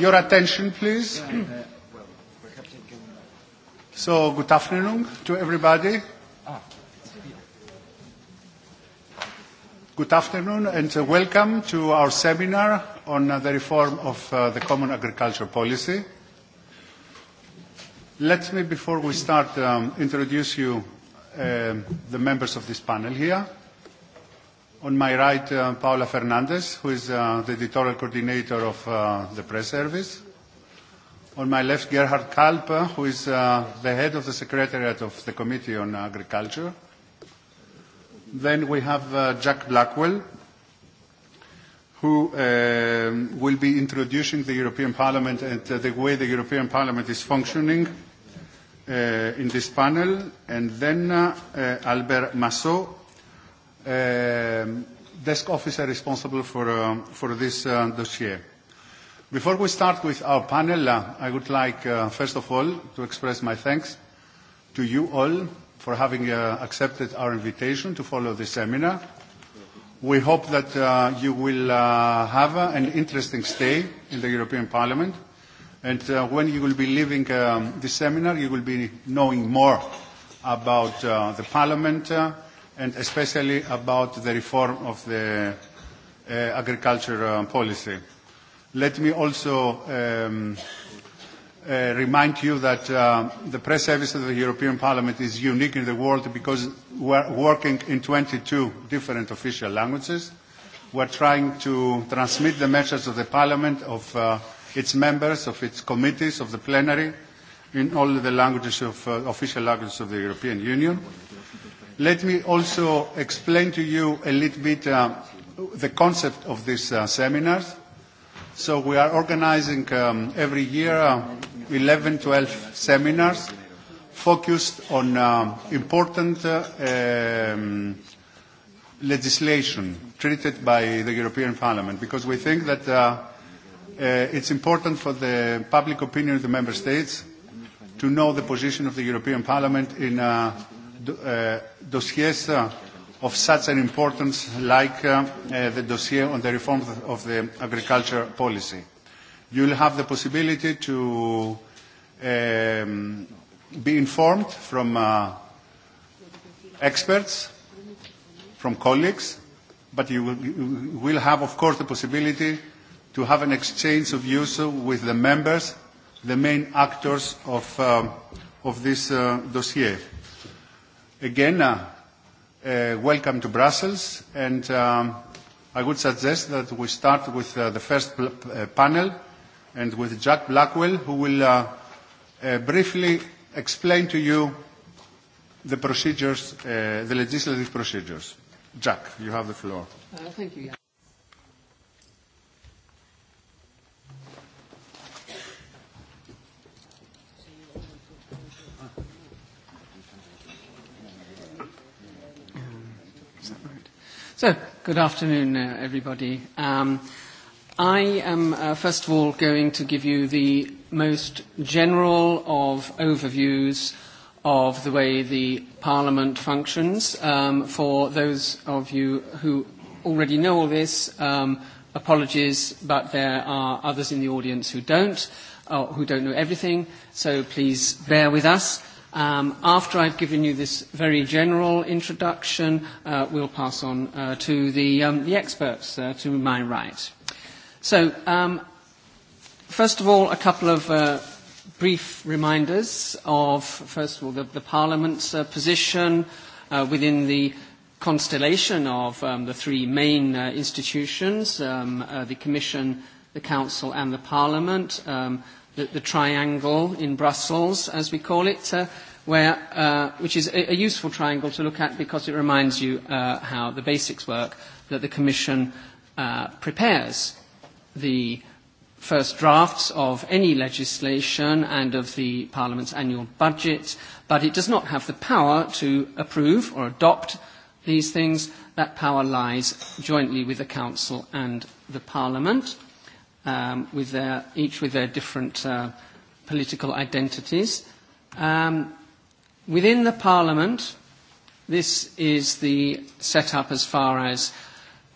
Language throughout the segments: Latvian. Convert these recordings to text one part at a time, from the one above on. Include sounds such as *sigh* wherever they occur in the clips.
Your attention, please. So, good afternoon to everybody. Ah. Good afternoon, and uh, welcome to our seminar on uh, the reform of uh, the Common Agriculture Policy. Let me, before we start, um, introduce you, uh, the members of this panel here. On my right, uh, Paula Fernandez, who is uh, the editorial coordinator of uh, the press service. On my left, Gerhard Kalp, uh, who is uh, the head of the secretariat of the Committee on Agriculture. Then we have uh, Jack Blackwell, who um, will be introducing the European Parliament and uh, the way the European Parliament is functioning uh, in this panel. And then uh, uh, Albert Massot, um, desk officer responsible for, um, for this uh, dossier. Before we start with our panel, uh, I would like, uh, first of all, to express my thanks to you all for having uh, accepted our invitation to follow this seminar. We hope that uh, you will uh, have uh, an interesting stay in the European Parliament. And uh, when you will be leaving um, this seminar, you will be knowing more about uh, the Parliament, uh, and especially about the reform of the uh, agriculture um, policy. Let me also um, uh, remind you that um, uh, the press service of the European Parliament is unique in the world because we're working in 22 different official languages. We're trying to transmit the message of the Parliament, of uh, its members, of its committees, of the plenary, in all the languages of uh, official languages of the European Union. Mm-hmm Let me also explain to you a little bit uh, the concept of these uh, seminars. So we are organizing um, every year uh, 11, 12 seminars focused on um, important uh, um, legislation treated by the European Parliament because we think that uh, uh, it's important for the public opinion of the Member States to know the position of the European Parliament in uh, uh, dossiers uh, of such an importance like uh, uh, the dossier on the reform of the agriculture policy. You will have the possibility to um, be informed from uh, experts, from colleagues, but you will, you will have, of course, the possibility to have an exchange of views with the members, the main actors of, um, of this uh, dossier. Again, uh, uh, welcome to Brussels, and um, I would suggest that we start with uh, the first pl- uh, panel and with Jack Blackwell, who will uh, uh, briefly explain to you the procedures, uh, the legislative procedures. Jack, you have the floor. Uh, thank you. Jan. So, good afternoon, uh, everybody. Um, I am, uh, first of all, going to give you the most general of overviews of the way the Parliament functions. Um, for those of you who already know all this, um, apologies, but there are others in the audience who don't, uh, who don't know everything, so please bear with us. Um, after I've given you this very general introduction, uh, we'll pass on uh, to the, um, the experts uh, to my right. So, um, first of all, a couple of uh, brief reminders of, first of all, the, the Parliament's uh, position uh, within the constellation of um, the three main uh, institutions, um, uh, the Commission, the Council and the Parliament. Um, the, the triangle in Brussels, as we call it, uh, where, uh, which is a, a useful triangle to look at because it reminds you uh, how the basics work, that the Commission uh, prepares the first drafts of any legislation and of the Parliament's annual budget, but it does not have the power to approve or adopt these things. That power lies jointly with the Council and the Parliament. Uh, um, with their, each with their different uh, political identities. Um, within the Parliament, this is the setup as far as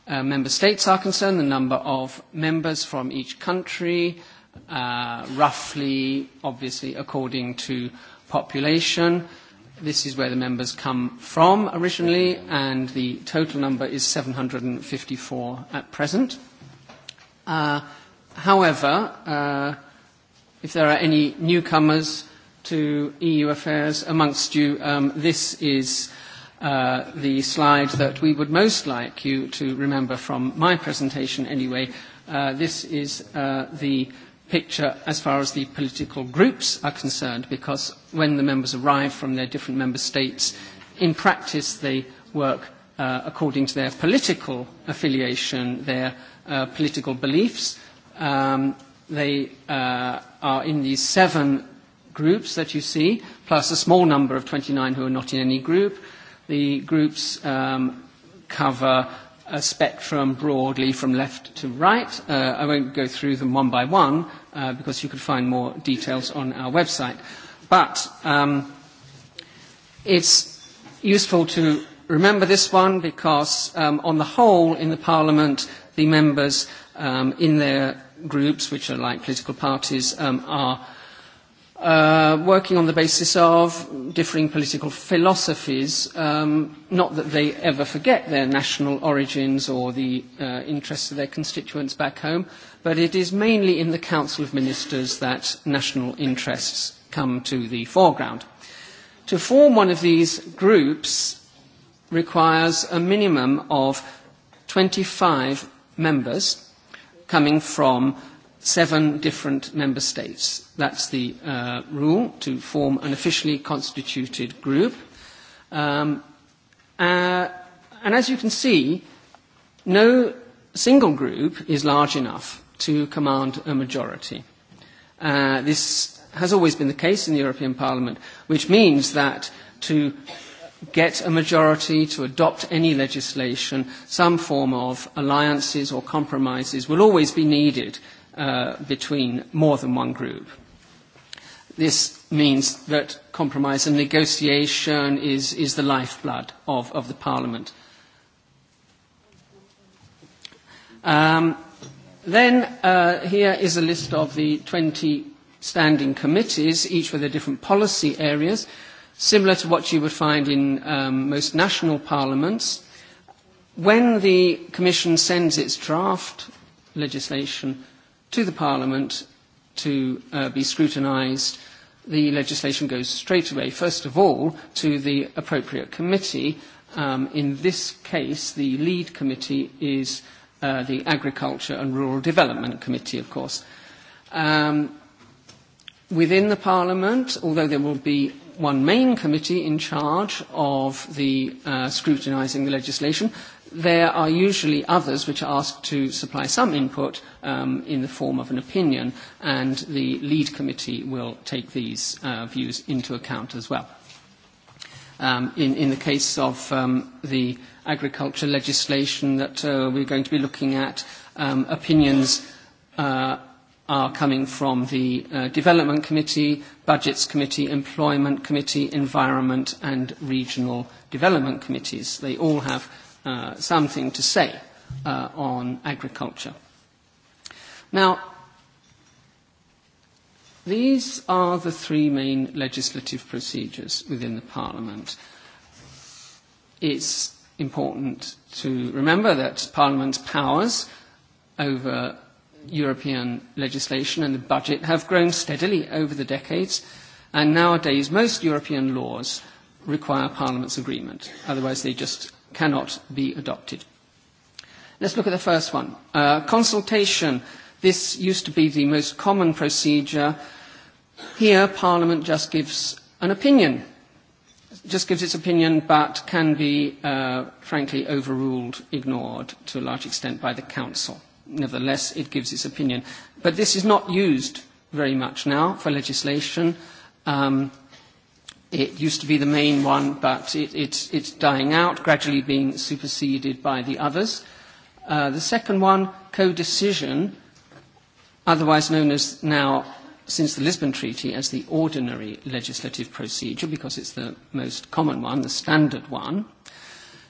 uh, member states are concerned, the number of members from each country, uh, roughly, obviously, according to population. This is where the members come from originally, and the total number is 754 at present. Uh, However, uh, if there are any newcomers to EU affairs amongst you, um, this is uh, the slide that we would most like you to remember from my presentation anyway. Uh, this is uh, the picture as far as the political groups are concerned, because when the members arrive from their different member states, in practice they work uh, according to their political affiliation, their uh, political beliefs, Um, they uh, are in these seven groups that you see, plus a small number of 29 who are not in any group. The groups um, cover a spectrum broadly from left to right. Uh, I won't go through them one by one uh, because you can find more details on our website. But um, it's useful to remember this one because um, on the whole in the Parliament the members um, in their groups, which are like political parties, um, are uh, working on the basis of differing political philosophies, um, not that they ever forget their national origins or the uh, interests of their constituents back home, but it is mainly in the Council of Ministers that national interests come to the foreground. To form one of these groups requires a minimum of 25 members coming from seven different member states. That's the uh, rule to form an officially constituted group. Um, uh, and as you can see, no single group is large enough to command a majority. Uh, this has always been the case in the European Parliament, which means that to get a majority to adopt any legislation, some form of alliances or compromises will always be needed uh, between more than one group. This means that compromise and negotiation is, is the lifeblood of, of the Parliament. Um, then uh, here is a list of the 20 standing committees, each with their different policy areas. Uh, similar to what you would find in um, most national parliaments. When the Commission sends its draft legislation to the Parliament to uh, be scrutinised, the legislation goes straight away, first of all, to the appropriate committee. Um, in this case, the lead committee is uh, the Agriculture and Rural Development Committee, of course. Um, within the Parliament, although there will be one main committee in charge of the uh, scrutinising the legislation. There are usually others which are asked to supply some input um, in the form of an opinion, and the lead committee will take these uh, views into account as well. Um, in, in the case of um, the agriculture legislation that uh, we're going to be looking at, um, opinions uh, are coming from the uh, Development Committee, Budgets Committee, Employment Committee, Environment and Regional Development Committees. They all have uh, something to say uh, on agriculture. Now, these are the three main legislative procedures within the Parliament. It's important to remember that Parliament's powers over European legislation and the budget have grown steadily over the decades, and nowadays most European laws require Parliament's agreement, otherwise they just cannot be adopted. Let's look at the first one. Uh, consultation. This used to be the most common procedure. Here, Parliament just gives an opinion, just gives its opinion, but can be, uh, frankly, overruled, ignored to a large extent by the Council nevertheless, it gives its opinion. But this is not used very much now for legislation. Um, it used to be the main one, but it, it's, it's dying out, gradually being superseded by the others. Uh, the second one, co-decision, otherwise known as now, since the Lisbon Treaty, as the ordinary legislative procedure, because it's the most common one, the standard one.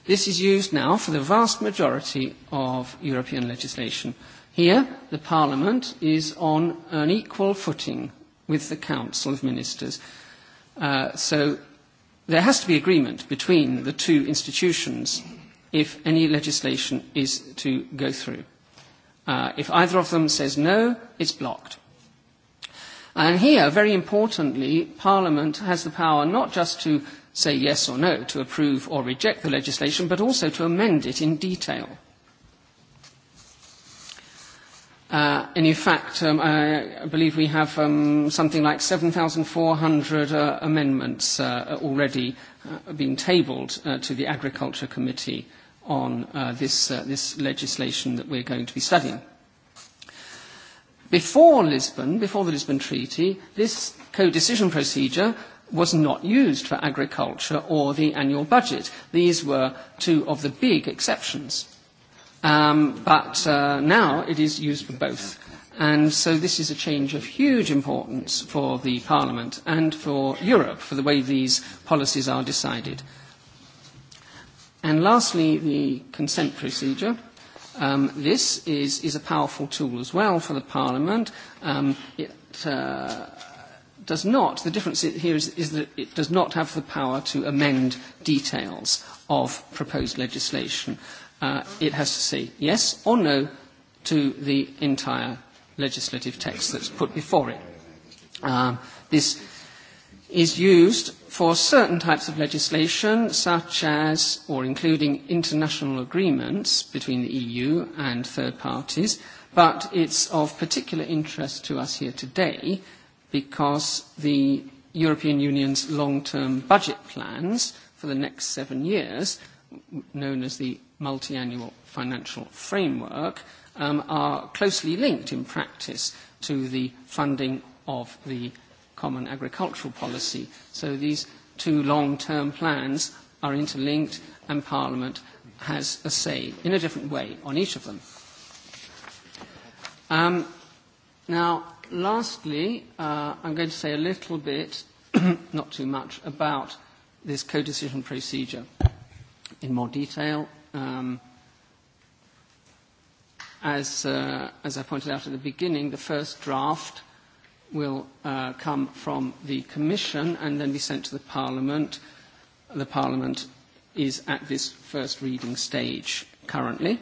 This is used now for the vast majority of European legislation. Here, the Parliament is on an equal footing with the Council of Ministers. Uh, so there has to be agreement between the two institutions if any legislation is to go through. Uh, if either of them says no, it's blocked. And here, very importantly, Parliament has the power not just to say yes or no to approve or reject the legislation, but also to amend it in detail. Uh, and in fact, um, I believe we have um, something like 7,400 uh, amendments uh, already uh, being tabled uh, to the Agriculture Committee on uh, this, uh, this legislation that we're going to be studying. Before Lisbon, before the Lisbon Treaty, this co-decision procedure was not used for agriculture or the annual budget. These were two of the big exceptions. Um, but uh, now it is used for both. And so this is a change of huge importance for the Parliament and for Europe, for the way these policies are decided. And lastly, the consent procedure. Um, this is, is a powerful tool as well for the Parliament. Um, it, uh, does not, the difference here is, is that it does not have the power to amend details of proposed legislation. Uh, it has to say yes or no to the entire legislative text that's put before it. Um, this is used for certain types of legislation, such as or including international agreements between the EU and third parties, but it's of particular interest to us here today uh, because the European Union's long-term budget plans for the next seven years, known as the Multiannual Financial Framework, um, are closely linked in practice to the funding of the Common Agricultural Policy. So these two long-term plans are interlinked and Parliament has a say in a different way on each of them. Um, now, Lastly, uh, I'm going to say a little bit, *coughs* not too much, about this co-decision procedure in more detail. Um, as, uh, as I pointed out at the beginning, the first draft will uh, come from the Commission and then be sent to the Parliament. The Parliament is at this first reading stage currently.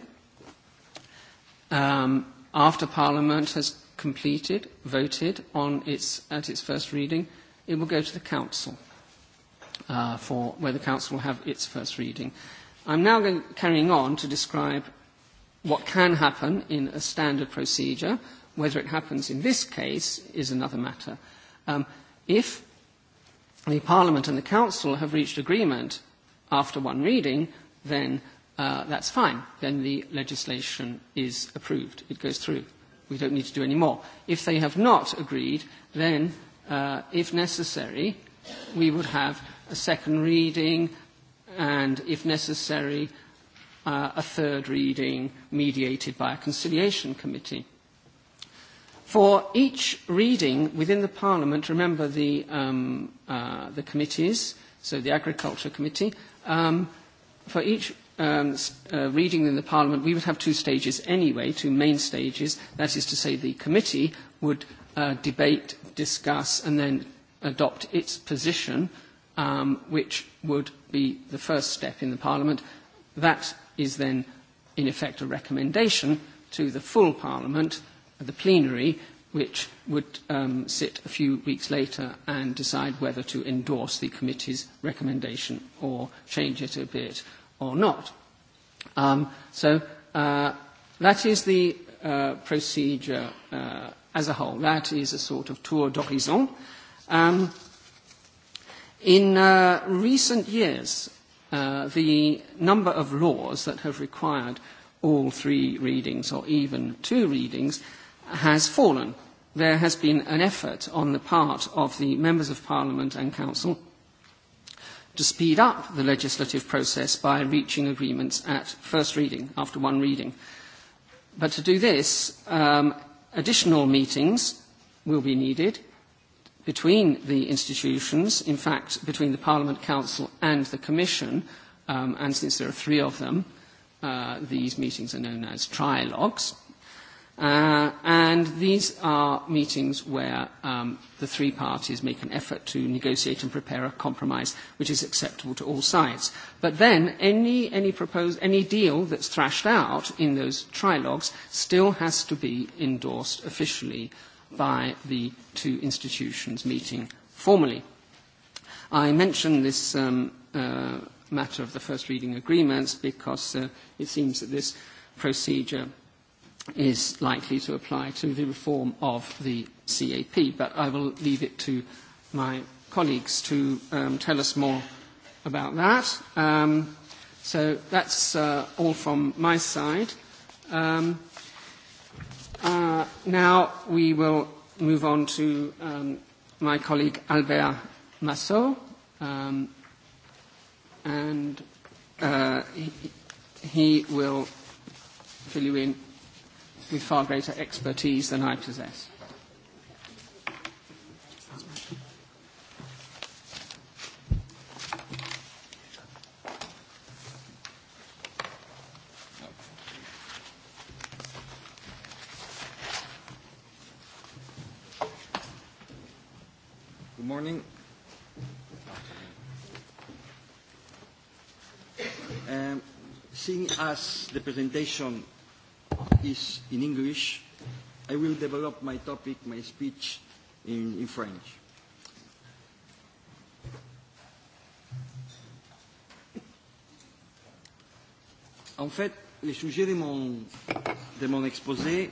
Um, after Parliament has completed, voted on its, at its first reading, it will go to the Council uh, for where the Council will have its first reading. I'm now going, carrying on to describe what can happen in a standard procedure. Whether it happens in this case is another matter. Um, if the Parliament and the Council have reached agreement after one reading, then uh, that's fine. Then the legislation is approved. It goes through we don't need to do any more. If they have not agreed, then, uh, if necessary, we would have a second reading and, if necessary, uh, a third reading mediated by a conciliation committee. For each reading within the Parliament, remember the, um, uh, the committees, so the Agriculture Committee, um, for each um, uh, reading in the Parliament, we would have two stages anyway, two main stages. That is to say, the committee would uh, debate, discuss, and then adopt its position, um, which would be the first step in the Parliament. That is then, in effect, a recommendation to the full Parliament, the plenary, which would um, sit a few weeks later and decide whether to endorse the committee's recommendation or change it a bit or not. Um, so uh, that is the uh, procedure uh, as a whole. That is a sort of tour d'horizon. Um, in uh, recent years, uh, the number of laws that have required all three readings or even two readings has fallen. There has been an effort on the part of the members of parliament and council mm to speed up the legislative process by reaching agreements at first reading, after one reading. But to do this, um, additional meetings will be needed between the institutions, in fact, between the Parliament, Council and the Commission, um, and since there are three of them, uh, these meetings are known as trilogues. Uh, and these are meetings where um, the three parties make an effort to negotiate and prepare a compromise which is acceptable to all sides. But then any, any, proposed, any deal that's thrashed out in those trilogues still has to be endorsed officially by the two institutions meeting formally. I mentioned this um, uh, matter of the first reading agreements because uh, it seems that this procedure – is likely to apply to the reform of the CAP. But I will leave it to my colleagues to um, tell us more about that. Um, so that's uh, all from my side. Um, uh, now we will move on to um, my colleague Albert Massot. Um, and uh, he, he will fill you in with far greater expertise than I possess. Good morning. Um, seeing as the presentation is in English. I will develop my topic, my speech in, in French. En fait, le sujet de mon, de mon exposé,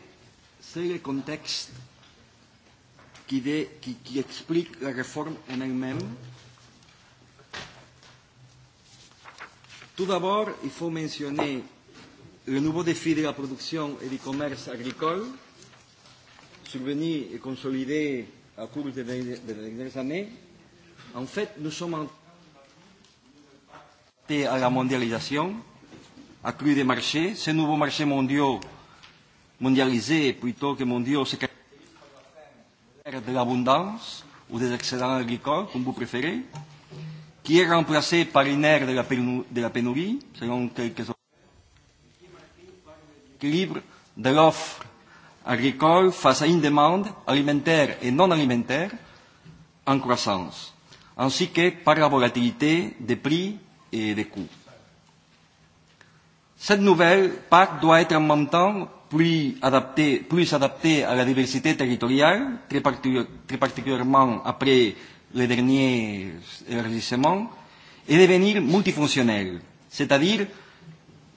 c'est le contexte qui, de, qui, qui explique la réforme en elle-même. Tout d'abord, il faut mentionner le nouveau défi de la production et du commerce agricole, survenu et consolidé à cours des dernières années, en fait, nous sommes en à la mondialisation, accrue des marchés. Ces nouveaux marchés mondiaux, mondialisés plutôt que mondiaux, se caractérisent de l'abondance ou des excédents agricoles, comme vous préférez, qui est remplacé par une ère de la pénurie, selon quelques l'équilibre de l'offre agricole face à une demande alimentaire et non alimentaire en croissance, ainsi que par la volatilité des prix et des coûts. Cette nouvelle PAC doit être en même temps plus adaptée, plus adaptée à la diversité territoriale, très, particuli très particulièrement après les derniers élargissements, et devenir multifonctionnelle, c'est-à-dire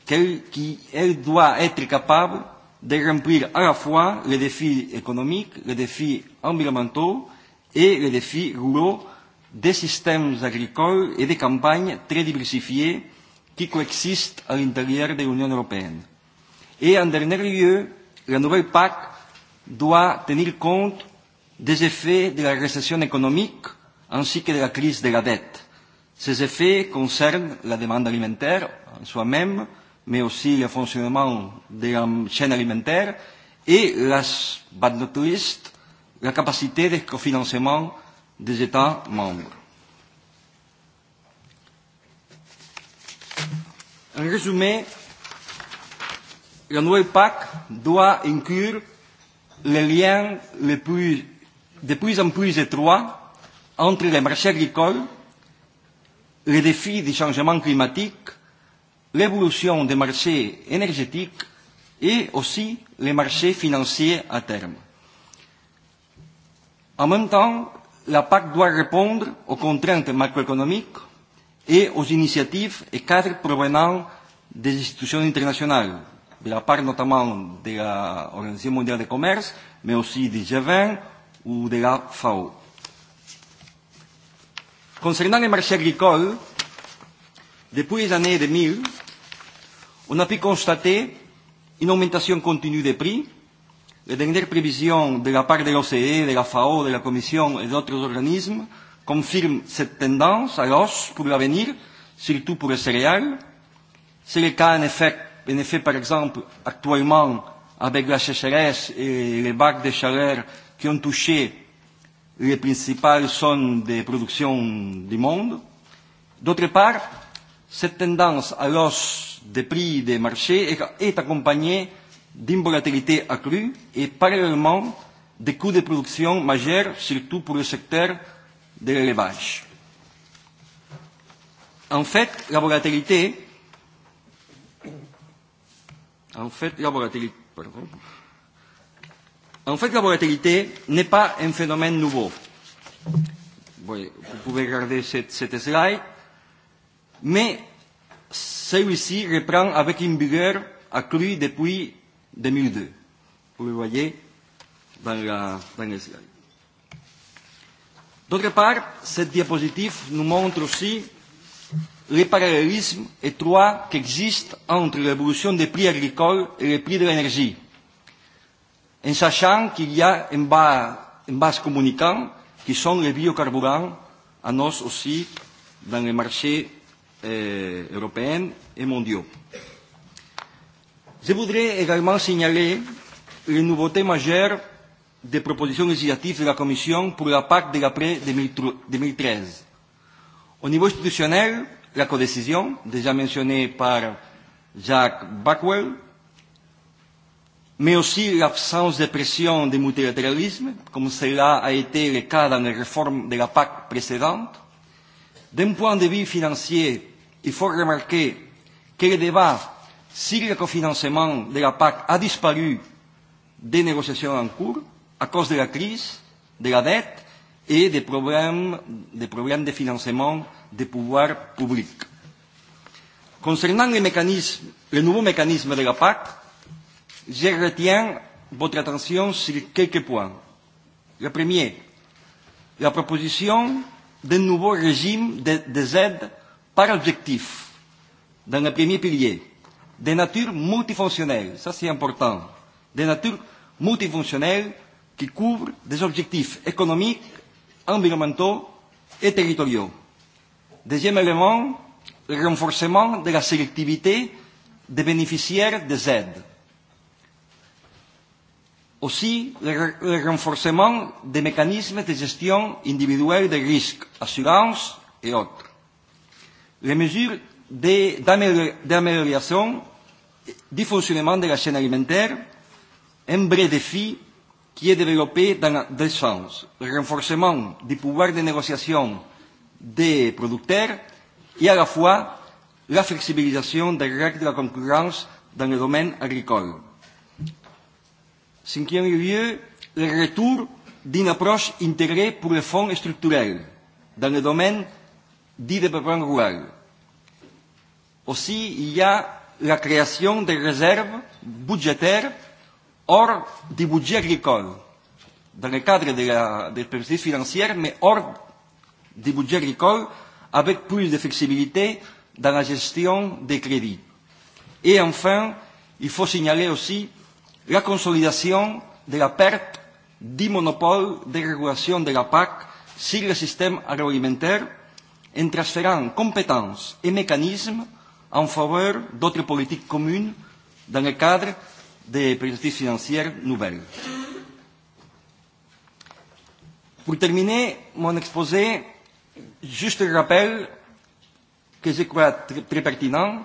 qu'elle qu doit être capable de remplir à la fois les défis économiques, les défis environnementaux et les défis ruraux des systèmes agricoles et des campagnes très diversifiés qui coexistent à l'intérieur de l'Union européenne. Et en dernier lieu, la nouvelle PAC doit tenir compte des effets de la récession économique ainsi que de la crise de la dette. Ces effets concernent la demande alimentaire en soi-même, mais aussi le fonctionnement de la euh, chaîne alimentaire et las bandes touristes, la capacité de cofinancement des États membres. En résumé, la nouvelle PAC doit inclure les liens les plus, de plus en plus étroits entre les marchés agricoles, les défis du changement climatique l'évolution des marchés énergétiques et aussi les marchés financiers à terme. En même temps, la PAC doit répondre aux contraintes macroéconomiques et aux initiatives et cadres provenant des institutions internationales, de la part notamment de l'Organisation mondiale du commerce, mais aussi du G20 ou de la FAO. Concernant les marchés agricoles, depuis les années 2000, On a pu constater une augmentation continue des prix. Les dernières prévisions de la part de l'OCDE, de la FAO, de la Commission et d'autres organismes confirment cette tendance à l'hausse pour l'avenir, surtout pour les céréales. C'est le cas en effet, en effet, par exemple, actuellement, avec la sécheresse et les vagues de chaleur qui ont touché les principales zones de production du monde. D'autre part, cette tendance à l'hausse des prix des marchés est accompagnée d'une volatilité accrue et parallèlement des coûts de production majeurs, surtout pour le secteur de l'élevage. En fait, la volatilité en fait, la volatilité, pardon, en fait, la volatilité n'est pas un phénomène nouveau. Vous pouvez regarder cette, cette slide, mais celui-ci reprend avec une vigueur accrue depuis 2002. Vous le voyez dans, la, dans le slide. D'autre part, cette diapositive nous montre aussi les parallélismes étroits qui existent entre l'évolution des prix agricoles et les prix de l'énergie, en sachant qu'il y a une base, une base communicante qui sont les biocarburants, en os aussi dans les marchés euh, européennes et mondiaux. Je voudrais e également signaler les nouveautés majeures des propositions législatives de la Commission pour la PAC de l'après 2013. Au niveau institutionnel, la codécision, déjà mentionnée par Jacques Backwell, mais aussi l'absence de pression du multilatéralisme, comme cela a été le cas dans les réformes de la PAC précédente. D'un point de vue financier, il faut remarquer que le débat si le cofinancement de la PAC a disparu des négociations en cours à cause de la crise, de la dette et des problèmes, des problèmes de financement des pouvoirs publics. Concernant les mécanismes, le nouveau mécanisme de la PAC, je retiens votre attention sur quelques points. Le premier, la proposition d'un nouveau régime de, des aides par objectif, dans le premier pilier, des natures multifonctionnelles, ça c'est important, des natures multifonctionnelles qui couvrent des objectifs économiques, environnementaux et territoriaux. Deuxième élément, le renforcement de la sélectivité des bénéficiaires des aides. Aussi, le, le renforcement des mécanismes de gestion individuelle des risques, assurance et autres les mesures d'amélioration du fonctionnement de la chaîne alimentaire, un vrai défi qui est développé dans deux sens. Le renforcement du pouvoir de négociation des producteurs et à la fois la flexibilisation des règles de la concurrence dans le domaine agricole. Cinquième lieu, le retour d'une approche intégrée pour les fonds structurels dans le domaine agricole de desenvolvimento rural. Aussi, il y a la création des réserves budgétaires hors du budget agricole, dans le cadre de la, des perspectives financières, mais hors du budget agricole, avec plus de flexibilité dans la gestion des crédits. Et enfin, il faut signaler aussi la consolidation de la perte du monopole de régulation de la PAC sur le système agroalimentaire en transférant compétences et mécanismes en um faveur d'autres politiques communes dans le cadre des perspectives financières nouvelles. Pour terminer mon exposé, juste le rappel que je crois très, très pertinent.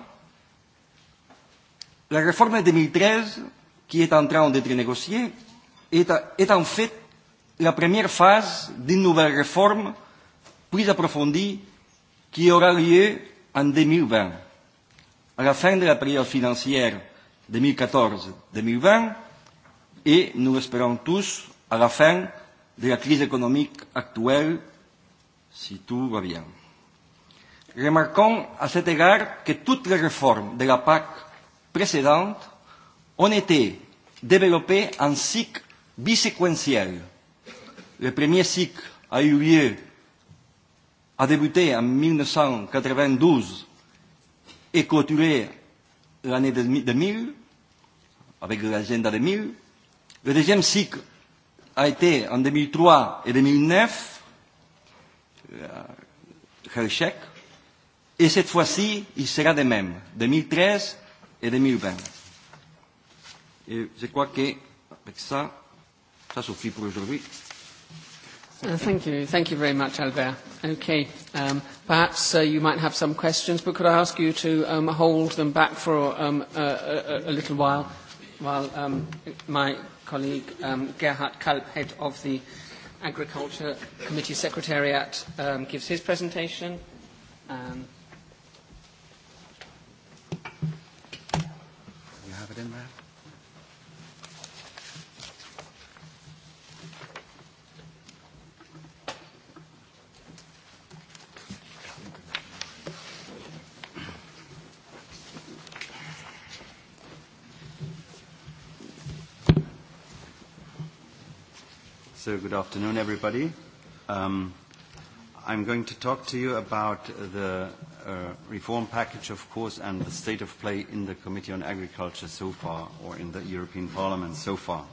La réforme 2013, qui est en train d'être négociée, est, est en fait la première phase d'une nouvelle réforme plus approfondie qui aura lieu en 2020. À la fin de la période financière 2014-2020, et nous l'espérons tous, à la fin de la crise économique actuelle, si tout va bien. Remarquons à cet égard que toutes les réformes de la PAC précédente ont été développées en cycle biséquentiel. Le premier cycle a eu lieu a débuté en 1992 et clôturé l'année 2000, avec l'agenda 2000. Le deuxième cycle a été en 2003 et 2009, Hershek, euh, et cette fois-ci, il sera de même, 2013 et 2020. Et je crois que, avec ça, ça suffit pour aujourd'hui. Uh, thank you. Thank you very much, Albert. Okay. Um, perhaps uh, you might have some questions, but could I ask you to um, hold them back for um, uh, a, a little while while um, my colleague um, Gerhard Kalb, head of the Agriculture Committee Secretariat, um, gives his presentation. Um, you have it in there? So good afternoon, everybody. Um, I'm going to talk to you about the uh, reform package, of course, and the state of play in the Committee on Agriculture so far, or in the European Parliament so far.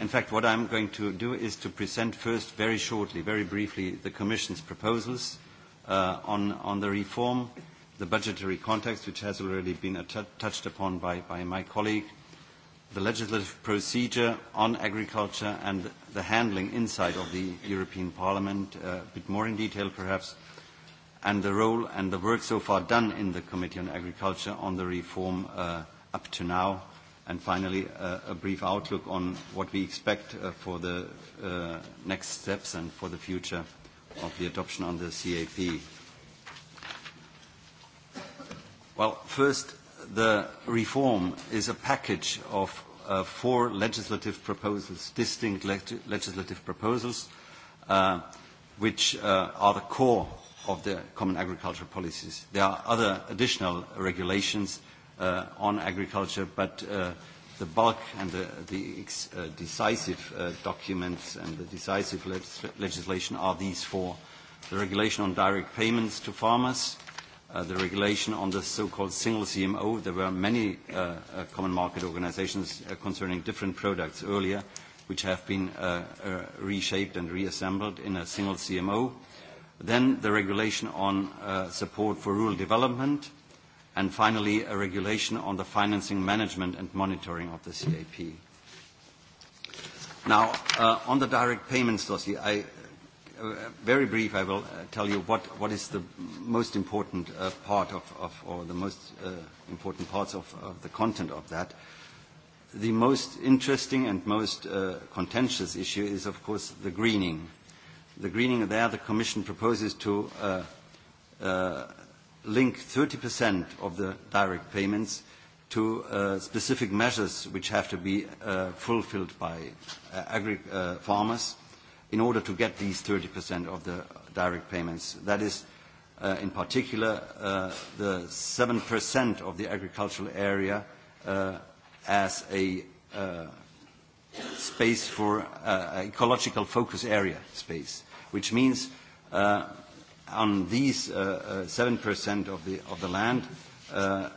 In fact, what I'm going to do is to present first, very shortly, very briefly, the Commission's proposals uh, on, on the reform, the budgetary context, which has already been touched upon by, by my colleague, uh, the legislative procedure on agriculture and the handling inside of the European Parliament, uh, a bit more in detail perhaps, and the role and the work so far done in the Committee on Agriculture on the reform uh, up to now, and finally uh, a brief outlook on what we expect uh, for the uh, next steps and for the future of the adoption on the CAP. Well, first, the reform is a package of uh, four legislative proposals, distinct le legislative proposals, uh, which uh, are the core of the common agricultural policies. There are other additional regulations uh, on agriculture, but uh, the bulk and the, the ex, uh, decisive uh, documents and the decisive legis legislation are these four. The regulation on direct payments to farmers, uh, the regulation on the so-called single CMO. There were many uh, uh, common market organizations uh, concerning different products earlier, which have been uh, uh, reshaped and reassembled in a single CMO. Then the regulation on uh, support for rural development, and finally a regulation on the financing management and monitoring of the CAP. Now, uh, on the direct payments dossier, I Uh, very brief, I will uh, tell you what, what is the most important uh, part of, of, or the most uh, important parts of, of the content of that. The most interesting and most uh, contentious issue is, of course, the greening. The greening there, the Commission proposes to uh, uh, link 30% of the direct payments to uh, specific measures which have to be uh, fulfilled by uh, agri- uh, farmers – in order to get these 30% of the direct payments. That is, uh, in particular, uh, the 7% of the agricultural area uh, as a uh, space for uh, ecological focus area space, which means uh, on these uh, uh, 7% of the, of the land, uh,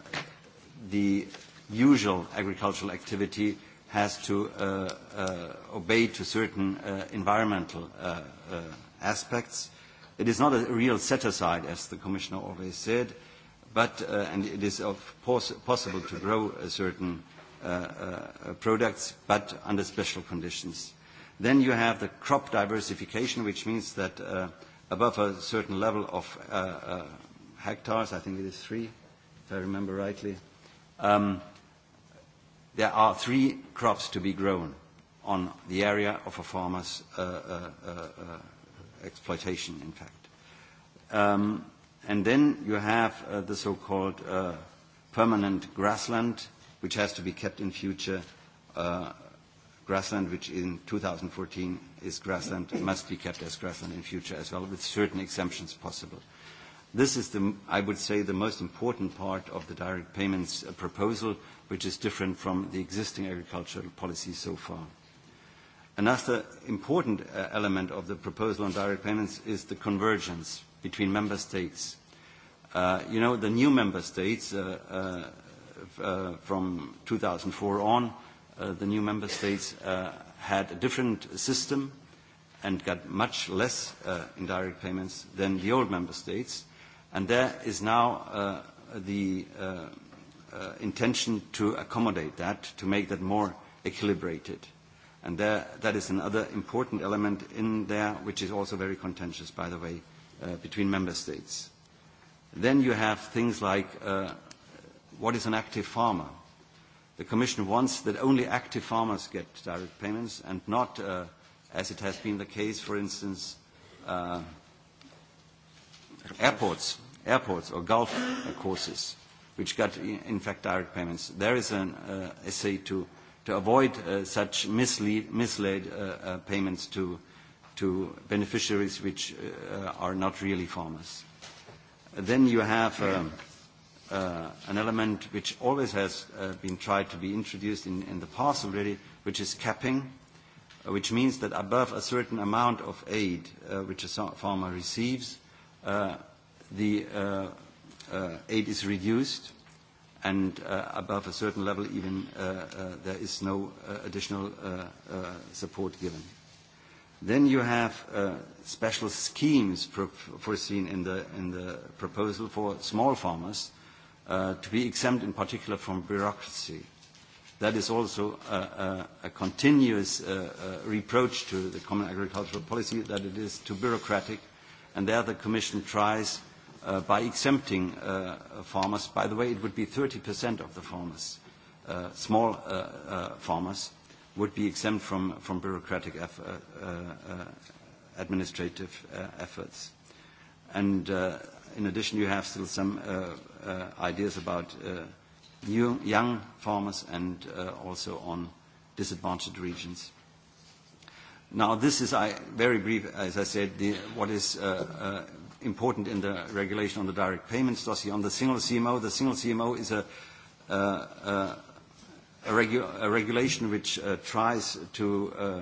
the usual agricultural activity has to uh, uh, obey to certain uh, environmental uh, uh, aspects. It is not a real set-aside, as the Commissioner always said, but, uh, and it is of pos possible to grow a uh, certain uh, uh, products, but under special conditions. Then you have the crop diversification, which means that uh, above a certain level of uh, uh, hectares, I think it is three, if I remember rightly, um, there are three crops to be grown on the area of a farmer's uh, uh, uh, uh, exploitation, in fact. Um, and then you have uh, the so-called uh, permanent grassland, which has to be kept in future. Uh, grassland, which in 2014 is grassland, must be kept as grassland in future as well, with certain exemptions possible. Uh, This is, the, I would say, the most important part of the direct payments uh, proposal, which is different from the existing agricultural policy so far. Another important uh, element of the proposal on direct payments is the convergence between member states. Uh, you know, the new member states, uh, uh, uh from 2004 on, the new member states had a different system and got much less in direct payments than the old member states. And there is now uh, the uh, uh, intention to accommodate that, to make that more equilibrated. And there, that is another important element in there, which is also very contentious, by the way, uh, between member states. Then you have things like uh, what is an active farmer? The Commission wants that only active farmers get direct payments and not, uh, as it has been the case, for instance, uh, airports, airports or golf courses, which got, in fact, direct payments. There is an uh, essay to, to avoid uh, such mislead, misled uh, uh, payments to, to beneficiaries which uh, are not really farmers. Then you have um, uh, an element which always has uh, been tried to be introduced in, in the past already, which is capping, which means that above a certain amount of aid uh, which a farmer receives, uh, uh, the uh, uh, aid is reduced, and uh, above a certain level even uh, uh, there is no uh, additional uh, uh, support given. Then you have uh, special schemes pro foreseen in the, in the proposal for small farmers uh, to be exempt in particular from bureaucracy. That is also a, uh, a, uh, a continuous uh, uh, reproach to the common agricultural policy that it is too bureaucratic and there the Commission tries uh, by exempting uh, farmers. By the way, it would be 30% of the farmers, uh, small uh, uh, farmers, would be exempt from, from bureaucratic eff uh, uh, uh, administrative uh, efforts. And uh, in addition, you have still some uh, uh, ideas about uh, new, young farmers and uh, also on disadvantaged regions. Now, this is I, very brief, as I said, the, what is uh, uh, important in the regulation on the direct payments dossier. On the single CMO, the single CMO is a, uh, uh, a, regu a regulation which uh, tries to, uh,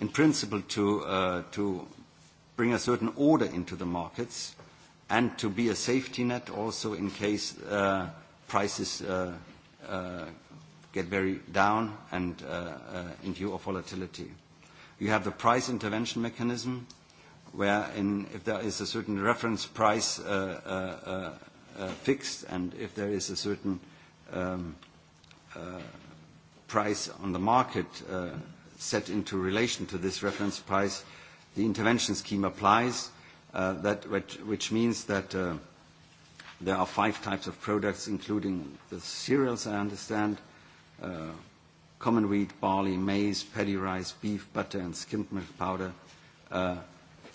in principle, to, uh, to bring a certain order into the markets and to be a safety net also in case uh, prices uh, uh, get very down and uh, uh, in view of volatility. Uh, You have the price intervention mechanism, where in, if there is a certain reference price uh, uh, uh, uh, fixed and if there is a certain um, uh, price on the market uh, set into relation to this reference price, the intervention scheme applies, uh, that which, which means that uh, there are five types of products, including the cereals, I understand, uh, common wheat, barley, maize, paddy rice, beef, butter, and skimmed milk powder, uh,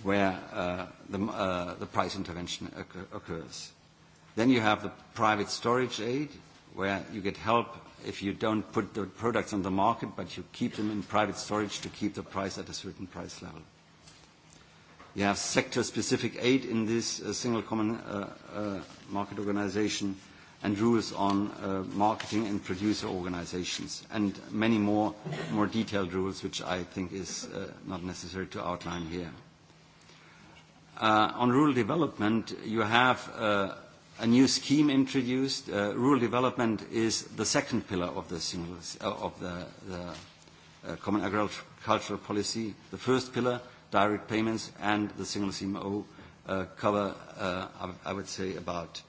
where uh, the, uh, the price intervention occur, occurs. Then you have the private storage aid, where you get help if you don't put the products on the market, but you keep them in private storage to keep the price at a certain price level. You have sector-specific aid in this uh, single common uh, uh, market organization, uh, and rules on uh, marketing and producer organizations, and many more, more detailed rules, which I think is uh, not necessary to outline here. Uh, on rural development, you have uh, a new scheme introduced. Uh, rural development is the second pillar of the, single, uh, of the, the uh, common agricultural policy. The first pillar, direct payments, and the single CMO uh, cover, uh, I, I would say, about 50%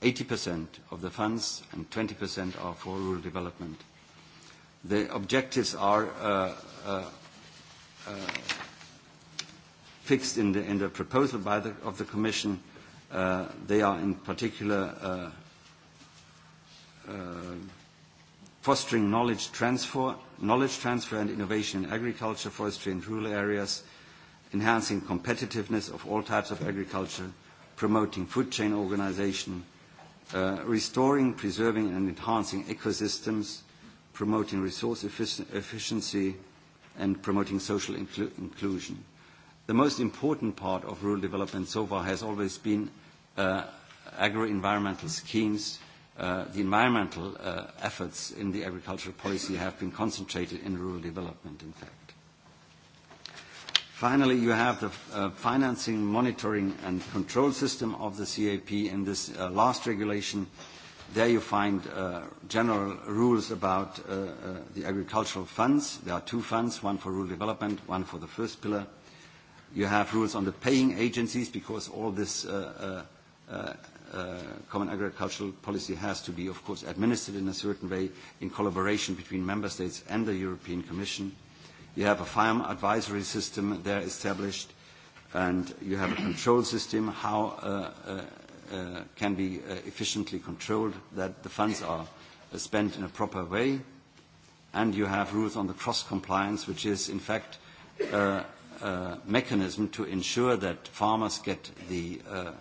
80% of the funds and 20% are for rural development. The objectives are uh, uh, uh, fixed in the, in the proposal by the, of the Commission. Uh, they are in particular uh, uh, fostering knowledge transfer, knowledge transfer and innovation in agriculture, forestry and rural areas, enhancing competitiveness of all types of agriculture, promoting food chain organization, uh, uh, restoring, preserving and enhancing ecosystems, promoting resource effic efficiency and promoting social inclu inclusion. The most important part of rural development so far has always been uh, agro-environmental schemes. Uh, the environmental uh, efforts in the agricultural policy have been concentrated in rural development, in fact. Finally, you have the uh, financing, monitoring, and control system of the CAP in this uh, last regulation. There you find uh, general rules about uh, uh, the agricultural funds. There are two funds, one for rural development, one for the first pillar. You have rules on the paying agencies because all this uh, uh, uh, uh, common agricultural policy has to be, of course, administered in a certain way in collaboration between member states and the European Commission. Uh, You have a farm advisory system there established, and you have a control system, how uh, uh, uh, can be uh, efficiently controlled that the funds are uh, spent in a proper way. And you have rules on the cross-compliance, which is, in fact, uh, uh, mechanism to ensure that farmers get the uh,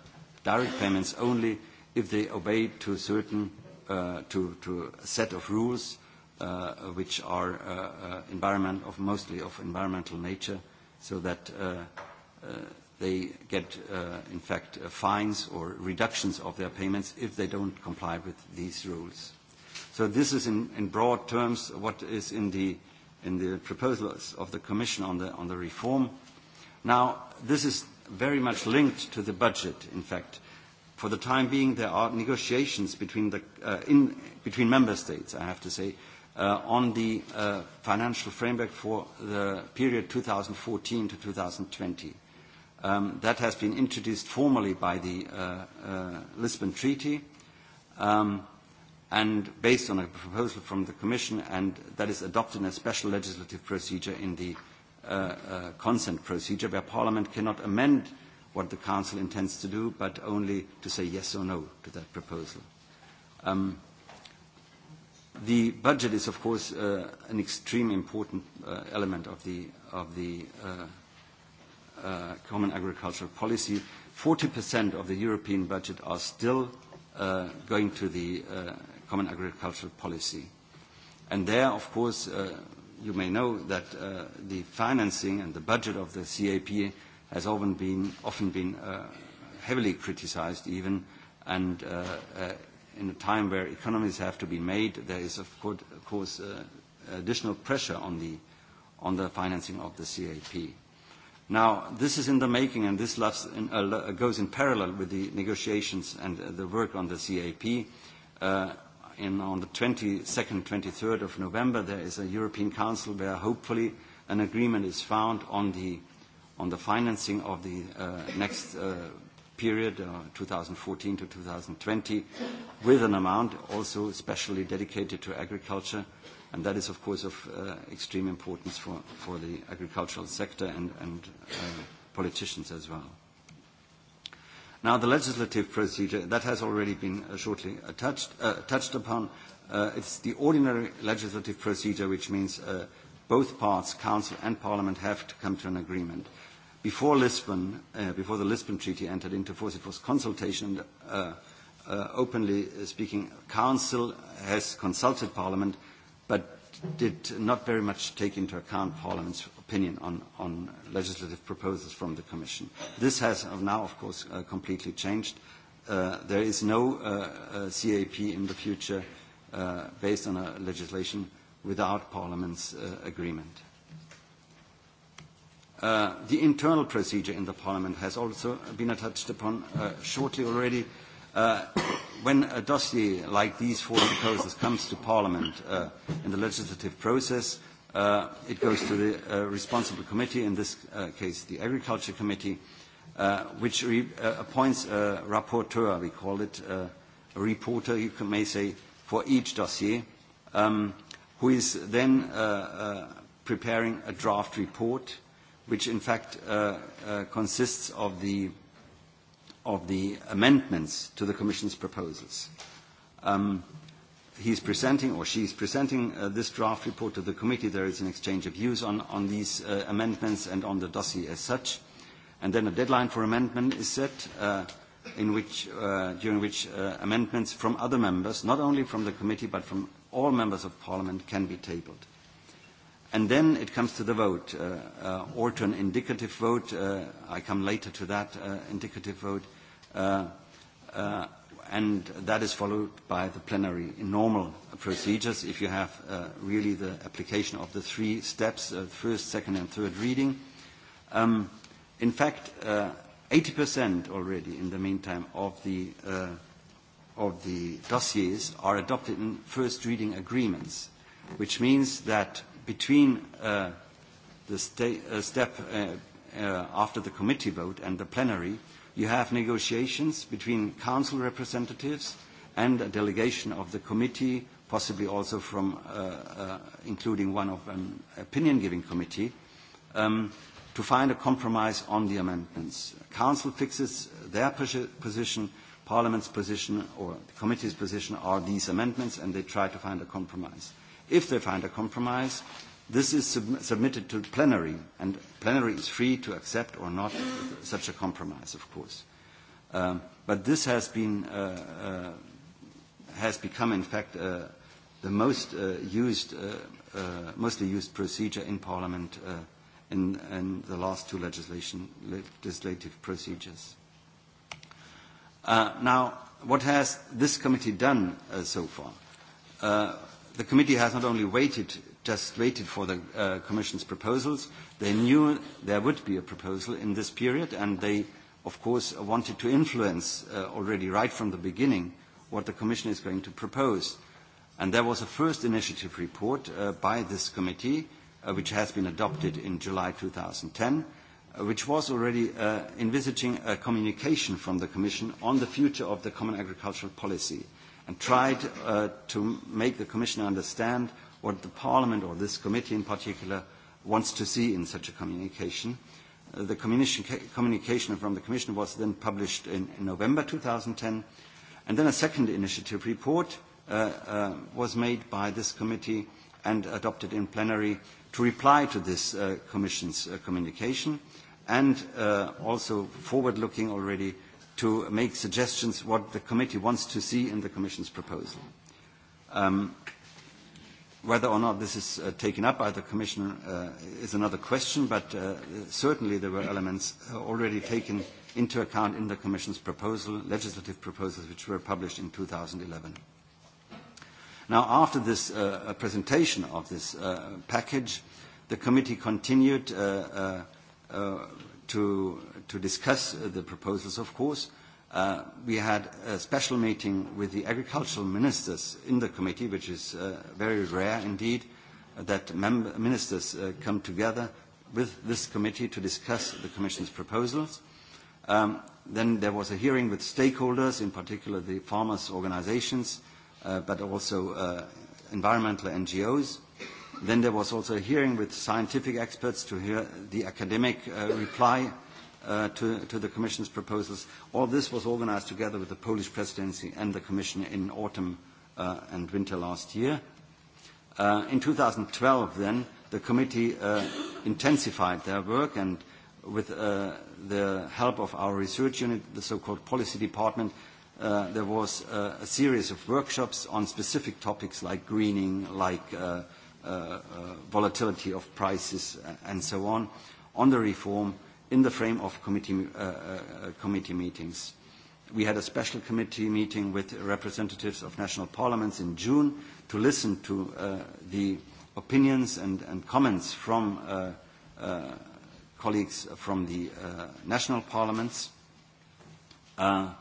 direct payments only if they obey to certain uh, to, to a set of rules uh, which are uh, uh, environment of mostly of environmental nature, so that uh, uh, they get, uh, in fact, uh, fines or reductions of their payments if they don't comply with these rules. So this is, in, in broad terms, what is in the, in the proposals of the Commission on the, on the reform. Now, this is very much linked to the budget, in fact. For the time being, there are negotiations between, the, uh, in, between member states, I have to say, uh, uh, on the uh, financial framework for the period 2014 to 2020. Um, that has been introduced formally by the uh, uh, Lisbon Treaty um, and based on a proposal from the Commission and that is adopted in a special legislative procedure in the uh, uh, consent procedure where Parliament cannot amend what the Council intends to do but only to say yes or no to that proposal. Um, The budget is, of course, uh, an extremely important uh, element of the, of the uh, uh, common agricultural policy. 40% of the European budget are still uh, going to the uh, common agricultural policy. And there, of course, uh, you may know that uh, the financing and the budget of the CAP has often been, often been uh, heavily criticized even, and uh, uh, in a time where economies have to be made, there is, of course, of course uh, additional pressure on the, on the financing of the CAP. Now, this is in the making, and this in, uh, uh, goes in parallel with the negotiations and uh, the work on the CAP. Uh, in, on the 22nd, 23rd of November, there is a European Council where hopefully an agreement is found on the, on the financing of the uh, next uh, period, 2014 uh, to 2020, with an amount also specially dedicated to agriculture. And that is, of course, of uh, extreme importance for, for the agricultural sector and, and uh, politicians as well. Now, the legislative procedure, that has already been shortly touched, touched upon. It's the ordinary legislative procedure, which means both parts, Council and Parliament, have to come to an agreement before Lisbon, uh, before the Lisbon Treaty entered into force, it was consultation. Uh, uh, openly speaking, Council has consulted Parliament, but did not very much take into account Parliament's opinion on, on legislative proposals from the Commission. This has now, of course, uh, completely changed. Uh, there is no uh, uh, CAP in the future uh, based on a legislation without Parliament's uh, agreement. Uh, the internal procedure in the Parliament has also been touched upon uh, shortly already. Uh, when a dossier like these four proposals comes to Parliament uh, in the legislative process, uh, it goes to the uh, responsible committee, in this uh, case the Agriculture Committee, uh, which re- uh, appoints a rapporteur, we call it, uh, a reporter, you may say, for each dossier, um, who is then uh, uh, preparing a draft report uh, which in fact uh, uh, consists of the, of the amendments to the Commission's proposals. Um, he's presenting, or she's presenting, uh, this draft report to the committee. There is an exchange of views on, on these uh, amendments and on the dossier as such. And then a deadline for amendment is set, uh, in which, uh, during which uh, amendments from other members, not only from the committee, but from all members of parliament, can be tabled. Uh, And then it comes to the vote, uh, uh, or to an indicative vote. Uh, I come later to that uh, indicative vote. Uh, uh, and that is followed by the plenary in normal procedures if you have uh, really the application of the three steps, uh, first, second, and third reading. Um, in fact, uh, 80% already in the meantime of the, uh, of the dossiers are adopted in first reading agreements, which means that between uh, the sta uh, step uh, uh, after the committee vote and the plenary, you have negotiations between council representatives and a delegation of the committee, possibly also from uh, uh, including one of an opinion-giving committee, um, to find a compromise on the amendments. Council fixes their position, Parliament's position or the committee's position are these amendments, and they try to find a compromise. Uh, If they find a compromise, this is sub submitted to plenary, and plenary is free to accept or not such a compromise, of course. Um, but this has been uh, uh, has become, in fact, uh, the most uh, used, uh, uh, mostly used procedure in Parliament uh, in, in the last two legislation, legislative procedures. Uh, now, what has this committee done uh, so far? Uh, the committee has not only waited, just waited for the uh, Commission's proposals, they knew there would be a proposal in this period, and they, of course, wanted to influence uh, already right from the beginning what the Commission is going to propose. And there was a first initiative report uh, by this committee, uh, which has been adopted in July 2010, uh, which was already uh, envisaging a communication from the Commission on the future of the common agricultural policy. Uh, and tried uh, to make the Commission understand what the Parliament, or this committee in particular, wants to see in such a communication. Uh, the communication, communication from the Commission was then published in, in November 2010, and then a second initiative report uh, uh, was made by this committee and adopted in plenary to reply to this uh, Commission's uh, communication and uh, also forward-looking already to make suggestions what the committee wants to see in the Commission's proposal. Um, whether or not this is uh, taken up by the Commissioner uh, is another question, but uh, certainly there were elements uh, already taken into account in the Commission's proposal, legislative proposals which were published in 2011. Now, after this uh, uh, presentation of this uh, package, the committee continued uh, uh, uh, to to discuss uh, the proposals, of course. Uh, we had a special meeting with the agricultural ministers in the committee, which is uh, very rare indeed, uh, that mem- ministers uh, come together with this committee to discuss the Commission's proposals. Um, then there was a hearing with stakeholders, in particular the farmers' organizations, uh, but also uh, environmental NGOs. Then there was also a hearing with scientific experts to hear the academic uh, reply uh, to, to the Commission's proposals. All of this was organized together with the Polish presidency and the Commission in autumn uh, and winter last year. Uh, in 2012, then, the committee uh, intensified their work and with uh, the help of our research unit, the so-called policy department, uh, there was uh, a series of workshops on specific topics like greening, like uh, uh, uh, volatility of prices, and so on, on the reform uh, in the frame of committee, uh, uh, uh, committee meetings. We had a special committee meeting with representatives of national parliaments in June to listen to uh, the opinions and, and comments from uh, uh, colleagues from the uh, national parliaments. Uh,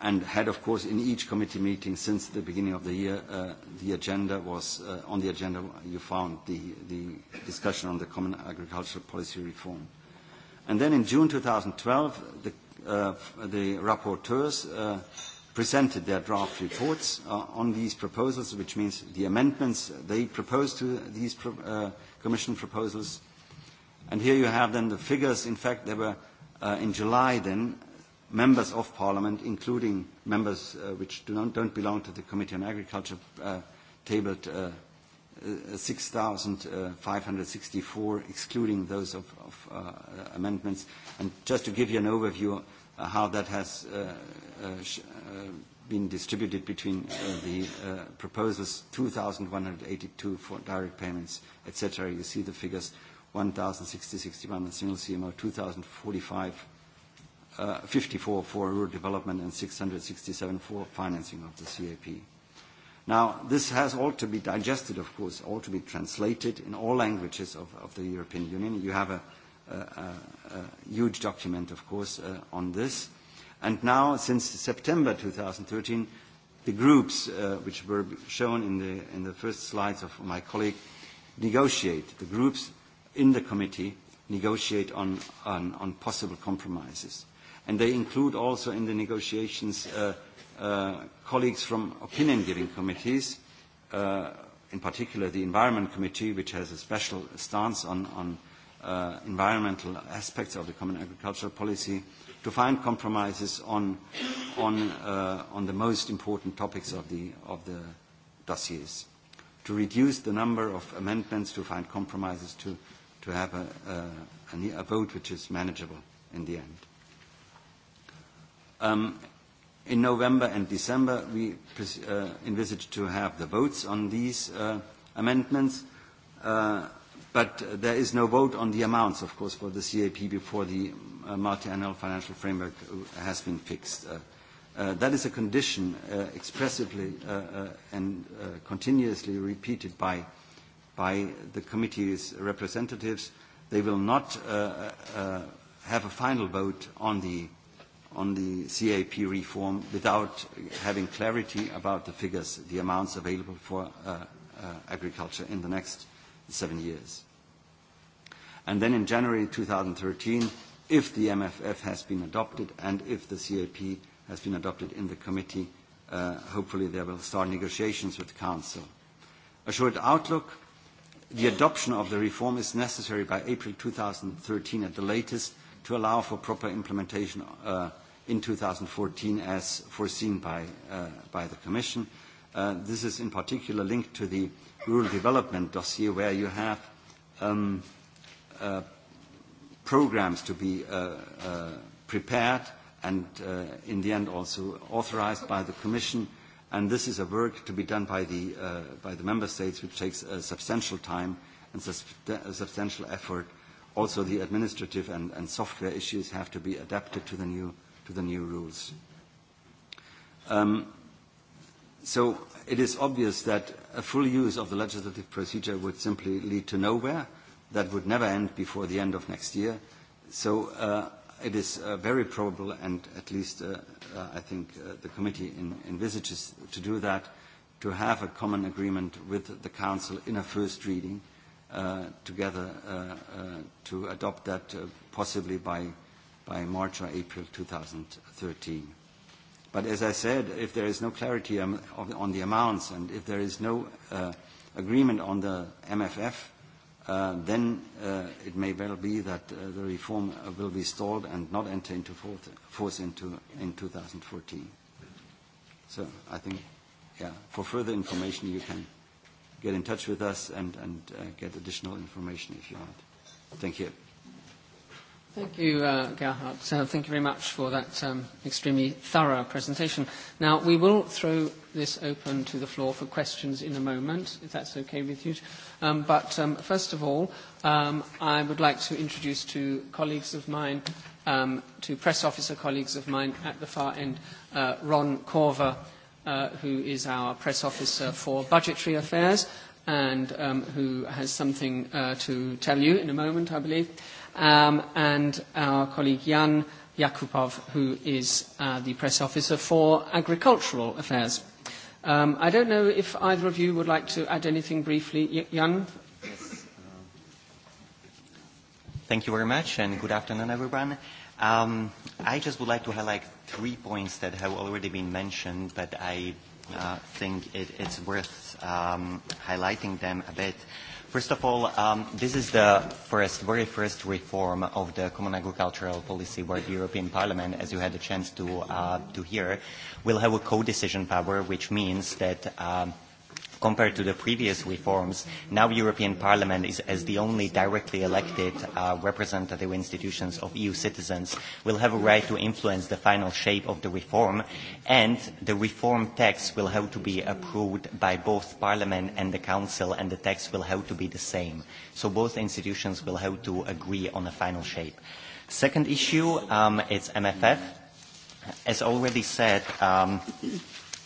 and had, of course, in each committee meeting since the beginning of the year, uh, the agenda was uh, on the agenda you found the, the discussion on the common agricultural policy reform. Uh, And then in June 2012, the, uh, the rapporteurs uh, presented their draft reports uh, on these proposals, which means the amendments they proposed to these pro uh, Commission proposals. And here you have then the figures. In fact, there were uh, in July then members of Parliament, including members uh, which do not, don't belong to the Committee on Agriculture, uh, tabled uh, 6,564, uh, uh, excluding those of, uh, amendments. And just to give you an overview uh, how that has uh, uh, sh uh, been distributed between uh, the uh, proposals, 2,182 for direct payments, etc. You see the figures, 1,061 on single CMO, 2,045 uh, 54 for rural development and 667 for financing of the CAP. Now, this has all to be digested, of course, all to be translated in all languages of, of the European Union. You have a huge document, of course, uh, on this. And now, since September 2013, the groups, uh, which were shown in the, in the first slides of my colleague, negotiate. The groups in the committee negotiate on, on, on possible compromises. And they include also in the negotiations uh, uh, colleagues from opinion-giving committees, uh, in particular the Environment Committee, which has a special stance on, on – uh, environmental aspects of the common agricultural policy to find compromises on, on, uh, on the most important topics of the, of the dossiers, to reduce the number of amendments, to find compromises, to, to have a, a, a vote which is manageable in the end. Um, in November and December, we uh, envisage to have the votes on these uh, amendments. Uh, But there is no vote on the amounts, of course, for the CAP before the uh, multi-annual financial framework uh, has been fixed. Uh, that is a condition expressively and continuously repeated by, by the committee's representatives. They will not have a final vote on the on the CAP reform without having clarity about the figures, the amounts available for uh, uh, agriculture in the next seven years. And then in January 2013, if the MFF has been adopted and if the CAP has been adopted in the committee, uh, hopefully there will start negotiations with Council. A short outlook. The adoption of the reform is necessary by April 2013 at the latest to allow for proper implementation uh, in 2014 as foreseen by, uh, by the Commission. Uh, this is in particular linked to the uh, rural development dossier where you have um, uh, programs to be uh, uh, prepared and uh, in the end also authorized by the Commission. And this is a work to be done by the, uh, by the Member States, which takes uh, substantial time and sus substantial effort. Also, the administrative and, and software issues have to be adapted to the new, to the new rules. Um, So it is obvious that a full use of the legislative procedure would simply lead to nowhere. That would never end before the end of next year. So uh, it is uh, very probable, and at least uh, uh, I think uh, the committee in, envisages to do that, to have a common agreement with the Council in a first reading uh, together uh, uh, to adopt that uh, possibly by, by March or April 2013. But as I said, if there is no clarity on, on the amounts and if there is no uh, agreement on the MFF, uh, then uh, it may well be that uh, the reform uh, will be stalled and not enter into forth, force into in 2014. So I think, yeah, for further information you can get in touch with us and, and uh, get additional information if you want. Thank you. Thank you, uh, Gerhard. So uh, thank you very much for that um, extremely thorough presentation. Now, we will throw this open to the floor for questions in a moment, if that's okay with you. Um, but um, first of all, um, I would like to introduce to colleagues of mine, um, to press officer colleagues of mine at the far end, uh, Ron Corver, uh, who is our press officer for budgetary affairs and um, who has something uh, to tell you in a moment, I believe. Uh, um, and our colleague Jan Yakupov, who is uh, the press officer for agricultural affairs. Um, I don't know if either of you would like to add anything briefly. Y- Jan? Yes. Uh, thank you very much, and good afternoon, everyone. Um, I just would like to highlight three points that have already been mentioned, but I uh, think it, it's worth um, highlighting them a bit. Uh, First of all, um, this is the first, very first reform of the Common Agricultural Policy where the European Parliament, as you had a chance to, uh, to hear, will have a co-decision power, which means that um, compared to the previous reforms, now European Parliament is as the only directly elected uh, representative institutions of EU citizens, will have a right to influence the final shape of the reform, and the reform text will have to be approved by both Parliament and the Council, and the text will have to be the same. So both institutions will have to agree on a final shape. Second issue, um, it's MFF. As already said, um,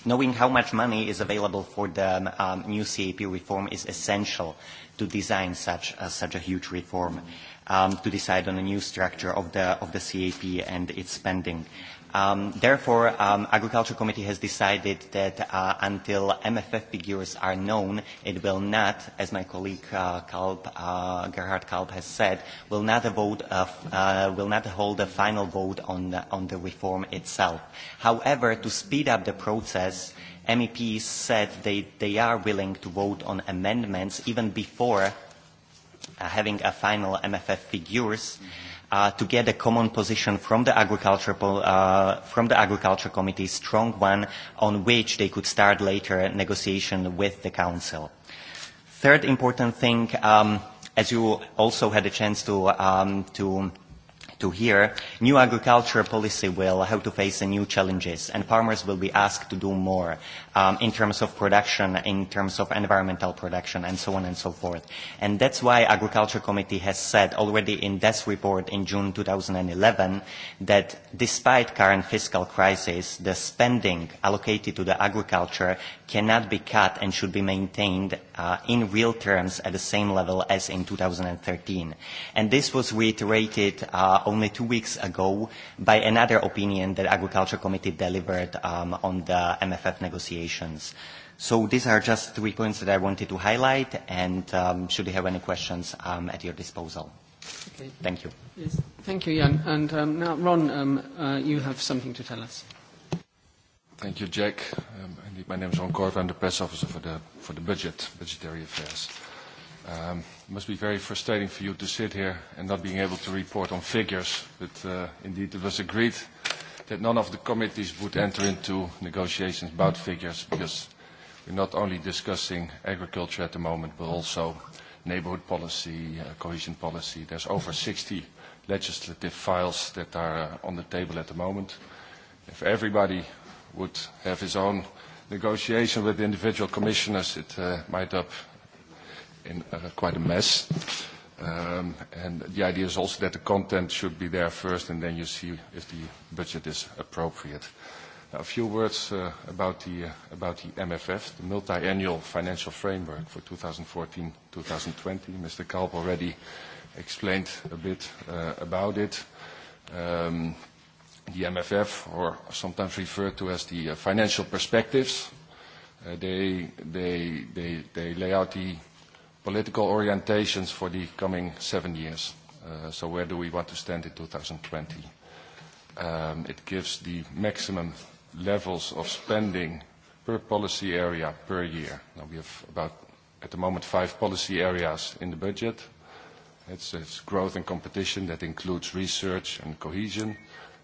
Knowing how much money is available for the um, um new CAP reform is essential to design such, uh, such a huge reform, um, to decide on a new structure of the, of the CAP and its spending. Uh, Um, therefore, um, Agriculture Committee has decided that uh, until MFF figures are known, it will not, as my colleague uh, Kalb, uh, Gerhard Kalb has said, will not, vote, uh, uh, will not hold a final vote on the, on the reform itself. However, to speed up the process, MEPs said they, they are willing to vote on amendments even before uh, having a final MFF figures. Mm-hmm uh, to get a common position from the agriculture uh, from the agriculture committee, strong one on which they could start later negotiation with the council. Third important thing, um, as you also had a chance to um, to to hear, new agriculture policy will have to face new challenges and farmers will be asked to do more um, in terms of production, in terms of environmental production and so on and so forth. And that's why Agriculture Committee has said already in this report in June 2011 that despite current fiscal crisis, the spending allocated to the agriculture cannot be cut and should be maintained uh, in real terms at the same level as in 2013. And this was reiterated uh, only two weeks ago by another opinion that Agriculture Committee delivered um, on the MFF negotiations. So these are just three points that I wanted to highlight, and um, should you have any questions, I'm um, at your disposal. Okay. Thank you. Yes. Thank you, Jan. And um, now, Ron, um, uh, you have something to tell us. Thank you, Jack. Um, indeed, my name is Ron Korver. I'm the press officer for the, for the budget, budgetary affairs. Um, It must be very frustrating for you to sit here and not being able to report on figures, but uh, indeed it was agreed that none of the committees would enter into negotiations about figures because we're not only discussing agriculture at the moment, but also neighborhood policy, uh, cohesion policy. There's over 60 legislative files that are uh, on the table at the moment. If everybody would have his own negotiation with individual commissioners, it uh, might up in uh, quite a mess. Um, and the idea is also that the content should be there first, and then you see if the budget is appropriate. Now, a few words uh, about, the, uh, about the MFF, the Multi-Annual Financial Framework for 2014-2020. Mr. Kalb already explained a bit uh, about it. Um, the MFF, or sometimes referred to as the uh, financial perspectives, uh, they, they, they, they lay out the political orientations for the coming seven years. Uh, so where do we want to stand in 2020? Um, it gives the maximum levels of spending per policy area per year. Now we have about, at the moment, five policy areas in the budget. It's, it's growth and competition that includes research and cohesion.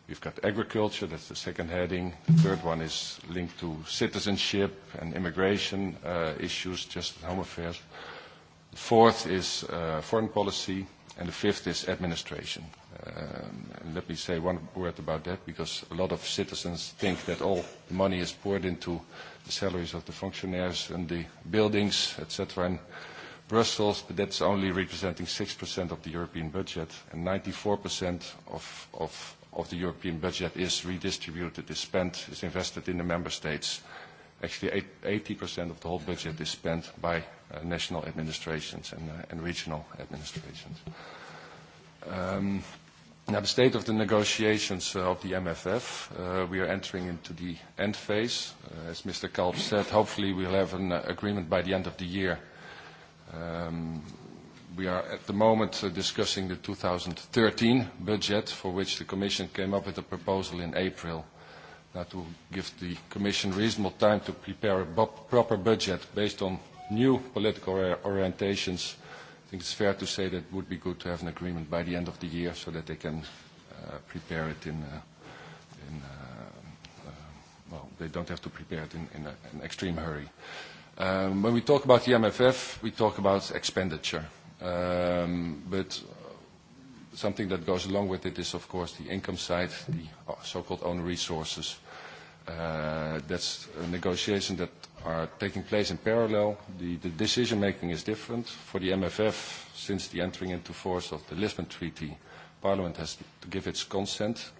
We've got agriculture, that's the second heading. The third one is linked to citizenship and immigration uh, issues, just home affairs. Uh, The fourth is uh, foreign policy, and the fifth is administration. Um, and let me say one word about that, because a lot of citizens think that all the money is poured into the salaries of the functionaries and the buildings, etc., in Brussels, but that's only representing 6% of the European budget, and 94% of, of, of the European budget is redistributed, is spent, is invested in the member states. Actually, 80% of the whole budget is spent by uh, national administrations and, uh, and regional administrations. Um, now, the state of the negotiations uh, of the MFF, uh, we are entering into the end phase. Uh, as Mr. Kalb said, hopefully we'll have an uh, agreement by the end of the year. Um, we are at the moment uh, discussing the 2013 budget, for which the Commission came up with a proposal in April. That will give the Commission reasonable time to prepare a proper budget based on new political orientations, I think it's fair to say that it would be good to have an agreement by the end of the year so that they can uh, prepare it in, uh, in uh, uh, well, they don't have to prepare it in, in a, an extreme hurry. Um, when we talk about the MFF, we talk about expenditure. Um, but something that goes along with it is, of course, the income side, the uh, so-called own resources uh, that's a negotiation that are taking place in parallel. The, the decision-making is different. For the MFF, since the entering into force of the Lisbon Treaty, Parliament has to give its consent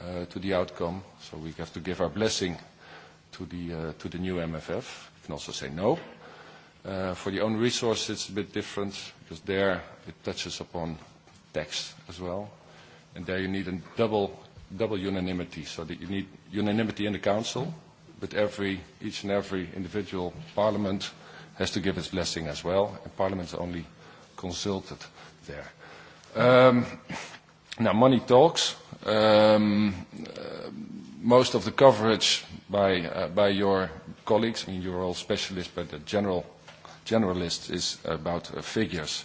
uh, to the outcome, so we have to give our blessing to the, uh, to the new MFF. We can also say no. Uh, for the own resource, it's a bit different, because there it touches upon tax as well, and there you need a double double unanimity, so that you need unanimity in the council, but every, each and every individual parliament has to give its blessing as well, and parliament is only consulted there. Um, now, money talks. Um, uh, most of the coverage by, uh, by your colleagues, I mean, you're all specialists, but the general, generalist is about uh, figures.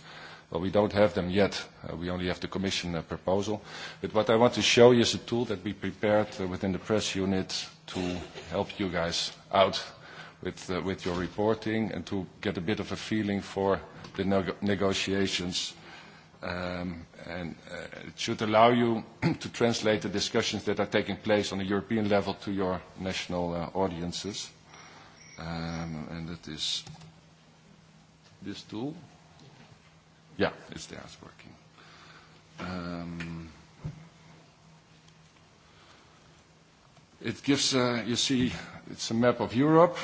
Well, we don't have them yet. Uh, we only have the Commission uh, proposal. But what I want to show you is a tool that we prepared uh, within the press unit to help you guys out with, uh, with your reporting and to get a bit of a feeling for the neg negotiations. Um, and uh, it should allow you *clears throat* to translate the discussions that are taking place on a European level to your national uh, audiences. Um, and that is this tool. Yeah, it's there. It's working. Um, it gives, uh, you see, it's a map of Europe.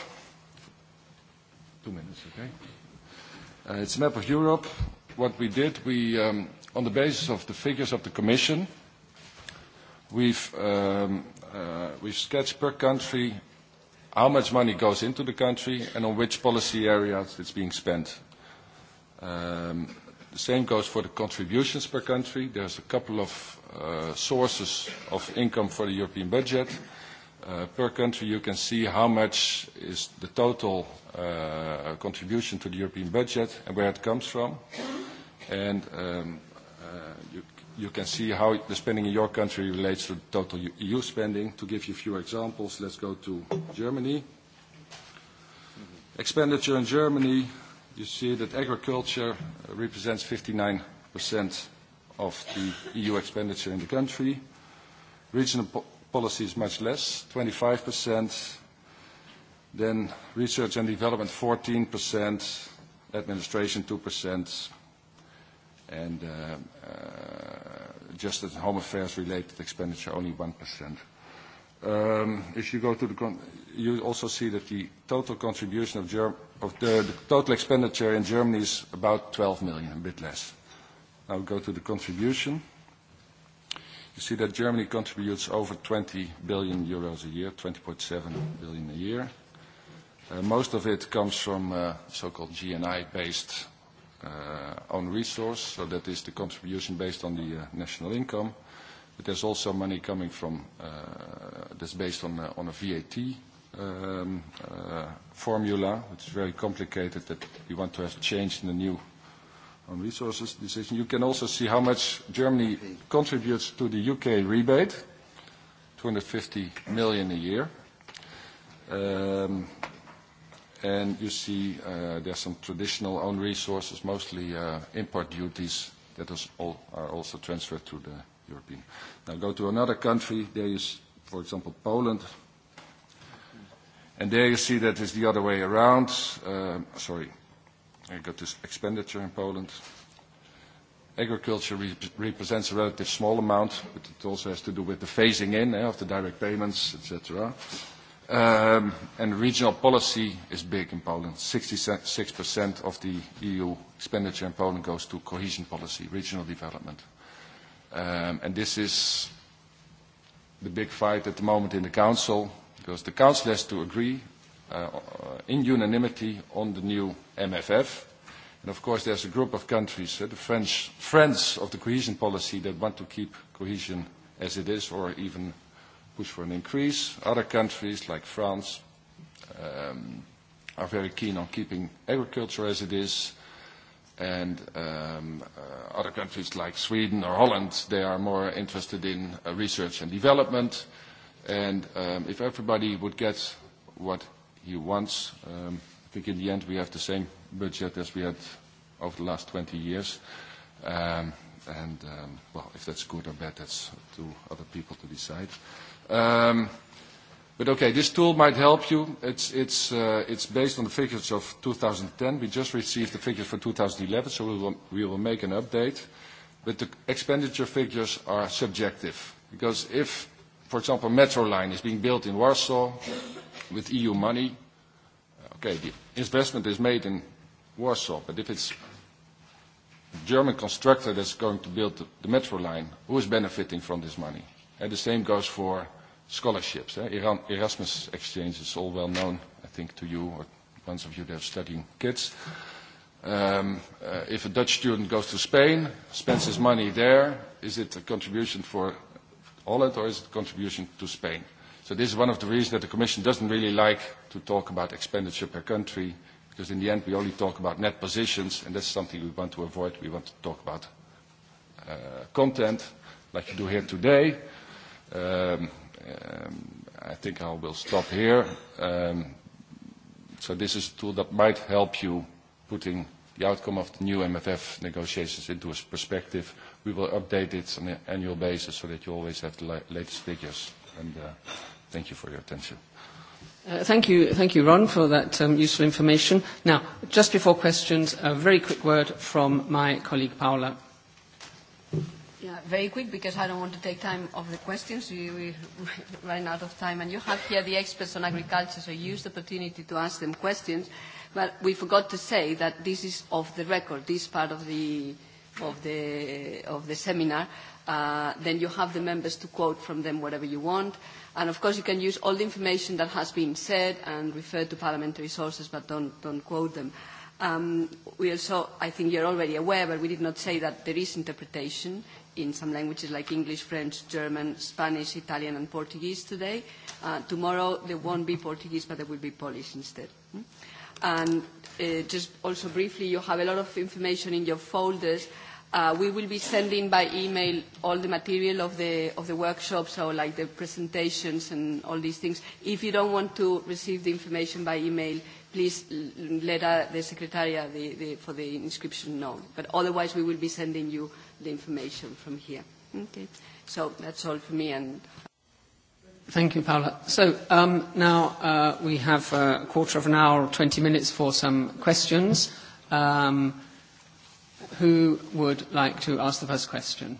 Two minutes, okay? Uh, it's a map of Europe. What we did, we, um, on the basis of the figures of the Commission, we've, um, uh, we've sketched per country how much money goes into the country and on which policy areas it's being spent. Um, The same goes for the contributions per country. There's a couple of uh, sources of income for the European budget. Uh, per country, you can see how much is the total uh, contribution to the European budget and where it comes from. And um, uh, you, you can see how the spending in your country relates to the total EU e spending. To give you a few examples, let's go to Germany. Expenditure in Germany you see that agriculture represents 59% of the EU expenditure in the country. Regional po policy is much less, 25%. Then research and development, 14%. Administration, 2%. And uh, uh, just as home affairs related expenditure, only 1%. Um, if you go to the, con you also see that the total contribution of Germany of the, the total expenditure in Germany is about 12 million, a bit less. Now go to the contribution. You see that Germany contributes over 20 billion euros a year, 20.7 billion a year. Uh, most of it comes from uh, so-called GNI-based uh, own resource, so that is the contribution based on the uh, national income. But there's also money coming from uh, that's based on, uh, on a VAT um, uh, formula, which is very complicated, that you want to have changed in the new on um, resources decision. You can also see how much Germany contributes to the U.K. rebate, 250 million a year. Um, and you see uh, there's some traditional own resources, mostly uh, import duties that is all, are also transferred to the European. Now go to another country. There is, for example, Poland, And there you see that is the other way around. Um, sorry, I got this expenditure in Poland. Agriculture re represents a relative small amount, but it also has to do with the phasing in eh, of the direct payments, et cetera. Um, and regional policy is big in Poland. 66% of the EU expenditure in Poland goes to cohesion policy, regional development. Um, and this is the big fight at the moment in the council, because the Council has to agree uh, in unanimity on the new MFF. And of course, there's a group of countries, uh, the French, friends of the cohesion policy, that want to keep cohesion as it is or even push for an increase. Other countries, like France, um, are very keen on keeping agriculture as it is. And um, uh, other countries like Sweden or Holland, they are more interested in uh, research and development. Uh, And um, if everybody would get what he wants, um, I think in the end we have the same budget as we had over the last 20 years. Um, and, um, well, if that's good or bad, that's up to other people to decide. Um, but okay, this tool might help you. It's, it's, uh, it's based on the figures of 2010. We just received the figures for 2011, so we will, we will make an update. But the expenditure figures are subjective, because if for example, metro line is being built in Warsaw with EU money. Uh, okay, the investment is made in Warsaw, but if it's a German constructor that's going to build the, the metro line, who is benefiting from this money? And the same goes for scholarships. Eh? Erasmus exchange is all well known, I think, to you or ones of you that are studying kids. Um, uh, if a Dutch student goes to Spain, spends his money there, is it a contribution for Holland, or is it contribution to Spain? So this is one of the reasons that the Commission doesn't really like to talk about expenditure per country, because in the end we only talk about net positions, and that's something we want to avoid. We want to talk about uh, content, like you do here today. Um, um, I think I will stop here. Um, so this is a tool that might help you putting the outcome of the new MFF negotiations into a perspective we will update it on an annual basis so that you always have the la latest figures. And uh, thank you for your attention. Uh, thank you, thank you, Ron, for that um, useful information. Now, just before questions, a very quick word from my colleague Paula. Yeah, very quick because I don't want to take time of the questions. We, we *laughs* ran out of time, and you have here the experts on agriculture, so use the opportunity to ask them questions. But we forgot to say that this is off the record. This part of the uh, of the, of the seminar. Uh, then you have the members to quote from them whatever you want. And of course you can use all the information that has been said and refer to parliamentary sources, but don't, don't quote them. Um, we also, I think you're already aware, but we did not say that there is interpretation in some languages like English, French, German, Spanish, Italian and Portuguese today. Uh, tomorrow there won't be Portuguese, but there will be Polish instead. Hmm? And uh, just also briefly, you have a lot of information in your folders uh, Uh, we will be sending by email all the material of the, of the workshop, so like the presentations and all these things. If you don't want to receive the information by email, please let uh, the Secretariat the, the, for the inscription know. But otherwise, we will be sending you the information from here. Okay. So that's all for me. And Thank you, Paula. So um, now uh, we have a quarter of an hour or 20 minutes for some questions. Um, who would like to ask the first question?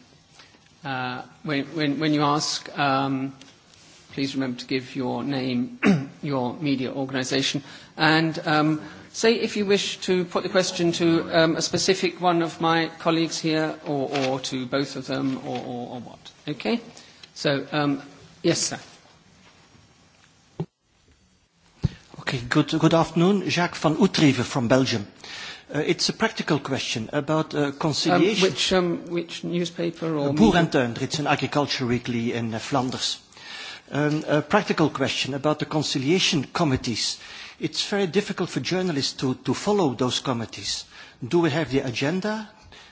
Uh, when, when, when you ask, um, please remember to give your name, *clears throat* your media organisation, and um, say if you wish to put the question to um, a specific one of my colleagues here, or, or to both of them, or, or, or what. Okay? So, um, yes, sir. Okay, good, good afternoon. Jacques van Oetreve from Belgium. Uh, Uh, it's a practical question about uh, um, conciliation. Um, which, um, which newspaper or... Uh, Boer and Teunder. It's an agriculture weekly in uh, Flanders. Um, a practical question about the conciliation committees. It's very difficult for journalists to, to follow those committees. Do we have the agenda?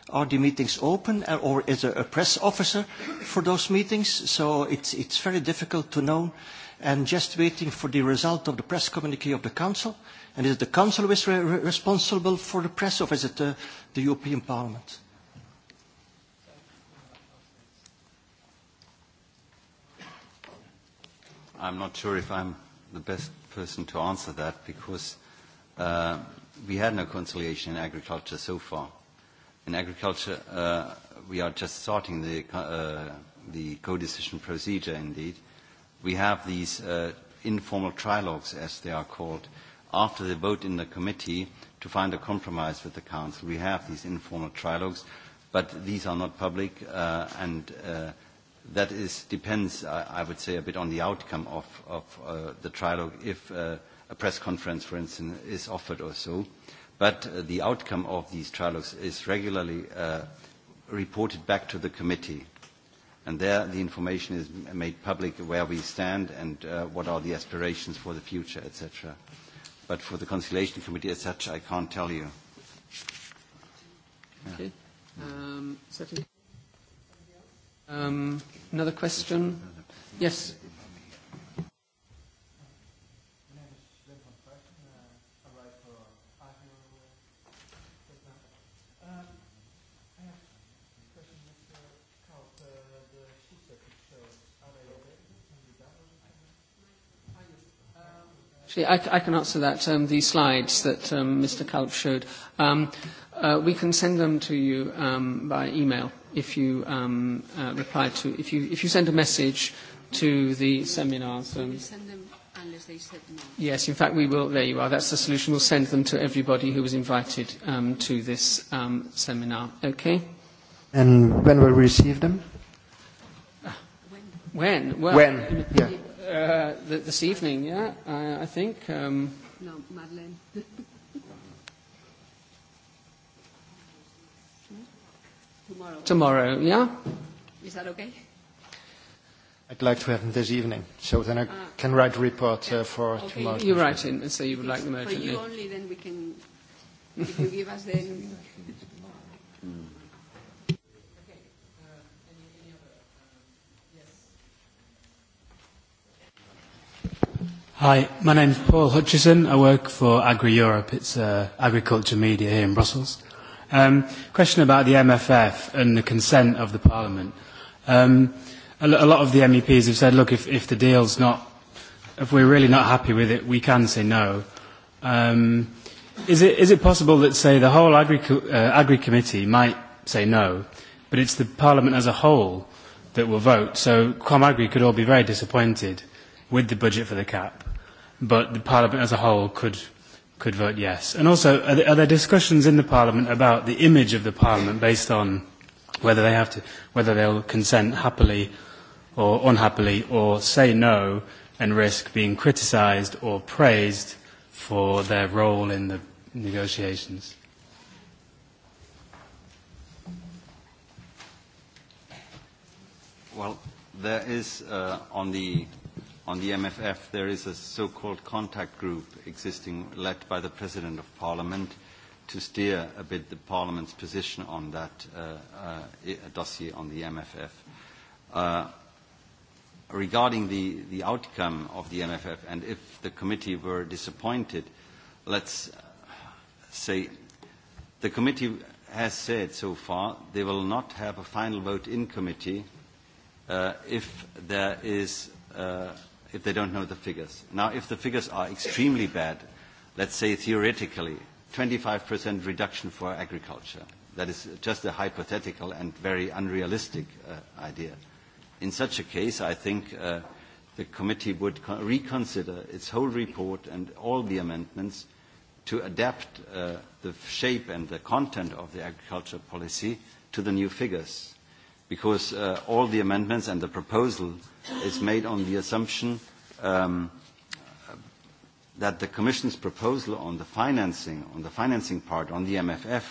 Are the meetings open uh, or is there a press officer for those meetings? So it's, it's very difficult to know. And just waiting for the result of the press communique of the Council, uh, And is it the Council who is re re responsible for the press, or is it uh, the European Parliament? I'm not sure if I'm the best person to answer that because uh, we had no conciliation in agriculture so far. In agriculture, uh, we are just starting the, uh, the co-decision procedure, indeed. We have these uh, informal trilogues, as they are called, uh, after the vote in the committee to find a compromise with the Council. We have these informal trilogues, but these are not public, uh, and uh, that is, depends, I, I would say, a bit on the outcome of, of uh, the trilogue, if uh, a press conference, for instance, is offered or so. But uh, the outcome of these trilogues is regularly uh, reported back to the committee. And there the information is made public where we stand and uh, what are the aspirations for the future, etc. Uh, But for the Conciliation Committee as such, I can't tell you. Yeah. Okay. Um, certainly. Um, another question? Yes. Actually, I, I can answer that. Um, the slides that um, Mr. Kalb showed, um, uh, we can send them to you um, by email if you um, uh, reply to if you if you send a message to the seminars. Um, send them unless they said no. Yes, in fact, we will. There you are. That's the solution. We'll send them to everybody who was invited um, to this um, seminar. Okay. And when will we receive them? When? Well, when? Yeah uh, th- this evening, yeah, I, I think. Um, no, Madeleine. *laughs* Tomorrow. Tomorrow, yeah? Is that okay? I'd like to have them this evening, so then I uh, can write a report uh, for okay. tomorrow. You write in and say you would like them urgently. For you only, then we can, if you give us the... Hi, my name's Paul Hutchison. I work for Agri Europe. It's uh, agriculture media here in Brussels. Um, question about the MFF and the consent of the Parliament. Um, a, a lot of the MEPs have said, look, if, if the deal's not, if we're really not happy with it, we can say no. Um, is, it, is it possible that, say, the whole Agri, uh, Agri Committee might say no, but it's the Parliament as a whole that will vote? So ComAgri could all be very disappointed with the budget for the cap, but the Parliament as a whole could could vote yes. And also, are there, are there discussions in the Parliament about the image of the Parliament based on whether they have to, whether they'll consent happily or unhappily, or say no and risk being criticised or praised for their role in the negotiations? Well, there is uh, on the on the MFF, there is a so-called contact group existing, led by the President of Parliament, to steer a bit the Parliament's position on that uh, uh, dossier on the MFF. Uh, regarding the, the outcome of the MFF, and if the committee were disappointed, let's say the committee has said so far they will not have a final vote in committee uh, if there is uh, if they don't know the figures. Now, if the figures are extremely bad, let's say theoretically, 25% reduction for agriculture. That is just a hypothetical and very unrealistic uh, idea. In such a case, I think uh, the committee would co reconsider its whole report and all the amendments to adapt uh, the shape and the content of the agriculture policy to the new figures because uh, all the amendments and the proposal is made on the assumption um, that the Commission's proposal on the financing, on the financing part, on the MFF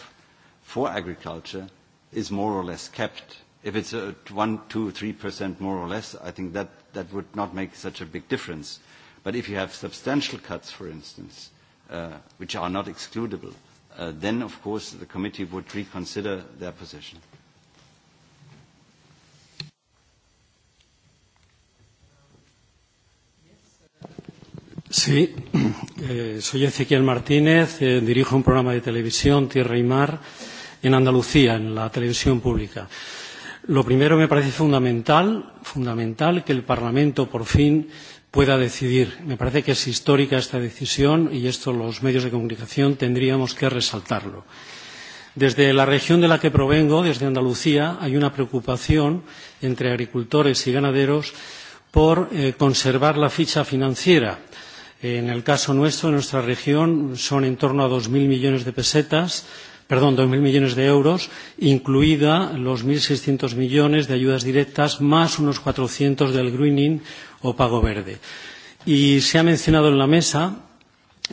for agriculture is more or less kept. If it's a 1, 2, 3% more or less, I think that, that would not make such a big difference. But if you have substantial cuts, for instance, uh, which are not excludable, uh, then, of course, the committee would reconsider their position. Sí, *clears throat* eh, soy Ezequiel Martínez, eh, dirijo un programa de televisión Tierra y Mar en Andalucía, en la televisión pública. Lo primero me parece fundamental, fundamental que el Parlamento por fin pueda decidir. Me parece que es histórica esta decisión y esto los medios de comunicación tendríamos que resaltarlo. Desde la región de la que provengo, desde Andalucía, hay una preocupación entre agricultores y ganaderos por eh, conservar la ficha financiera. Eh, En el caso nuestro, en nuestra región, son en torno a 2.000 millones de pesetas, perdón, 2.000 millones de euros, incluida los 1.600 millones de ayudas directas, más unos 400 del greening o pago verde. Y se ha mencionado en la mesa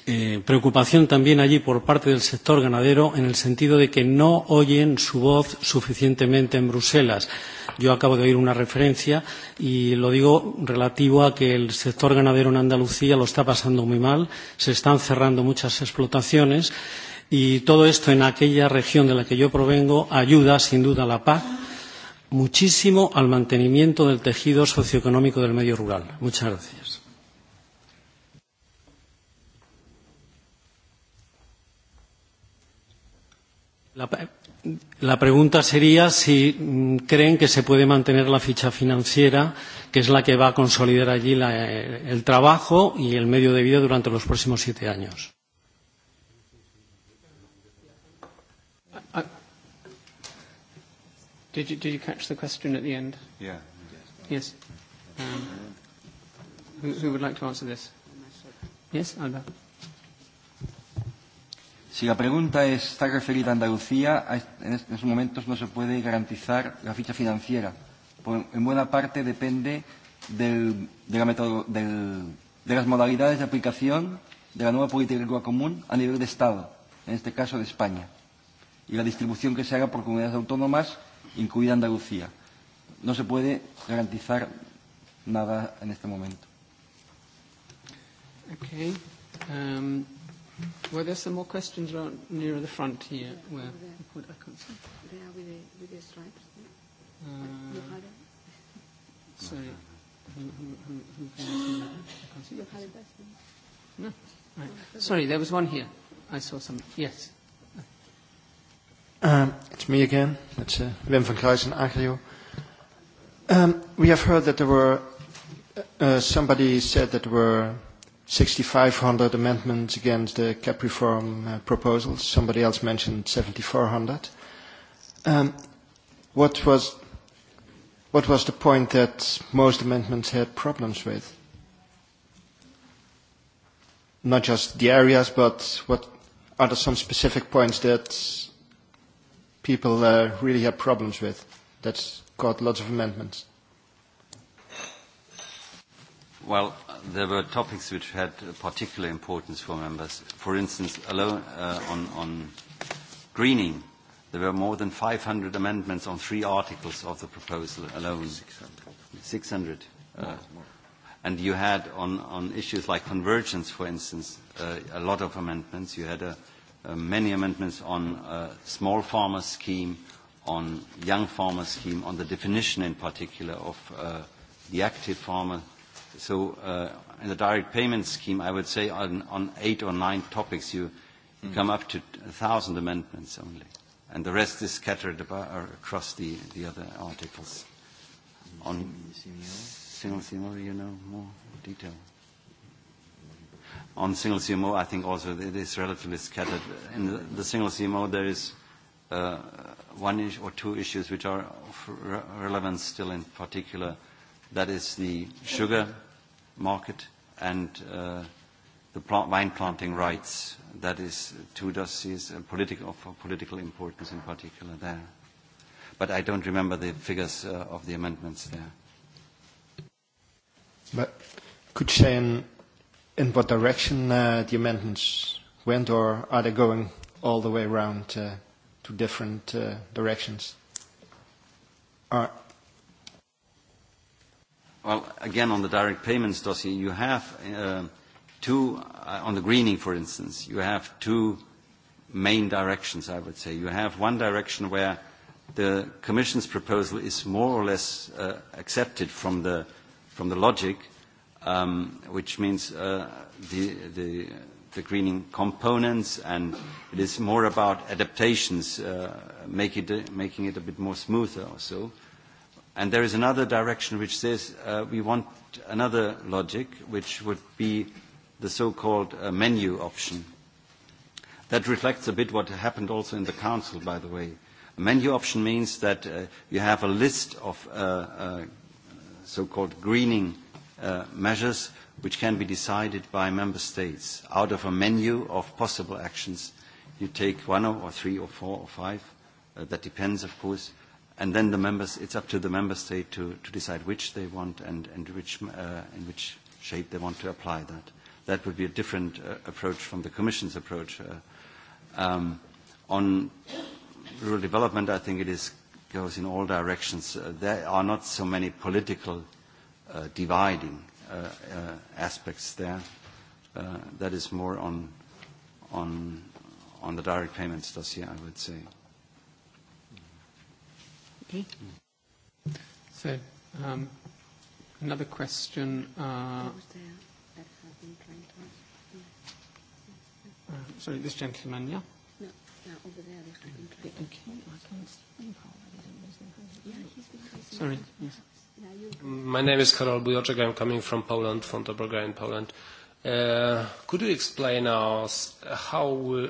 eh, preocupación también allí por parte del sector ganadero en el sentido de que no oyen su voz suficientemente en Bruselas. Yo acabo de oír una referencia y lo digo relativo a que el sector ganadero en Andalucía lo está pasando muy mal, se están cerrando muchas explotaciones y todo esto en aquella región de la que yo provengo ayuda sin duda a la PAC muchísimo al mantenimiento del tejido socioeconómico del medio rural. Muchas gracias. La, La pregunta sería si mm, creen que se puede mantener la ficha financiera, que es la que va a consolidar allí la, eh, el trabajo y el medio de vida durante los próximos siete años. I, I, did you, did you catch the question at the end? Yeah. Yes. Um, who, who would like to answer this? Yes, Albert. Si la pregunta está referida a Andalucía, en estos momentos no se puede garantizar la ficha financiera. Por, en buena parte depende del, de, la metodo, del, de las modalidades de aplicación de la nueva política común a nivel de Estado, en este caso de España, y la distribución que se haga por comunidades autónomas, incluida Andalucía. No se puede garantizar nada en este momento. Okay. Um... Were there some more questions around nearer the front here? Yeah, where? There. I can't see. There with the, with the stripes. Yeah. Uh, sorry. Who, who, who, who can I see? I can't see. No. Right. Sorry, there was one here. I saw some. Yes. Um, it's me again. It's uh, Wim van Kruijsen, Agrio. Um, we have heard that there were, uh, uh somebody said that there were 6,500 amendments against the cap reform uh, proposals. Somebody else mentioned 7,400. Um, what was what was the point that most amendments had problems with? Not just the areas, but what are there some specific points that people uh, really have problems with? That's got lots of amendments. Well, there were topics which had particular importance for members. For instance, alone uh, on, on greening, there were more than 500 amendments on three articles of the proposal alone. 600. 600. Uh, more, more. And you had on, on issues like convergence, for instance, uh, a lot of amendments. You had a, uh, uh, many amendments on uh, small farmer scheme, on young farmer scheme, on the definition in particular of uh, the active farmer So uh, in the direct payment scheme, I would say on, on eight or nine topics, you, you mm. come up to 1,000 amendments only. And the rest is scattered about, across the, the other articles. Hmm. On single CMO, you know more detail. On single CMO, I think also it is relatively scattered. In the, the single CMO, there is uh, one issue or two issues which are of re relevance still in particular. That is the sugar market and uh, the plant, vine planting rights. That is two dossiers uh, politic, of political importance in particular there. But I don't remember the figures uh, of the amendments there. But could you say in, in what direction uh, the amendments went, or are they going all the way around uh, to different uh, directions? Are, Well, again, on the direct payments dossier, you have uh, two, uh, on the greening, for instance, you have two main directions, I would say. You have one direction where the Commission's proposal is more or less uh, accepted from the, from the logic, um, which means uh, the, the, the greening components, and it is more about adaptations, uh, make it, making it a bit more smoother or so. Uh, And there is another direction which says uh, we want another logic, which would be the so-called uh, menu option. That reflects a bit what happened also in the Council, by the way. A menu option means that uh, you have a list of uh, uh, so-called greening uh, measures which can be decided by member states. Out of a menu of possible actions, you take one or three or four or five. Uh, that depends, of course and then the members, it's up to the member state to, to decide which they want and, and which, uh, in which shape they want to apply that. That would be a different uh, approach from the Commission's approach. Uh, um, on rural development, I think it is, goes in all directions. Uh, there are not so many political uh, dividing uh, uh, aspects there. Uh, that is more on, on, on the direct payments dossier, I would say. Uh, compris. So, um, another question. Uh, uh, sorry, this gentleman, yeah? No, no, over there they have been trying. Okay, I can't see how yeah, he's been Sorry. Yes. My name is Karol Bujoczek. I'm coming from Poland, from Dobrogaj in Poland. Uh, could you explain us how uh,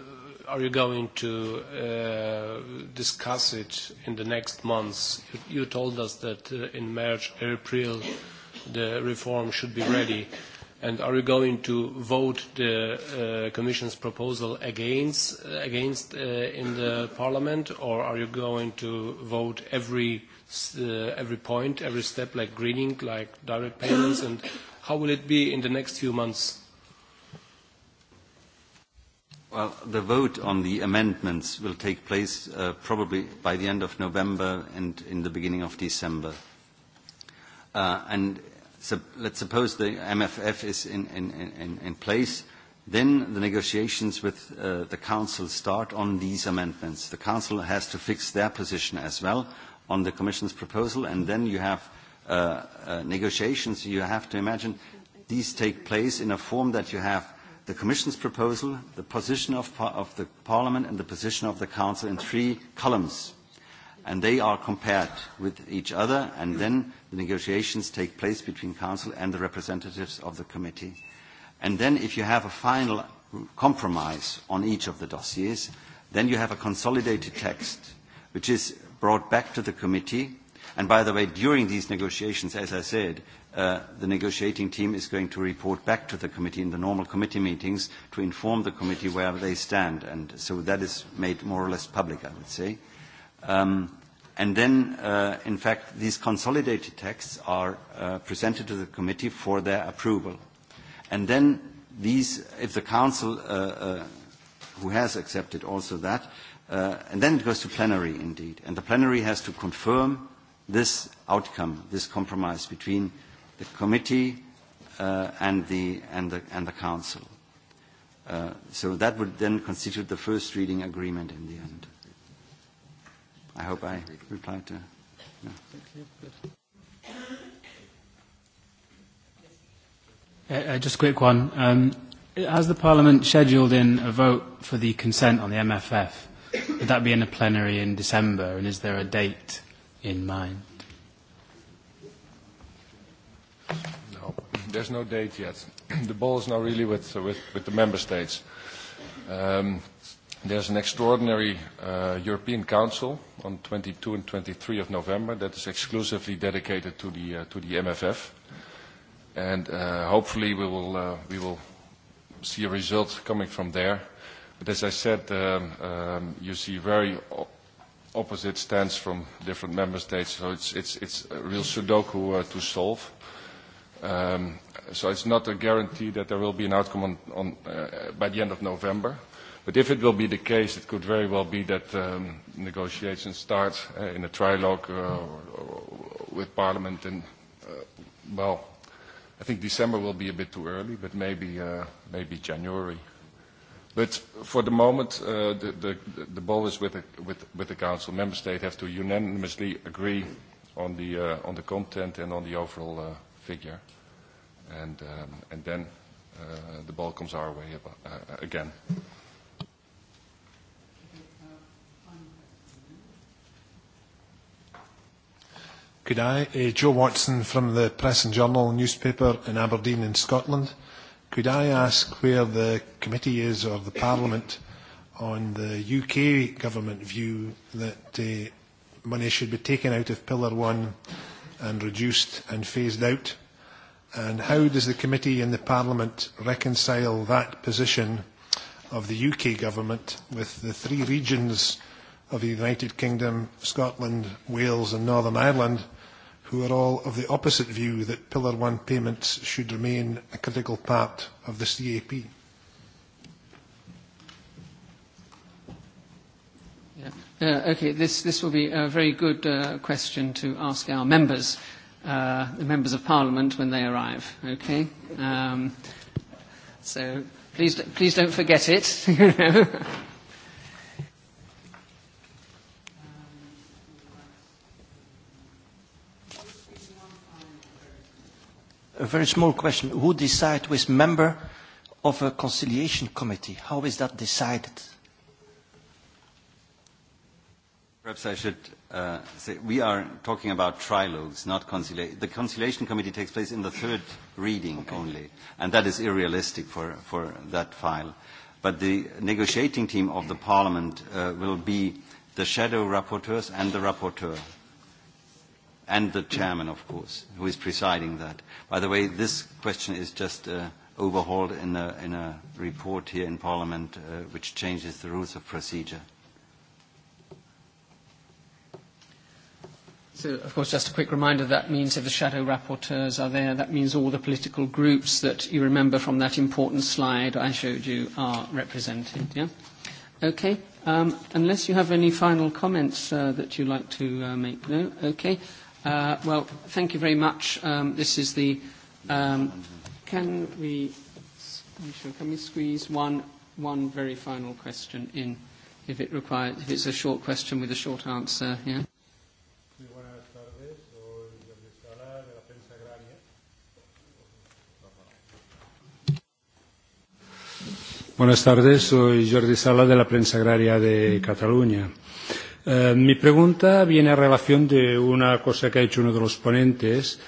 are you going to uh, discuss it in the next months? You, you told us that uh, in March, April, the reform should be ready. And are you going to vote the uh, Commission's proposal against, uh, against uh, in the Parliament, or are you going to vote every, uh, every point, every step, like greening, like direct payments, and how will it be in the next few months? Well, the vote on the amendments will take place uh, probably by the end of November and in the beginning of December. Uh, and so let's suppose the MFF is in, in, in, in place, then the negotiations with uh, the Council start on these amendments. The Council has to fix their position as well on the Commission's proposal, and then you have uh, uh, negotiations. You have to imagine these take place in a form that you have – the Commission's proposal, the position of, par of the Parliament and the position of the Council in three columns. And they are compared with each other, and then the negotiations take place between Council and the representatives of the committee. And then if you have a final compromise on each of the dossiers, then you have a consolidated text, which is brought back to the committee And by the way, during these negotiations, as I said, uh, the negotiating team is going to report back to the committee in the normal committee meetings to inform the committee where they stand. And so that is made more or less public, I would say. Um, and then, uh, in fact, these consolidated texts are uh, presented to the committee for their approval. And then these, if the council, uh, uh, who has accepted also that, uh, and then it goes to plenary indeed. And the plenary has to confirm this outcome, this compromise between the committee uh, and, the, and, the, and the council. Uh, so that would then constitute the first reading agreement in the end. I hope I replied to. Yeah. Uh, uh just a quick one. Um, has the Parliament scheduled in a vote for the consent on the MFF? Would that be in a plenary in December, and is there a date in mind? No, there's no date yet. *clears throat* the ball is now really with, uh, with, with the member states. Um, there's an extraordinary uh, European Council on 22 and 23 of November that is exclusively dedicated to the, uh, to the MFF. And uh, hopefully we will, uh, we will see a result coming from there. But as I said, um, um, you see very opposite stands from different member states, so it's, it's, it's a real Sudoku uh, to solve. Um, so it's not a guarantee that there will be an outcome on, on, uh, by the end of November. But if it will be the case, it could very well be that um, negotiations start uh, in a trilogue uh, or, or with Parliament. And uh, well, I think December will be a bit too early, but maybe uh, maybe January. Uh, But for the moment, uh, the, the, the ball is with the, with, with the Council. Member States have to unanimously agree on the, uh, on the content and on the overall uh, figure. And, um, and then uh, the ball comes our way about, uh, uh, again. Good day. Uh, Joe Watson from the Press and Journal newspaper in Aberdeen in Scotland. Uh, could I ask where the committee is or the Parliament on the UK government view that uh, money should be taken out of Pillar 1 and reduced and phased out? And how does the committee and the Parliament reconcile that position of the UK government with the three regions of the United Kingdom, Scotland, Wales and Northern Ireland – who are all of the opposite view that Pillar 1 payments should remain a critical part of the CAP? Yeah. Uh, okay, this, this will be a very good uh, question to ask our members, uh, the members of Parliament, when they arrive. Okay? Um, so please, please don't forget it. *laughs* very small question. Who decides who is member of a conciliation committee? How is that decided? Perhaps I should uh, say we are talking about trilogues, not conciliation. The conciliation committee takes place in the third reading okay. only, and that is unrealistic for, for that file. But the negotiating team of the parliament uh, will be the shadow rapporteurs and the rapporteur and the chairman, of course, who is presiding that. By the way, this question is just uh, overhauled in a, in a report here in Parliament uh, which changes the rules of procedure. So, of course, just a quick reminder, that means if the shadow rapporteurs are there, that means all the political groups that you remember from that important slide I showed you are represented, yeah? Okay. Um, unless you have any final comments uh, that you'd like to uh, make, no? Okay. Uh, well, thank you very much. Um, this is the. Um, can we? Can we squeeze one one very final question in, if it requires, if it's a short question with a short answer? Yeah. Buenas tardes, soy Jordi Sala de la Prensa Agraria de Cataluña. Mm. Eh, mi pregunta viene a relación de una cosa que ha hecho uno de los ponentes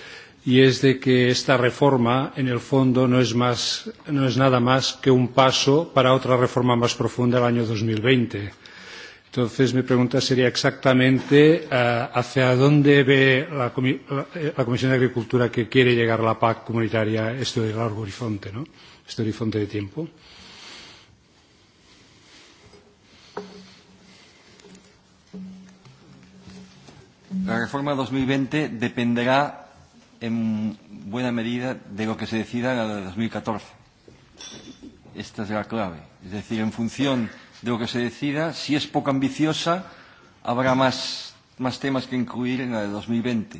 y es de que esta reforma, en el fondo, no es, más, no es nada más que un paso para otra reforma más profunda el año 2020. Entonces, mi pregunta sería exactamente uh, hacia dónde ve la, comi la, eh, la Comisión de Agricultura que quiere llegar la PAC comunitaria este largo horizonte, ¿no? este horizonte de tiempo. Uh, La reforma 2020 dependerá en buena medida de lo que se decida en la de 2014. Esta es la clave. Es decir, en función de lo que se decida, si es poco ambiciosa, habrá más, más temas que incluir en la de 2020.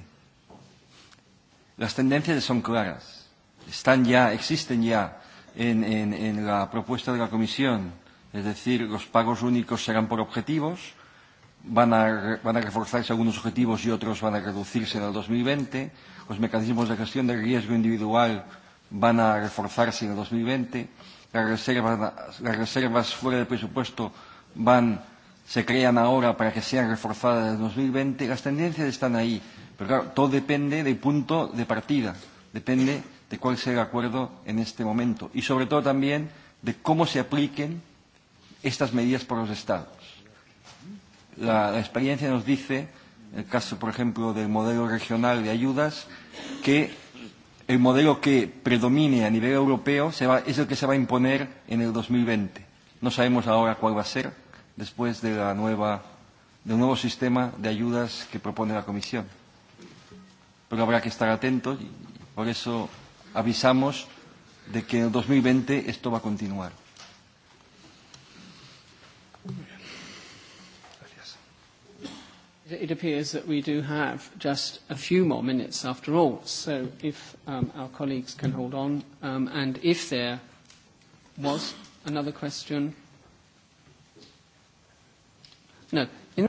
Las tendencias son claras. Están ya, existen ya en, en, en la propuesta de la Comisión. Es decir, los pagos únicos serán por objetivos, van a, van a reforzarse algunos objetivos y e otros van a reducirse en el 2020. Los mecanismos de gestión de riesgo individual van a reforzarse en el 2020. Las reservas, las reservas fuera del presupuesto van, se crean ahora para que sean reforzadas en el 2020. Las tendencias están ahí, pero claro, todo depende del punto de partida, depende de cuál sea el acuerdo en este momento y sobre todo también de cómo se apliquen estas medidas por los Estados La, la experiencia nos dice, en el caso, por ejemplo, del modelo regional de ayudas, que el modelo que predomine a nivel europeo se va, es el que se va a imponer en el 2020. No sabemos ahora cuál va a ser después de la nueva, del nuevo sistema de ayudas que propone la Comisión. Pero habrá que estar atentos y por eso avisamos de que en el 2020 esto va a continuar. it appears that we do have just a few more minutes after all. So if um, our colleagues can hold on, um, and if there was another question. No. In,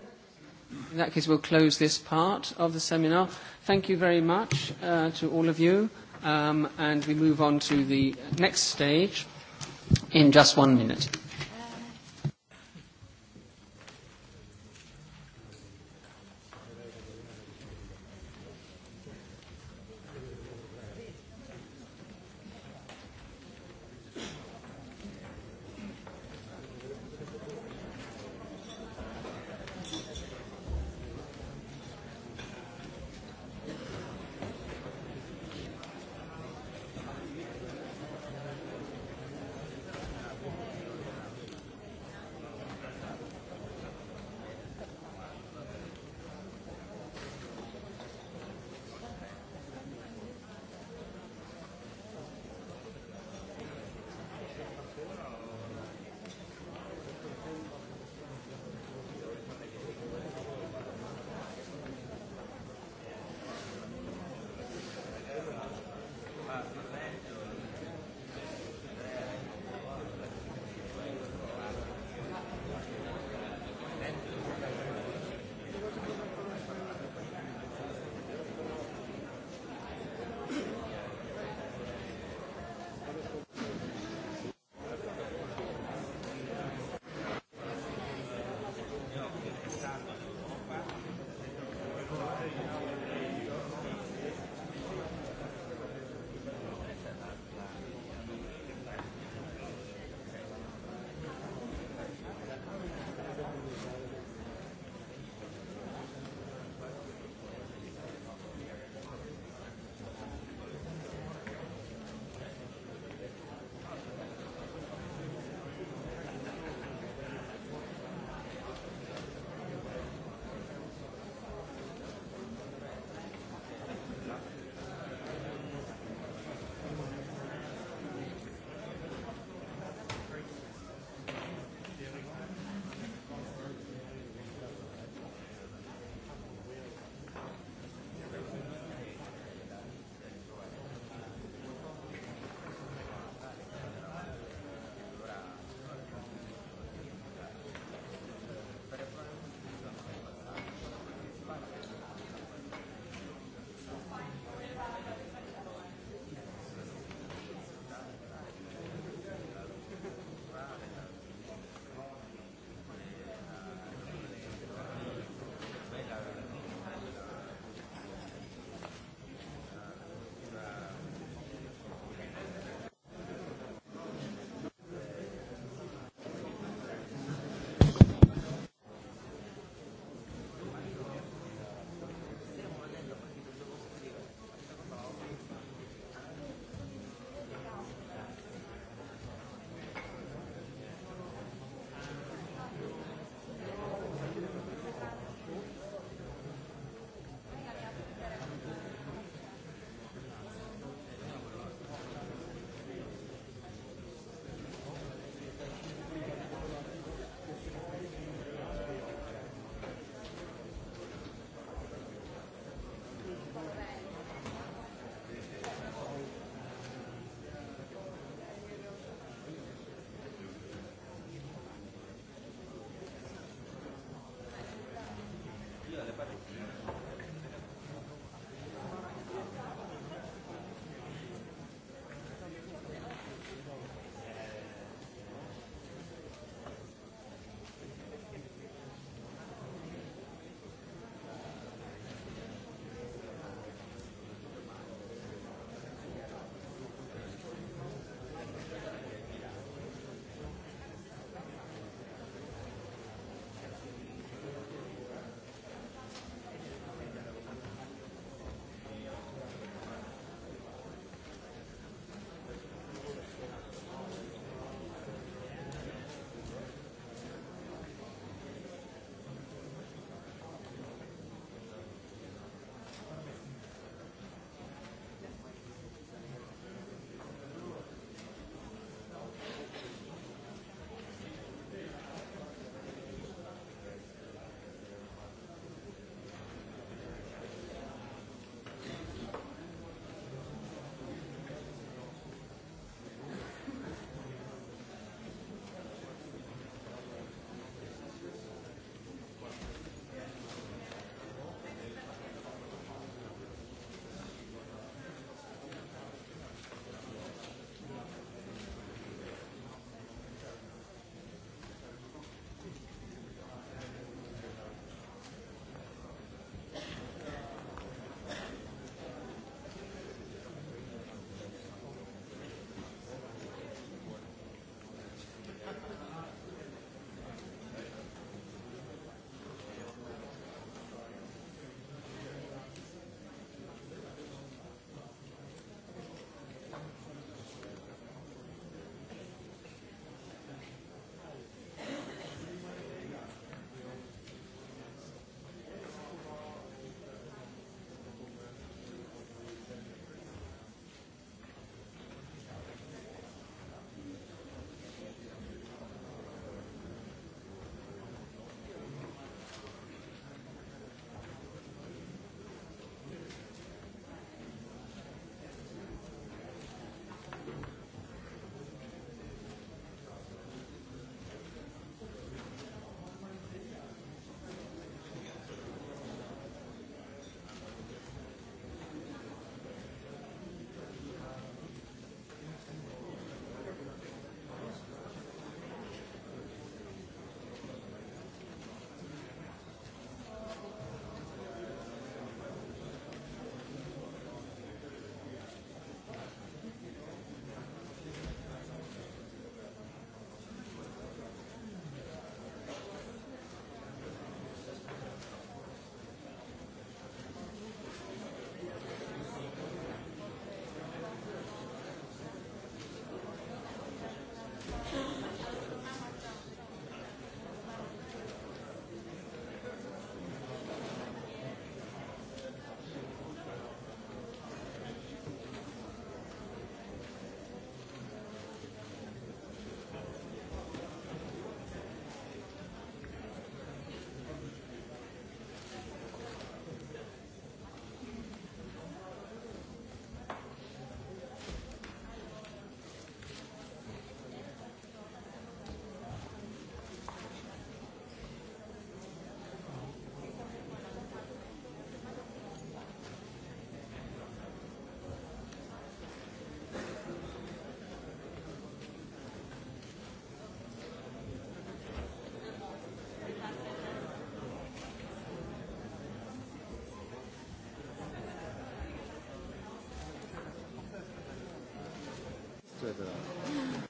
in that case, we'll close this part of the seminar. Thank you very much uh, to all of you, um, and we move on to the next stage in just one minute. eccetera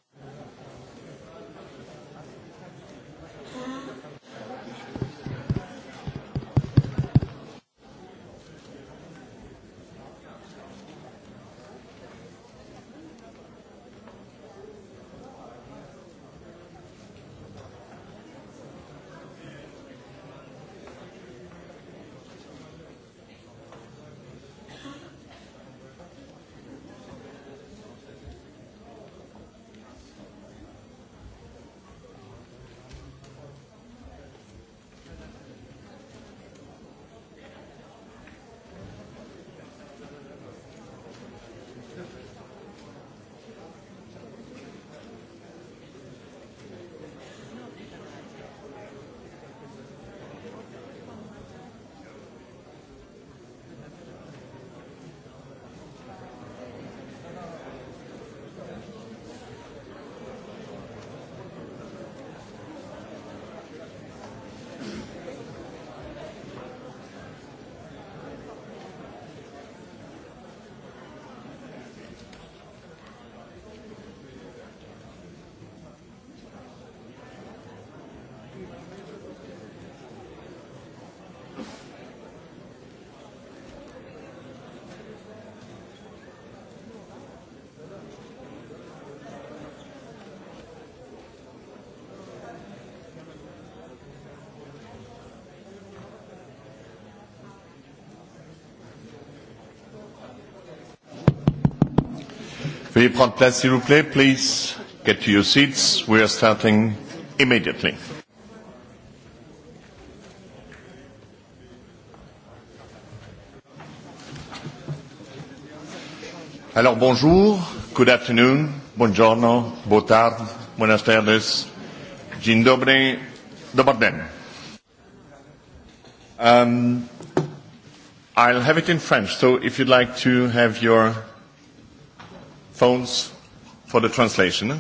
Veuillez prendre place, s'il vous plaît. Please get to your seats. We are starting immediately. Alors bonjour, good afternoon, buongiorno, boa tarde, buenas tardes, dzień dobry, dobar den. Um, I'll have it in French, so if you'd like to have your phones for the translation. Eh?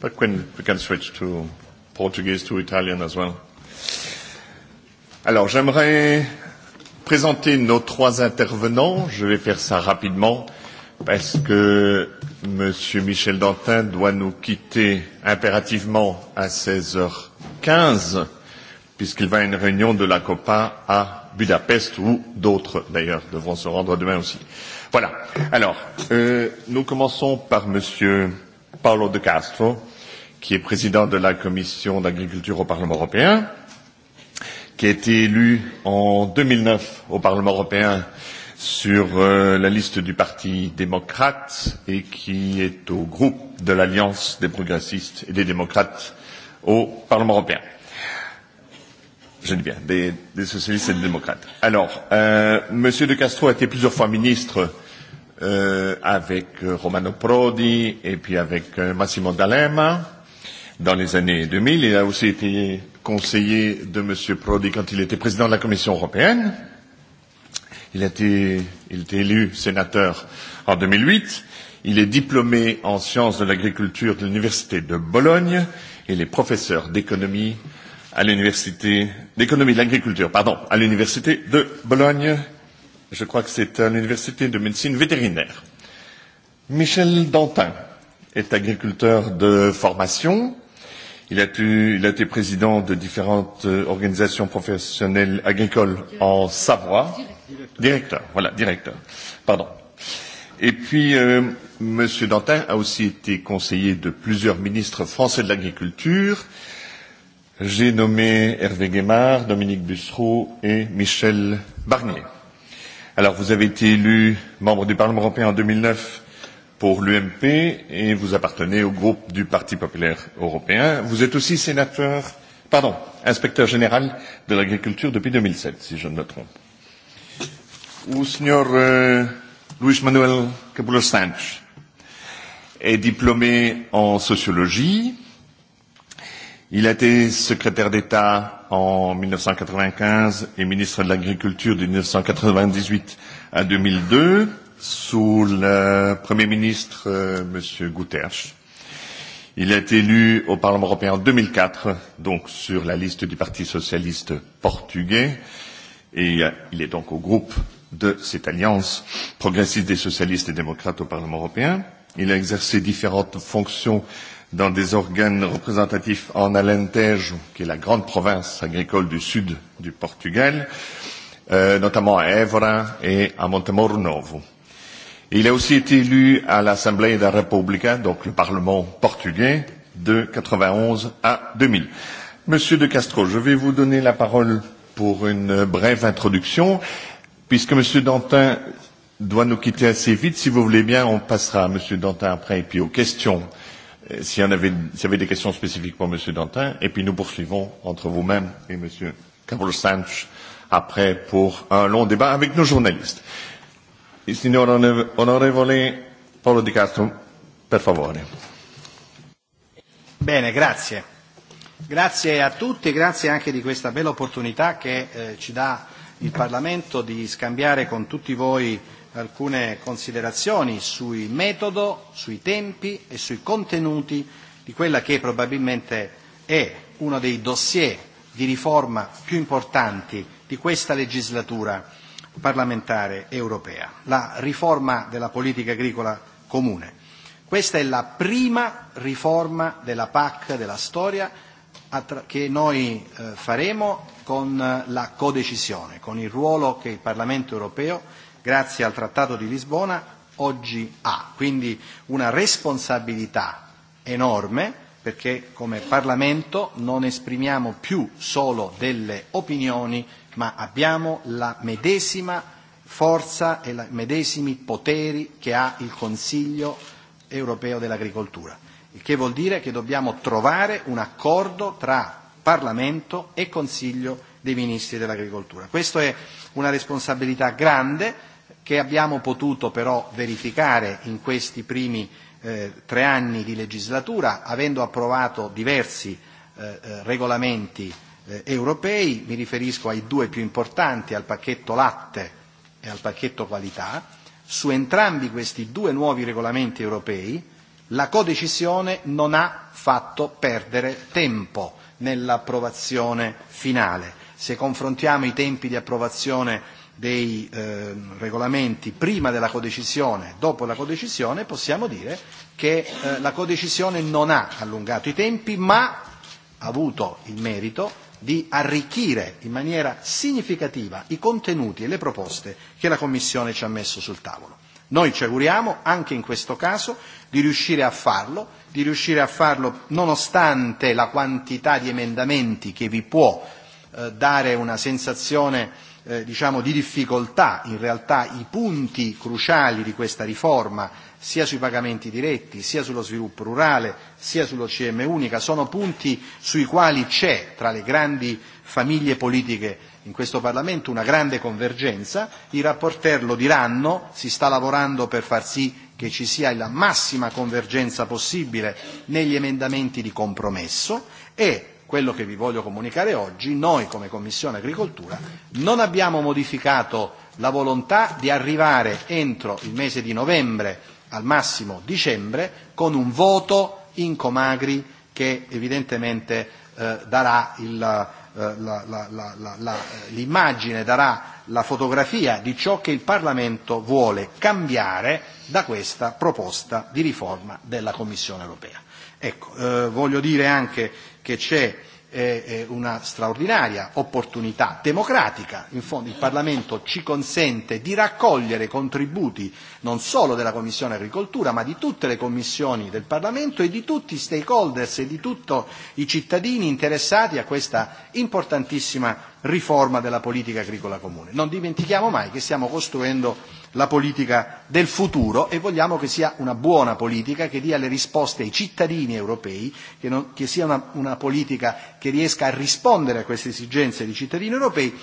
But when we can switch to Portuguese, to Italian as well. Alors, j'aimerais présenter nos trois intervenants. Je vais faire ça rapidement parce que M. Michel Dantin doit nous quitter impérativement à 16h15 puisqu'il va à une réunion de la COPA à Budapest ou d'autres d'ailleurs devront se rendre demain aussi. Voilà. Alors, euh, nous commençons par Monsieur Paulo de Castro, qui est président de la Commission d'agriculture au Parlement européen, qui a été élu en 2009 au Parlement européen sur euh, la liste du Parti démocrate et qui est au groupe de l'Alliance des progressistes et des démocrates au Parlement européen. Geneviève, des, des socialistes et des démocrates. Alors, euh, Monsieur de Castro a été plusieurs fois ministre euh, avec euh, Romano Prodi et puis avec euh, Massimo D'Alema dans les années 2000. Il a aussi été conseiller de Monsieur Prodi quand il était président de la Commission européenne. Il a été, il a été élu sénateur en 2008. Il est diplômé en sciences de l'agriculture de l'Université de Bologne. Il est professeur d'économie euh, à l'université d'économie de l'agriculture, pardon, à l'université de Bologne. Je crois que c'est à l'université de médecine vétérinaire. Michel Dantin est agriculteur de formation. Il a, pu, il a été président de différentes euh, organisations professionnelles agricoles en Savoie. Directeur, voilà, directeur. Pardon. Et puis, euh, M. Dantin a aussi été conseiller de plusieurs ministres français de l'agriculture. Euh, J'ai nommé Hervé Guémard, Dominique Bussereau et Michel Barnier. Alors, vous avez été élu membre du Parlement européen en 2009 pour l'UMP et vous appartenez au groupe du Parti populaire européen. Vous êtes aussi sénateur, pardon, inspecteur général de l'agriculture depuis 2007, si je ne me trompe. O senhor euh, Luís Manuel Cabula Santos est diplômé en sociologie, Il a été secrétaire d'État en 1995 et ministre de l'Agriculture de 1998 à 2002 sous le Premier ministre euh, M. Guterres. Il a été élu au Parlement européen en 2004, donc sur la liste du Parti socialiste portugais, et euh, il est donc au groupe de cette alliance progressiste des socialistes et démocrates au Parlement européen. Il a exercé différentes fonctions euh, dans des organes représentatifs en Alentejo, qui est la grande province agricole du sud du Portugal, euh, notamment à Évora et à Montemor Novo. Il a aussi été élu à l'Assemblée da República, donc le Parlement portugais, de 91 à 2000. Monsieur de Castro, je vais vous donner la parole pour une brève introduction, puisque Monsieur Dantin doit nous quitter assez vite. Si vous voulez bien, on passera à Monsieur Dantin après et puis aux questions. Euh, Euh, s'il y, en avait, s'il y avait des questions spécifiques pour M. Dantin, et puis nous poursuivons entre vous-même et M. Cabral-Sanch après pour un long débat avec nos journalistes. Il signor onorevole Paolo Di Castro, per favore. Bene, grazie. Grazie a tutti, grazie anche di questa bella opportunità che eh, ci dà il Parlamento di scambiare con tutti voi alcune considerazioni sui metodo, sui tempi e sui contenuti di quella che probabilmente è uno dei dossier di riforma più importanti di questa legislatura parlamentare europea, la riforma della politica agricola comune. Questa è la prima riforma della PAC della storia che noi eh, faremo con eh, la codecisione, con il ruolo che il Parlamento europeo grazie al Trattato di Lisbona, oggi ha. Quindi una responsabilità enorme perché come Parlamento non esprimiamo più solo delle opinioni, ma abbiamo la medesima forza e i medesimi poteri che ha il Consiglio europeo dell'agricoltura, il che vuol dire che dobbiamo trovare un accordo tra Parlamento e Consiglio dei Ministri dell'Agricoltura. Questa è una responsabilità grande che abbiamo potuto però verificare in questi primi eh, tre anni di legislatura, avendo approvato diversi eh, eh, regolamenti eh, europei, mi riferisco ai due più importanti, al pacchetto latte e al pacchetto qualità, su entrambi questi due nuovi regolamenti europei la codecisione non ha fatto perdere tempo nell'approvazione finale. Se confrontiamo i tempi di approvazione dei eh, regolamenti prima della codecisione, dopo la codecisione, possiamo dire che eh, la codecisione non ha allungato i tempi, ma ha avuto il merito di arricchire in maniera significativa i contenuti e le proposte che la Commissione ci ha messo sul tavolo. Noi ci auguriamo, anche in questo caso, di riuscire a farlo, di riuscire a farlo nonostante la quantità di emendamenti che vi può eh, dare una sensazione eh, diciamo, di difficoltà in realtà i punti cruciali di questa riforma, sia sui pagamenti diretti, sia sullo sviluppo rurale, sia sull'OCM unica, sono punti sui quali c'è tra le grandi famiglie politiche in questo Parlamento una grande convergenza, i rapporter lo diranno, si sta lavorando per far sì che ci sia la massima convergenza possibile negli emendamenti di compromesso e quello che vi voglio comunicare oggi, noi come Commissione Agricoltura non abbiamo modificato la volontà di arrivare entro il mese di novembre, al massimo dicembre, con un voto in Comagri che evidentemente eh, darà il, eh, la, la, la, la, la, l'immagine, darà la fotografia di ciò che il Parlamento vuole cambiare da questa proposta di riforma della Commissione europea. Ecco, eh, voglio dire anche che c'è eh, eh, una straordinaria opportunità democratica. In fondo il Parlamento ci consente di raccogliere contributi non solo della Commissione Agricoltura, ma di tutte le commissioni del Parlamento e di tutti i stakeholders e di tutti i cittadini interessati a questa importantissima riforma della politica agricola comune. Non dimentichiamo mai che stiamo costruendo la politica del futuro e vogliamo che sia una buona politica che dia le risposte ai cittadini europei, che, non, che sia una, una politica che riesca a rispondere a queste esigenze dei cittadini europei,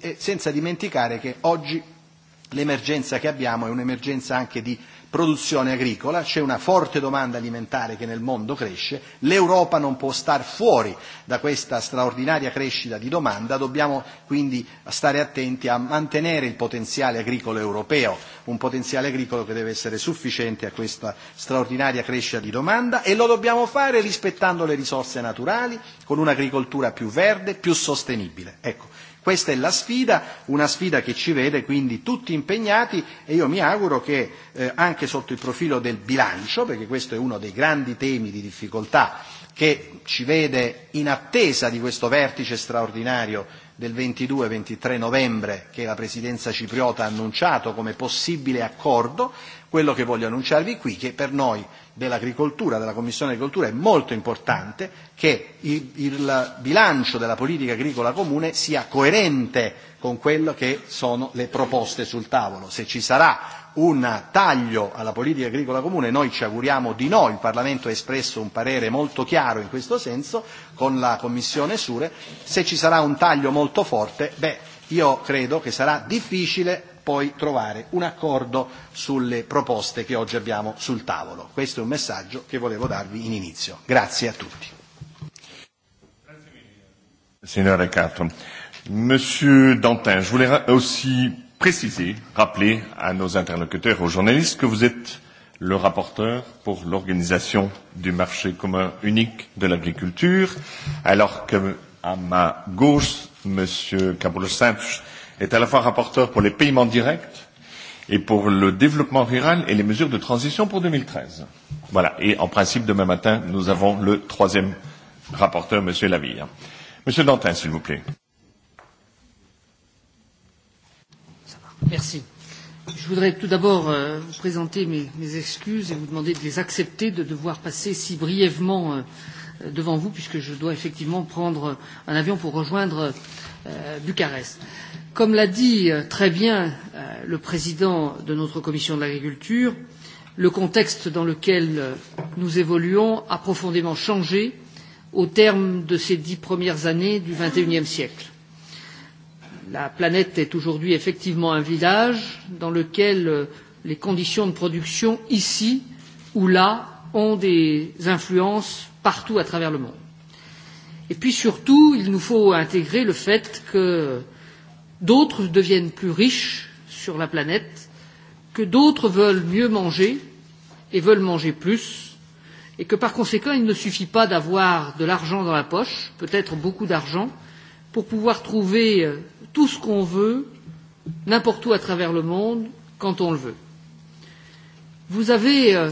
eh, senza dimenticare che oggi l'emergenza che abbiamo è un'emergenza anche di produzione agricola, c'è una forte domanda alimentare che nel mondo cresce, l'Europa non può star fuori da questa straordinaria crescita di domanda, dobbiamo quindi stare attenti a mantenere il potenziale agricolo europeo, un potenziale agricolo che deve essere sufficiente a questa straordinaria crescita di domanda e lo dobbiamo fare rispettando le risorse naturali, con un'agricoltura più verde, più sostenibile. Ecco, Questa è la sfida, una sfida che ci vede quindi tutti impegnati e io mi auguro che eh, anche sotto il profilo del bilancio, perché questo è uno dei grandi temi di difficoltà che ci vede in attesa di questo vertice straordinario del 22-23 novembre che la presidenza cipriota ha annunciato come possibile accordo, quello che voglio annunciarvi qui che per noi dell'agricoltura, della Commissione agricoltura, è molto importante che il, il bilancio della politica agricola comune sia coerente con quello che sono le proposte sul tavolo. Se ci sarà un taglio alla politica agricola comune, noi ci auguriamo di no, il Parlamento ha espresso un parere molto chiaro in questo senso con la Commissione Sure, se ci sarà un taglio molto forte, beh, io credo che sarà difficile poi trovare un accordo sulle proposte che oggi abbiamo sul tavolo. Questo è un messaggio che volevo darvi in inizio. Grazie a tutti. Signore Cato, Monsieur Dantin, je voulais aussi préciser, rappeler à nos interlocuteurs, aux journalistes, que vous êtes le rapporteur pour l'organisation du marché commun unique de l'agriculture, alors que à ma gauche, Monsieur Cabros-Santos est à la fois rapporteur pour les paiements directs et pour le développement rural et les mesures de transition pour 2013. Voilà. Et en principe, demain matin, nous avons le troisième rapporteur, Monsieur Lavire. Monsieur Dantin, s'il vous plaît. Merci. Je voudrais tout d'abord euh, vous présenter mes, mes excuses et vous demander de les accepter, de devoir passer si brièvement euh, devant vous, puisque je dois effectivement prendre un avion pour rejoindre euh, Bucarest. Euh, Comme l'a dit euh, très bien euh, le président de notre commission de l'agriculture, le contexte dans lequel euh, nous évoluons a profondément changé au terme de ces dix premières années du XXIe siècle. La planète est aujourd'hui effectivement un village dans lequel les conditions de production ici ou là ont des influences partout à travers le monde. Et puis surtout, il nous faut intégrer le fait que euh, d'autres deviennent plus riches sur la planète, que d'autres veulent mieux manger et veulent manger plus, et que par conséquent, il ne suffit pas d'avoir de l'argent dans la poche, peut-être beaucoup d'argent, pour pouvoir trouver euh, tout ce qu'on veut, n'importe où à travers le monde, quand on le veut. Vous avez, euh,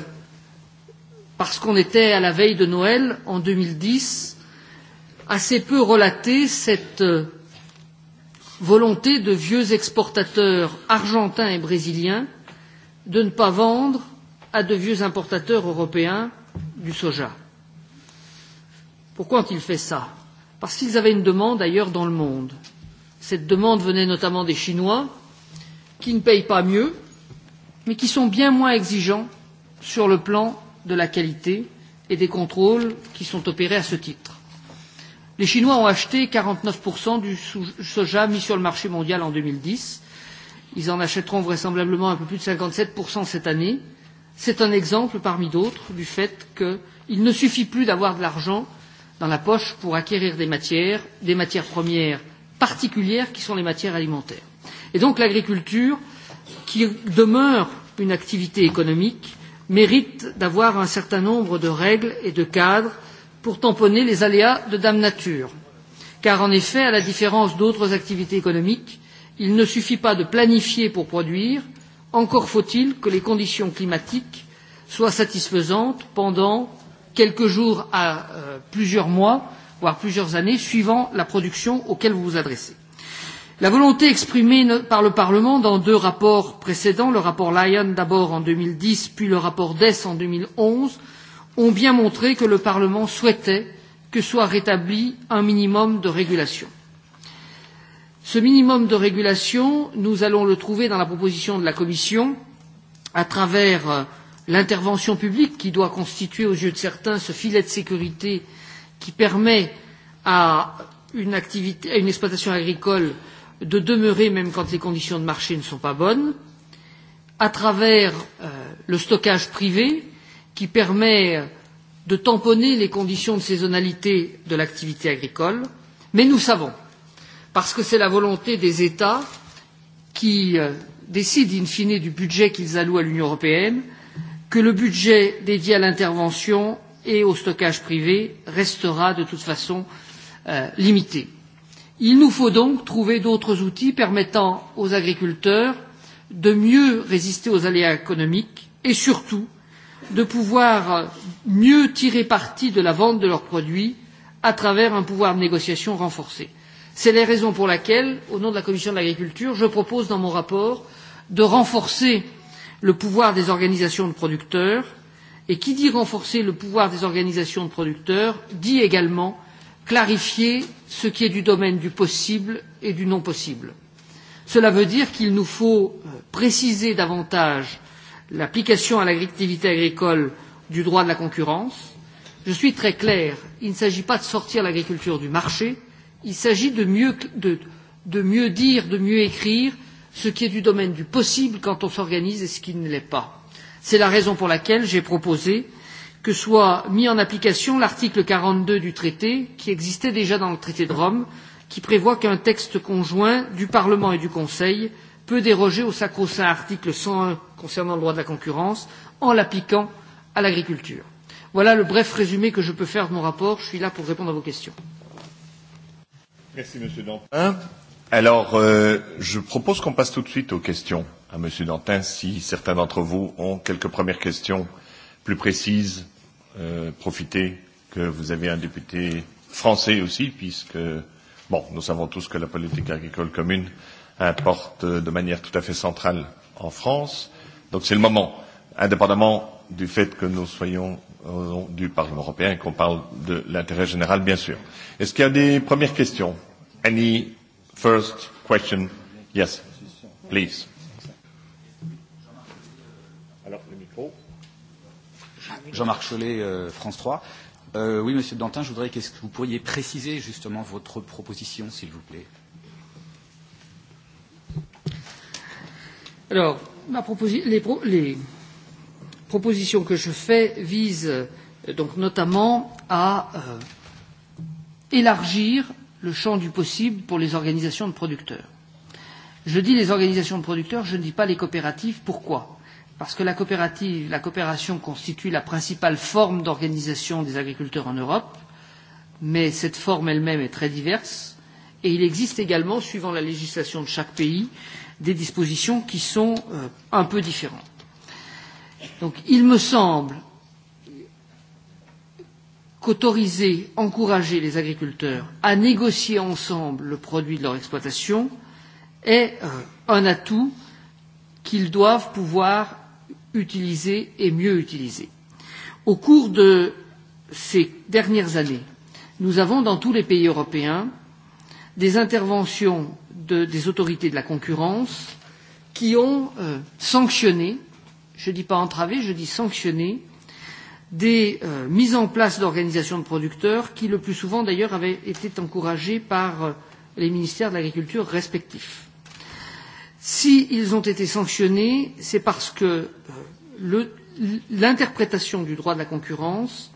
parce qu'on était à la veille de Noël en 2010, assez peu relaté cette euh, volonté de vieux exportateurs argentins et brésiliens de ne pas vendre à de vieux importateurs européens du soja. Pourquoi ont-ils fait ça Parce qu'ils avaient une demande ailleurs dans le monde. Cette demande venait notamment des Chinois, qui ne payent pas mieux, mais qui sont bien moins exigeants sur le plan de la qualité et des contrôles qui sont opérés à ce titre. Les Chinois ont acheté 49% du soja mis sur le marché mondial en 2010. Ils en achèteront vraisemblablement un peu plus de 57% cette année. C'est un exemple parmi d'autres du fait qu'il ne suffit plus d'avoir de l'argent dans la poche pour acquérir des matières, des matières premières particulières qui sont les matières alimentaires. Et donc l'agriculture, qui demeure une activité économique, mérite d'avoir un certain nombre de règles et de cadres euh, pour tamponner les aléas de dame nature. Car en effet, à la différence d'autres activités économiques, il ne suffit pas de planifier pour produire, encore faut-il que les conditions climatiques soient satisfaisantes pendant quelques jours à euh, plusieurs mois, voire plusieurs années, suivant la production auquel vous vous adressez. La volonté exprimée par le Parlement dans deux rapports précédents, le rapport Lyon d'abord en 2010, puis le rapport Dess en 2011, ont bien montré que le Parlement souhaitait que soit rétabli un minimum de régulation. Ce minimum de régulation, nous allons le trouver dans la proposition de la Commission à travers euh, l'intervention publique qui doit constituer aux yeux de certains ce filet de sécurité qui permet à une, activité, à une exploitation agricole de demeurer même quand les conditions de marché ne sont pas bonnes, à travers euh, le stockage privé qui permet de tamponner les conditions de saisonnalité de l'activité agricole, mais nous savons, parce que c'est la volonté des États qui euh, décident in fine du budget qu'ils allouent à l'Union européenne, que le budget dédié à l'intervention et au stockage privé restera de toute façon euh, limité. Il nous faut donc trouver d'autres outils permettant aux agriculteurs de mieux résister aux aléas économiques et surtout de pouvoir mieux tirer parti de la vente de leurs produits à travers un pouvoir de négociation renforcé. C'est la raison pour laquelle, au nom de la Commission de l'agriculture, je propose dans mon rapport de renforcer le pouvoir des organisations de producteurs et qui dit renforcer le pouvoir des organisations de producteurs dit également clarifier ce qui est du domaine du possible et du non possible. Cela veut dire qu'il nous faut euh, préciser davantage euh, l'application à l'activité agricole du droit de la concurrence. Je suis très clair, il ne s'agit pas de sortir l'agriculture du marché, il s'agit de mieux, de, de mieux dire, de mieux écrire ce qui est du domaine du possible quand on s'organise et ce qui ne l'est pas. C'est la raison pour laquelle j'ai proposé que soit mis en application l'article 42 du traité, qui existait déjà dans le traité de Rome, qui prévoit qu'un texte conjoint du Parlement et du Conseil peut déroger au sacro-saint article 101 concernant le droit de la concurrence en l'appliquant à l'agriculture. Voilà le bref résumé que je peux faire de mon rapport. Je suis là pour répondre à vos questions. Merci, Monsieur Dantin. Alors, euh, je propose qu'on passe tout de suite aux questions à Monsieur Dantin, si certains d'entre vous ont quelques premières questions plus précises. Euh, profitez que vous avez un député français aussi, puisque, bon, nous savons tous que la politique agricole commune euh, importe de manière tout à fait centrale en France. Donc c'est le moment, indépendamment du fait que nous soyons au nom du Parlement européen et qu'on parle de l'intérêt général, bien sûr. Est-ce qu'il y a des premières questions Any first question Yes, please. Alors, le micro. Jean-Marc Chollet, euh, France 3. Euh, oui, Monsieur Dantin, je voudrais qu'est-ce que vous pourriez préciser justement votre proposition, s'il vous plaît. Euh, Alors, ma proposi les, pro les propositions que je fais visent euh, donc notamment à euh, élargir le champ du possible pour les organisations de producteurs. Je dis les organisations de producteurs, je ne dis pas les coopératives. Pourquoi Parce que la coopérative, la coopération constitue la principale forme d'organisation des agriculteurs en Europe, mais cette forme elle-même est très diverse, et il existe également, suivant la législation de chaque pays, euh, des dispositions qui sont euh, un peu différentes. Donc il me semble qu'autoriser, encourager les agriculteurs à négocier ensemble le produit de leur exploitation est euh, un atout qu'ils doivent pouvoir utiliser et mieux utiliser. Au cours de ces dernières années, nous avons dans tous les pays européens des interventions de, des autorités de la concurrence qui ont euh, sanctionné, je ne dis pas entravé, je dis sanctionné, des euh, mises en place d'organisations de producteurs qui, le plus souvent d'ailleurs, avaient été encouragées par euh, les ministères de l'Agriculture respectifs. S'ils si ont été sanctionnés, c'est parce que euh, l'interprétation du droit de la concurrence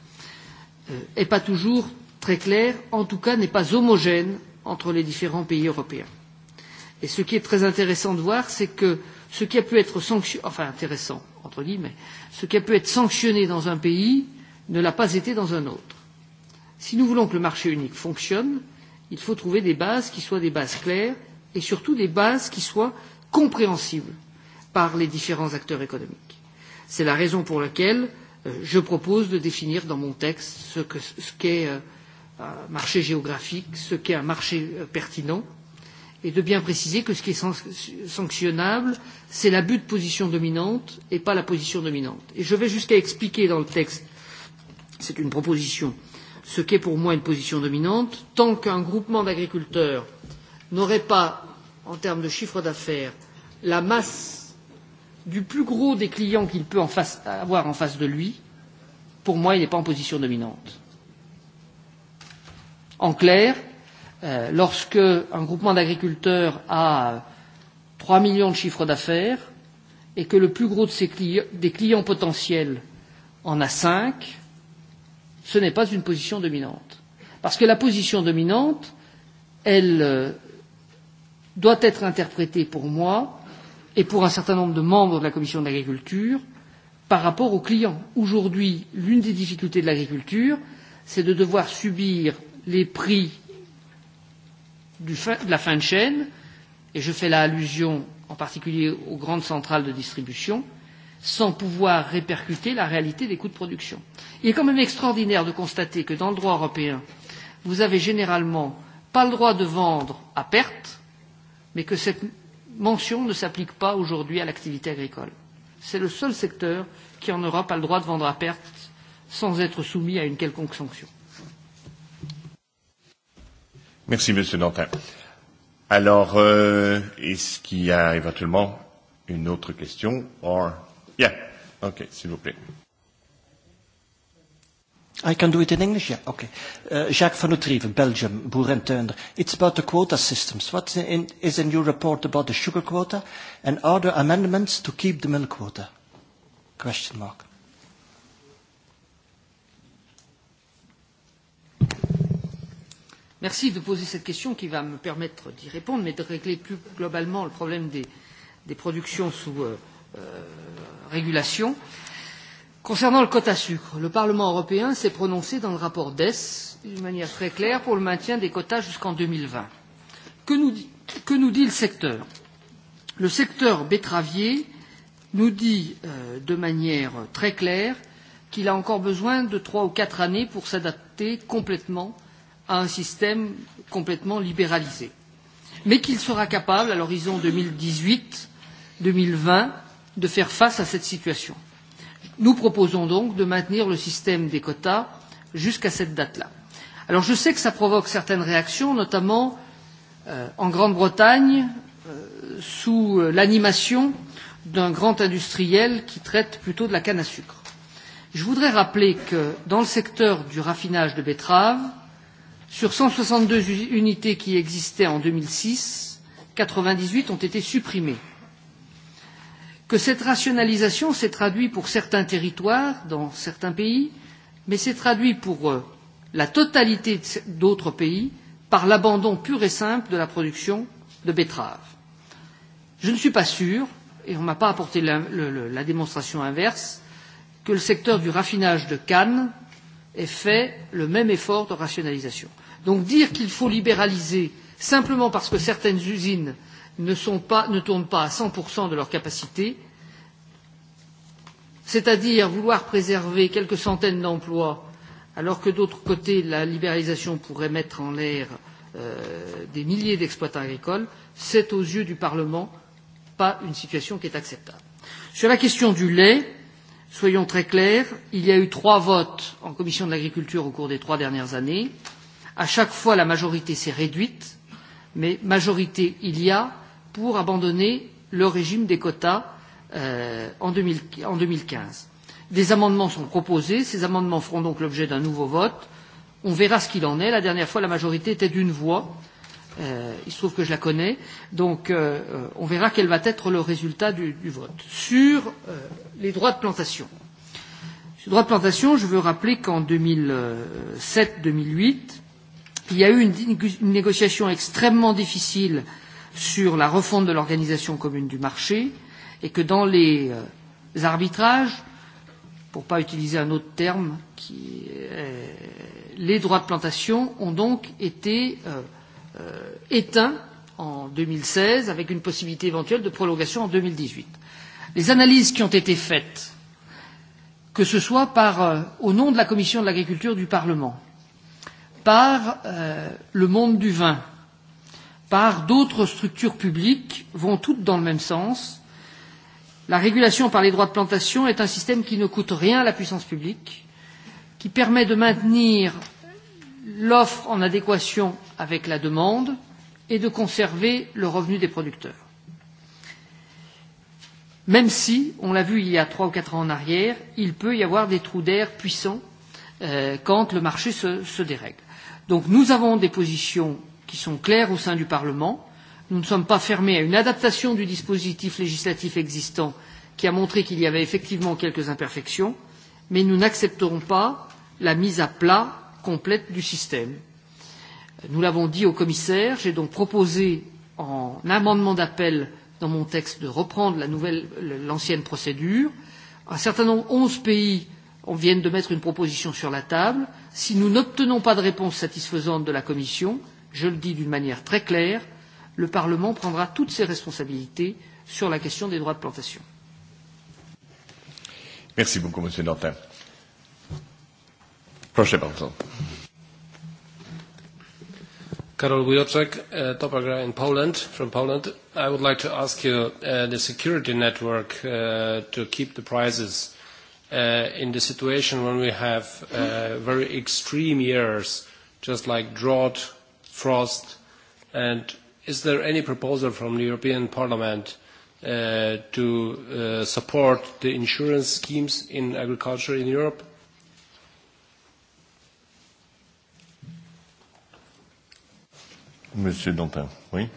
n'est euh, pas toujours très claire, en tout cas n'est pas homogène entre les différents pays européens. Et ce qui est très intéressant de voir, c'est que ce qui a pu être sanctionné, enfin intéressant, entre guillemets, ce qui a pu être sanctionné dans un pays ne l'a pas été dans un autre. Si nous voulons que le marché unique fonctionne, il faut trouver des bases qui soient des bases claires et surtout des bases qui soient compréhensibles par les différents acteurs économiques. C'est la raison pour laquelle euh, je propose de définir dans mon texte ce qu'est ce euh, qu un marché géographique, ce qu'est un marché euh, pertinent, et de bien préciser que ce qui est sanctionnable, c'est l'abus de position dominante et pas la position dominante. Et je vais jusqu'à expliquer dans le texte, c'est une proposition, ce qu'est pour moi une position dominante, tant qu'un groupement d'agriculteurs n'aurait pas, en termes de chiffre d'affaires, la masse du plus gros des clients qu'il peut en face, avoir en face de lui, pour moi, il n'est pas en position dominante. En clair, euh, Euh, lorsque un groupement d'agriculteurs a 3 millions de chiffres d'affaires et que le plus gros de ses clients, des clients potentiels en a 5, ce n'est pas une position dominante. Parce que la position dominante, elle euh, doit être interprétée pour moi et pour un certain nombre de membres de la commission de l'agriculture par rapport aux clients. Aujourd'hui, l'une des difficultés de l'agriculture, c'est de devoir subir les prix du fin, de la fin de chaîne, et je fais là allusion en particulier aux grandes centrales de distribution, sans pouvoir répercuter la réalité des coûts de production. Il est quand même extraordinaire de constater que dans le droit européen, vous avez généralement pas le droit de vendre à perte, mais que cette mention ne s'applique pas aujourd'hui à l'activité agricole. C'est le seul secteur qui, en Europe, a le droit de vendre à perte sans être soumis à une quelconque sanction. Merci, Monsieur Dantin. Alors, euh, est-ce qu'il y a éventuellement une autre question or yeah okay s'il vous plaît I can do it in English, yeah, okay. Uh, Jacques van Utrieven, Belgium, boer and tuinder. It's about the quota systems. What in, is in your report about the sugar quota? And are there amendments to keep the milk quota? Question mark. Merci de poser cette question qui va me permettre d'y répondre, mais de régler plus globalement le problème des, des productions sous euh, euh, régulation. Concernant le quota sucre, le Parlement européen s'est prononcé dans le rapport DES d'une manière très claire pour le maintien des quotas jusqu'en 2020. Que nous, que nous dit le secteur Le secteur betteravier nous dit euh, de manière très claire qu'il a encore besoin de trois ou quatre années pour s'adapter complètement euh, à un système complètement libéralisé, mais qu'il sera capable, à l'horizon 2018-2020, de faire face à cette situation. Nous proposons donc de maintenir le système des quotas jusqu'à cette date-là. Alors je sais que ça provoque certaines réactions, notamment euh, en Grande-Bretagne, euh, sous euh, l'animation d'un grand industriel qui traite plutôt de la canne à sucre. Je voudrais rappeler que dans le secteur du raffinage de betteraves, Sur 162 unités qui existaient en 2006, 98 ont été supprimées. Que cette rationalisation s'est traduite pour certains territoires, dans certains pays, mais s'est traduite pour euh, la totalité d'autres pays par l'abandon pur et simple de la production de betteraves. Je ne suis pas sûr, et on ne m'a pas apporté la, le, la démonstration inverse, que le secteur du raffinage de canne ait fait le même effort de rationalisation. Donc dire qu'il faut libéraliser simplement parce que certaines usines ne, sont pas, ne tournent pas à 100% de leur capacité, c'est-à-dire vouloir préserver quelques centaines d'emplois, alors que d'autre côté la libéralisation pourrait mettre en l'air euh, des milliers d'exploitants agricoles, c'est aux yeux du Parlement pas une situation qui est acceptable. Sur la question du lait, Soyons très clairs, il y a eu trois votes en commission de l'agriculture au cours des trois dernières années. À chaque fois, la majorité s'est réduite, mais majorité il y a pour abandonner le régime des quotas euh, en, 2000, en 2015. Des amendements sont proposés, ces amendements feront donc l'objet d'un nouveau vote. On verra ce qu'il en est. La dernière fois, la majorité était d'une voix. Euh, il se trouve que je la connais, donc euh, euh, on verra quel va être le résultat du, du vote. Sur euh, les droits de plantation. Sur les droits de plantation, je veux rappeler qu'en 2007-2008, il y a eu une, une négociation extrêmement difficile sur la refonte de l'organisation commune du marché et que dans les euh, arbitrages, pour ne pas utiliser un autre terme, qui, euh, les droits de plantation ont donc été euh, euh, éteint en 2016 avec une possibilité éventuelle de prolongation en 2018. Les analyses qui ont été faites, que ce soit par, euh, au nom de la Commission de l'agriculture du Parlement, par euh, le monde du vin, par d'autres structures publiques, vont toutes dans le même sens. La régulation par les droits de plantation est un système qui ne coûte rien à la puissance publique, qui permet de maintenir l'offre en adéquation avec la demande et de conserver le revenu des producteurs. Même si, on l'a vu il y a trois ou quatre ans en arrière, il peut y avoir des trous d'air puissants euh, quand le marché se, se dérègle. Donc nous avons des positions qui sont claires au sein du Parlement. Nous ne sommes pas fermés à une adaptation du dispositif législatif existant qui a montré qu'il y avait effectivement quelques imperfections, mais nous n'accepterons pas la mise à plat complète du système. Nous l'avons dit au commissaire, j'ai donc proposé en amendement d'appel dans mon texte de reprendre l'ancienne la procédure. Un certain nombre, onze pays, viennent de mettre une proposition sur la table. Si nous n'obtenons pas de réponse satisfaisante de la Commission, je le dis d'une manière très claire, le Parlement prendra toutes ses responsabilités sur la question des droits de plantation. Merci beaucoup, Monsieur Dantin. Proszę bardzo. Karol Wioczek, uh, e, Top Agrar in Poland, from Poland. I would like to ask you uh, the security network uh, to keep the prices uh, in the situation when we have uh, very extreme years, just like drought, frost, and is there any proposal from the European Parliament uh, to uh, support the insurance schemes in agriculture in Europe? Monsieur Dantin, oui.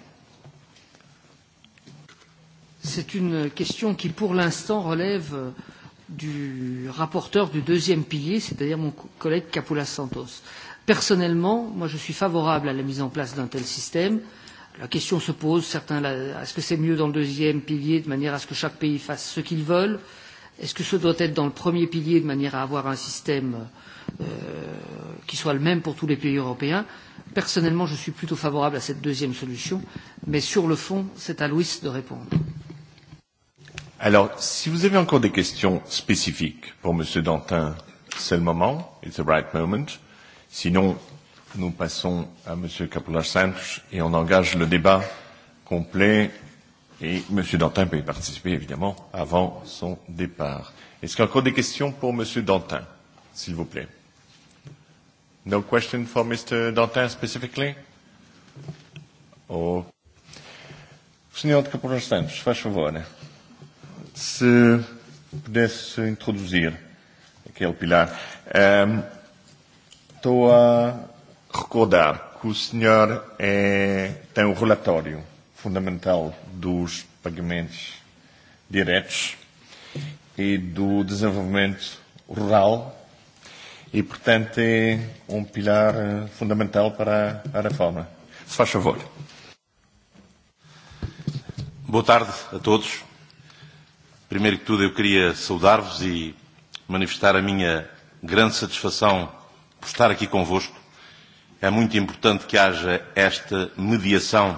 C'est une question qui, pour l'instant, relève du rapporteur du deuxième pilier, c'est-à-dire mon collègue Capoulas Santos. Personnellement, moi, je suis favorable à la mise en place d'un tel système. La question se pose, certains, est-ce que c'est mieux dans le deuxième pilier, de manière à ce que chaque pays fasse ce qu'il veut Est-ce que ce doit être dans le premier pilier, de manière à avoir un système euh, qui soit le même pour tous les pays européens Personnellement, je suis plutôt favorable à cette deuxième solution, mais sur le fond, c'est à Louis de répondre. Alors, si vous avez encore des questions spécifiques pour M. Dantin, c'est le moment, it's the right moment. Sinon, nous passons à M. Capoulas-Santos et on engage le débat complet. Et M. Dantin peut y participer, évidemment, avant son départ. Est-ce qu'il y a encore des questions pour M. Dantin, s'il vous plaît No question for Mr. Dantin specifically? Ou... Senhor de Capelas Santos, faz favor, se pudesse introduzir aquele pilar. Um, estou a recordar que o senhor é, tem o um relatório fundamental dos pagamentos diretos e do desenvolvimento rural e, portanto, é um pilar eh, fundamental para a reforma. Se faz favor. Boa tarde a todos. Primeiro que tudo, eu queria saudar-vos e manifestar a minha grande satisfação por estar aqui convosco. É muito importante que haja esta mediação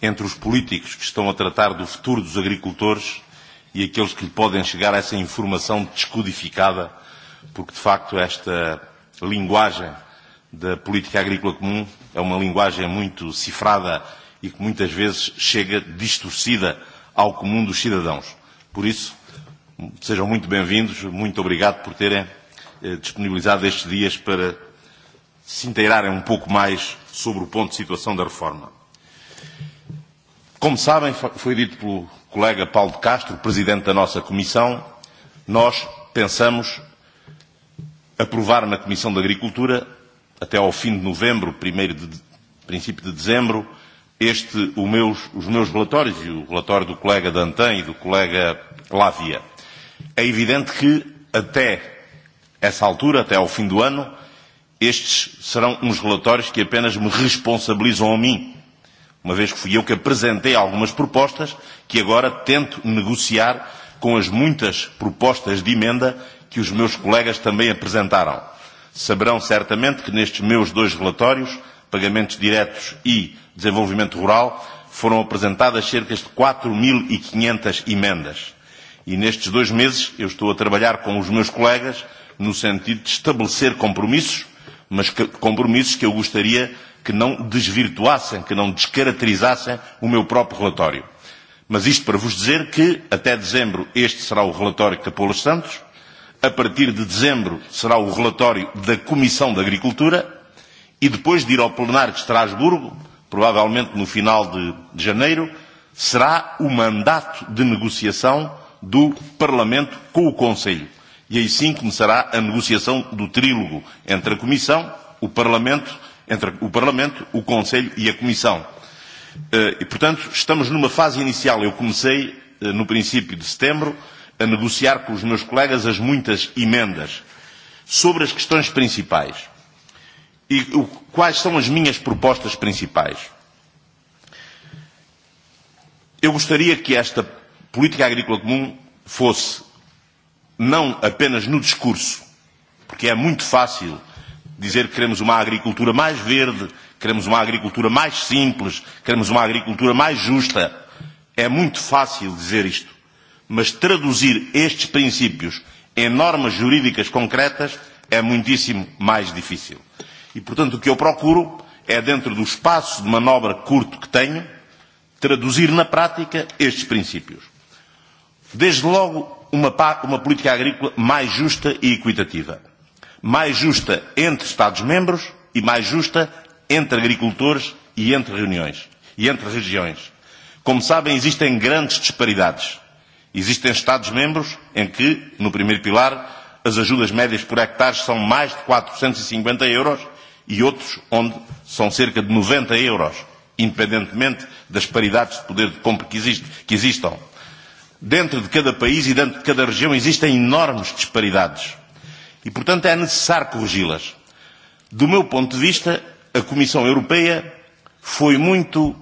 entre os políticos que estão a tratar do futuro dos agricultores e aqueles que lhe podem chegar a essa informação descodificada porque de facto esta linguagem da política agrícola comum é uma linguagem muito cifrada e que muitas vezes chega distorcida ao comum dos cidadãos. Por isso, sejam muito bem-vindos, muito obrigado por terem eh, disponibilizado estes dias para se inteirarem um pouco mais sobre o ponto de situação da reforma. Como sabem, foi dito pelo colega Paulo de Castro, presidente da nossa comissão, nós pensamos aprovar na Comissão da Agricultura, até ao fim de novembro, primeiro de, princípio de dezembro, este, o meus, os meus relatórios e o relatório do colega Dantan e do colega Lávia. É evidente que até essa altura, até ao fim do ano, estes serão uns relatórios que apenas me responsabilizam a mim, uma vez que fui eu que apresentei algumas propostas que agora tento negociar com as muitas propostas de emenda que os meus colegas também apresentaram. Saberão certamente que nestes meus dois relatórios, Pagamentos Diretos e Desenvolvimento Rural, foram apresentadas cerca de 4.500 e emendas. E nestes dois meses eu estou a trabalhar com os meus colegas no sentido de estabelecer compromissos, mas que, compromissos que eu gostaria que não desvirtuassem, que não descaracterizassem o meu próprio relatório. Mas isto para vos dizer que, até dezembro, este será o relatório de Capolas Santos, a partir de dezembro, será o relatório da Comissão da Agricultura e depois de ir ao plenário de Estrasburgo, provavelmente no final de, de janeiro, será o mandato de negociação do Parlamento com o Conselho. E aí sim começará a negociação do trílogo entre a Comissão, o Parlamento, entre o Parlamento, o Conselho e a Comissão. Eh, e, portanto, estamos numa fase inicial. Eu comecei eh, no princípio de setembro, a negociar com os meus colegas as muitas emendas sobre as questões principais. E o, quais são as minhas propostas principais? Eu gostaria que esta política agrícola comum fosse não apenas no discurso, porque é muito fácil dizer que queremos uma agricultura mais verde, queremos uma agricultura mais simples, queremos uma agricultura mais justa. É muito fácil dizer isto mas traduzir estes princípios em normas jurídicas concretas é muitíssimo mais difícil. E, portanto, o que eu procuro é, dentro do espaço de manobra curto que tenho, traduzir na prática estes princípios. Desde logo, uma, uma política agrícola mais justa e equitativa. Mais justa entre Estados-membros e mais justa entre agricultores e entre reuniões e entre regiões. Como sabem, existem grandes disparidades Existem Estados-membros em que, no primeiro pilar, as ajudas médias por hectare são mais de 450 e euros e outros onde são cerca de 90 euros, independentemente das paridades de poder de compra que, existe, que existam. Dentro de cada país e dentro de cada região existem enormes disparidades. E, portanto, é necessário corrigi-las. Do meu ponto de vista, a Comissão Europeia foi muito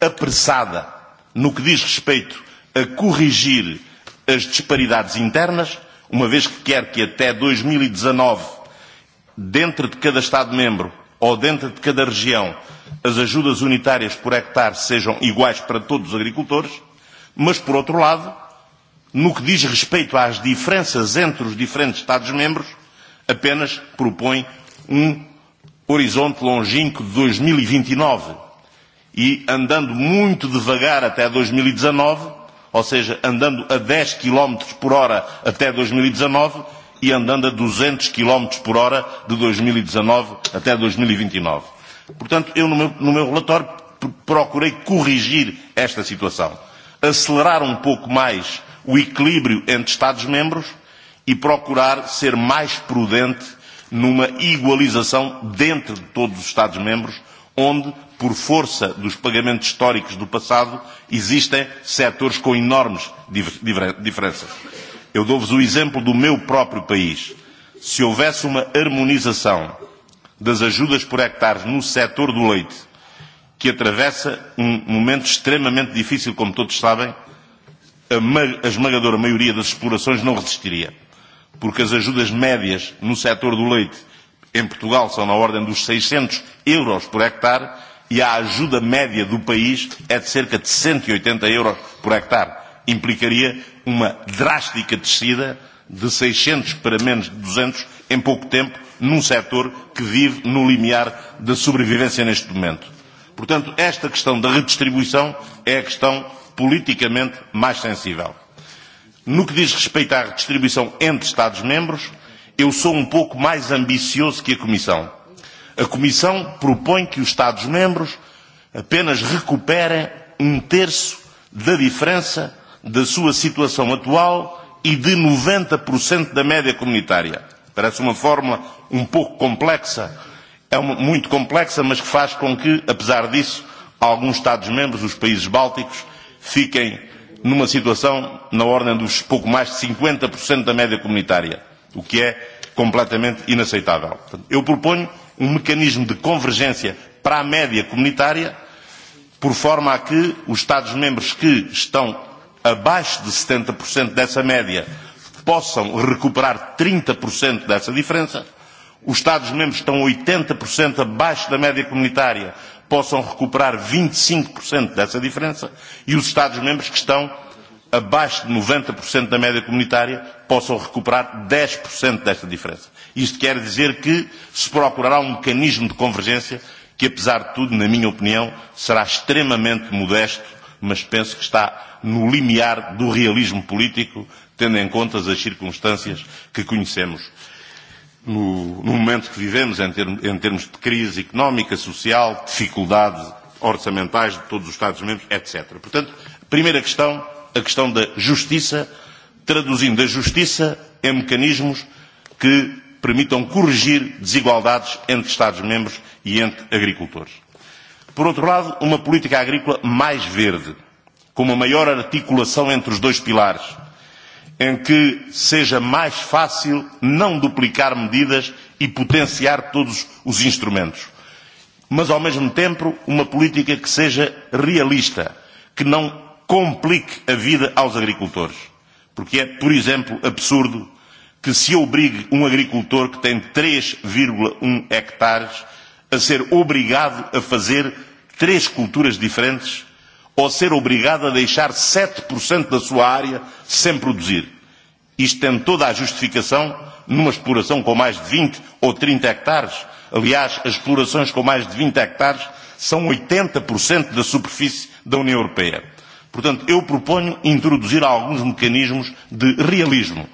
apressada no que diz respeito a corrigir as disparidades internas, uma vez que quer que até 2019, e dentro de cada Estado-membro ou dentro de cada região, as ajudas unitárias por hectare sejam iguais para todos os agricultores, mas, por outro lado, no que diz respeito às diferenças entre os diferentes Estados-membros, apenas propõe um horizonte longínquo de 2029. E, e, e, andando muito devagar até 2019, ou seja, andando a 10 km por hora até 2019 e, e andando a 200 km por hora de 2019 e até 2029. E Portanto, eu no meu, no meu relatório procurei corrigir esta situação, acelerar um pouco mais o equilíbrio entre Estados-membros e procurar ser mais prudente numa igualização dentro de todos os Estados-membros onde, por força dos pagamentos históricos do passado, existem setores com enormes diferenças. Eu dou-vos o exemplo do meu próprio país. Se houvesse uma harmonização das ajudas por hectares no setor do leite, que atravessa um momento extremamente difícil, como todos sabem, a esmagadora maioria das explorações não resistiria, porque as ajudas médias no setor do leite em Portugal são na ordem dos 600 euros por hectare e a ajuda média do país é de cerca de 180 e euros por hectare. Implicaria uma drástica descida de 600 para menos de 200 em pouco tempo num setor que vive no limiar da sobrevivência neste momento. Portanto, esta questão da redistribuição é a questão politicamente mais sensível. No que diz respeito à redistribuição entre Estados-membros, eu sou um pouco mais ambicioso que a Comissão. A Comissão propõe que os Estados-membros apenas recuperem um terço da diferença da sua situação atual e de 90% da média comunitária. Parece uma fórmula um pouco complexa, é muito complexa, mas que faz com que, apesar disso, alguns Estados-membros, os países bálticos, fiquem numa situação na ordem dos pouco mais de 50% da média comunitária o que é completamente inaceitável. Portanto, eu proponho um mecanismo de convergência para a média comunitária, por forma a que os Estados-membros que estão abaixo de 70% dessa média possam recuperar 30% dessa diferença, os Estados-membros que estão 80% abaixo da média comunitária possam recuperar 25% e dessa diferença e os Estados-membros que estão abaixo de 90% da média comunitária possam recuperar 10% desta diferença. Isto quer dizer que se procurará um mecanismo de convergência que, apesar de tudo, na minha opinião, será extremamente modesto, mas penso que está no limiar do realismo político, tendo em conta as circunstâncias que conhecemos no, no momento que vivemos, em, term, em termos de crise económica, social, dificuldades orçamentais de todos os Estados-membros, etc. Portanto, primeira questão, a questão da justiça traduzindo a justiça em mecanismos que permitam corrigir desigualdades entre Estados-membros e entre agricultores. Por outro lado, uma política agrícola mais verde, com uma maior articulação entre os dois pilares, em que seja mais fácil não duplicar medidas e potenciar todos os instrumentos. Mas, ao mesmo tempo, uma política que seja realista, que não complique a vida aos agricultores porque é, por exemplo, absurdo que se obrigue um agricultor que tem 3,1 um hectares a ser obrigado a fazer três culturas diferentes ou ser obrigado a deixar 7% da sua área sem produzir. Isto tem toda a justificação numa exploração com mais de 20 ou 30 hectares. Aliás, as explorações com mais de 20 hectares são 80% da superfície da União Europeia. Portanto, eu proponho introduzir alguns mecanismos de realismo.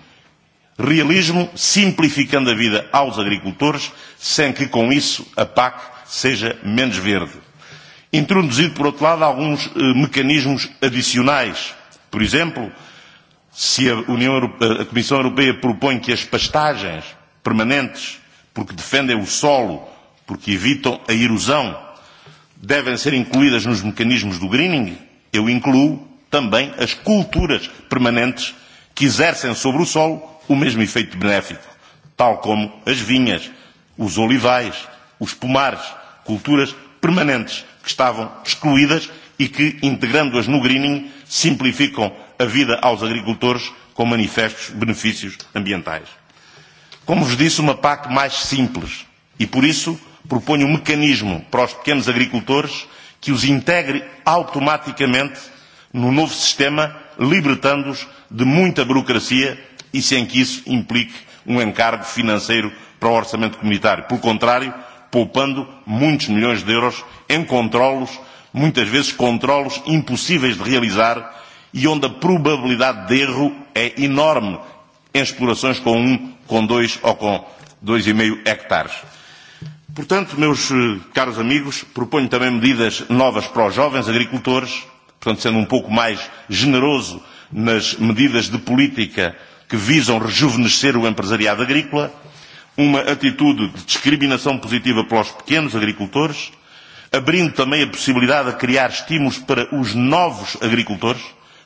Realismo simplificando a vida aos agricultores, sem que com isso a PAC seja menos verde. Introduzir, por outro lado, alguns eh, mecanismos adicionais. Por exemplo, se a, União Europeia, a Comissão Europeia propõe que as pastagens permanentes, porque defendem o solo, porque evitam a erosão, devem ser incluídas nos mecanismos do greening, eu incluo também as culturas permanentes que exercem sobre o solo o mesmo efeito benéfico, tal como as vinhas, os olivais, os pomares, culturas permanentes que estavam excluídas e que, integrando-as no greening, simplificam a vida aos agricultores com manifestos benefícios ambientais. Como vos disse, uma PAC mais simples e, por isso, proponho um mecanismo para os pequenos agricultores que os integre automaticamente no novo sistema, libertando-os de muita burocracia e sem que isso implique um encargo financeiro para o orçamento comunitário. Pelo contrário, poupando muitos milhões de euros em controlos, muitas vezes controlos impossíveis de realizar e onde a probabilidade de erro é enorme em explorações com um, com dois ou com dois e meio hectares. Portanto, meus eh, caros amigos, proponho também medidas novas para os jovens agricultores, portanto, sendo um pouco mais generoso nas medidas de política que visam rejuvenescer o empresariado agrícola, uma atitude de discriminação positiva para os pequenos agricultores, abrindo também a possibilidade de criar estímulos para os novos agricultores,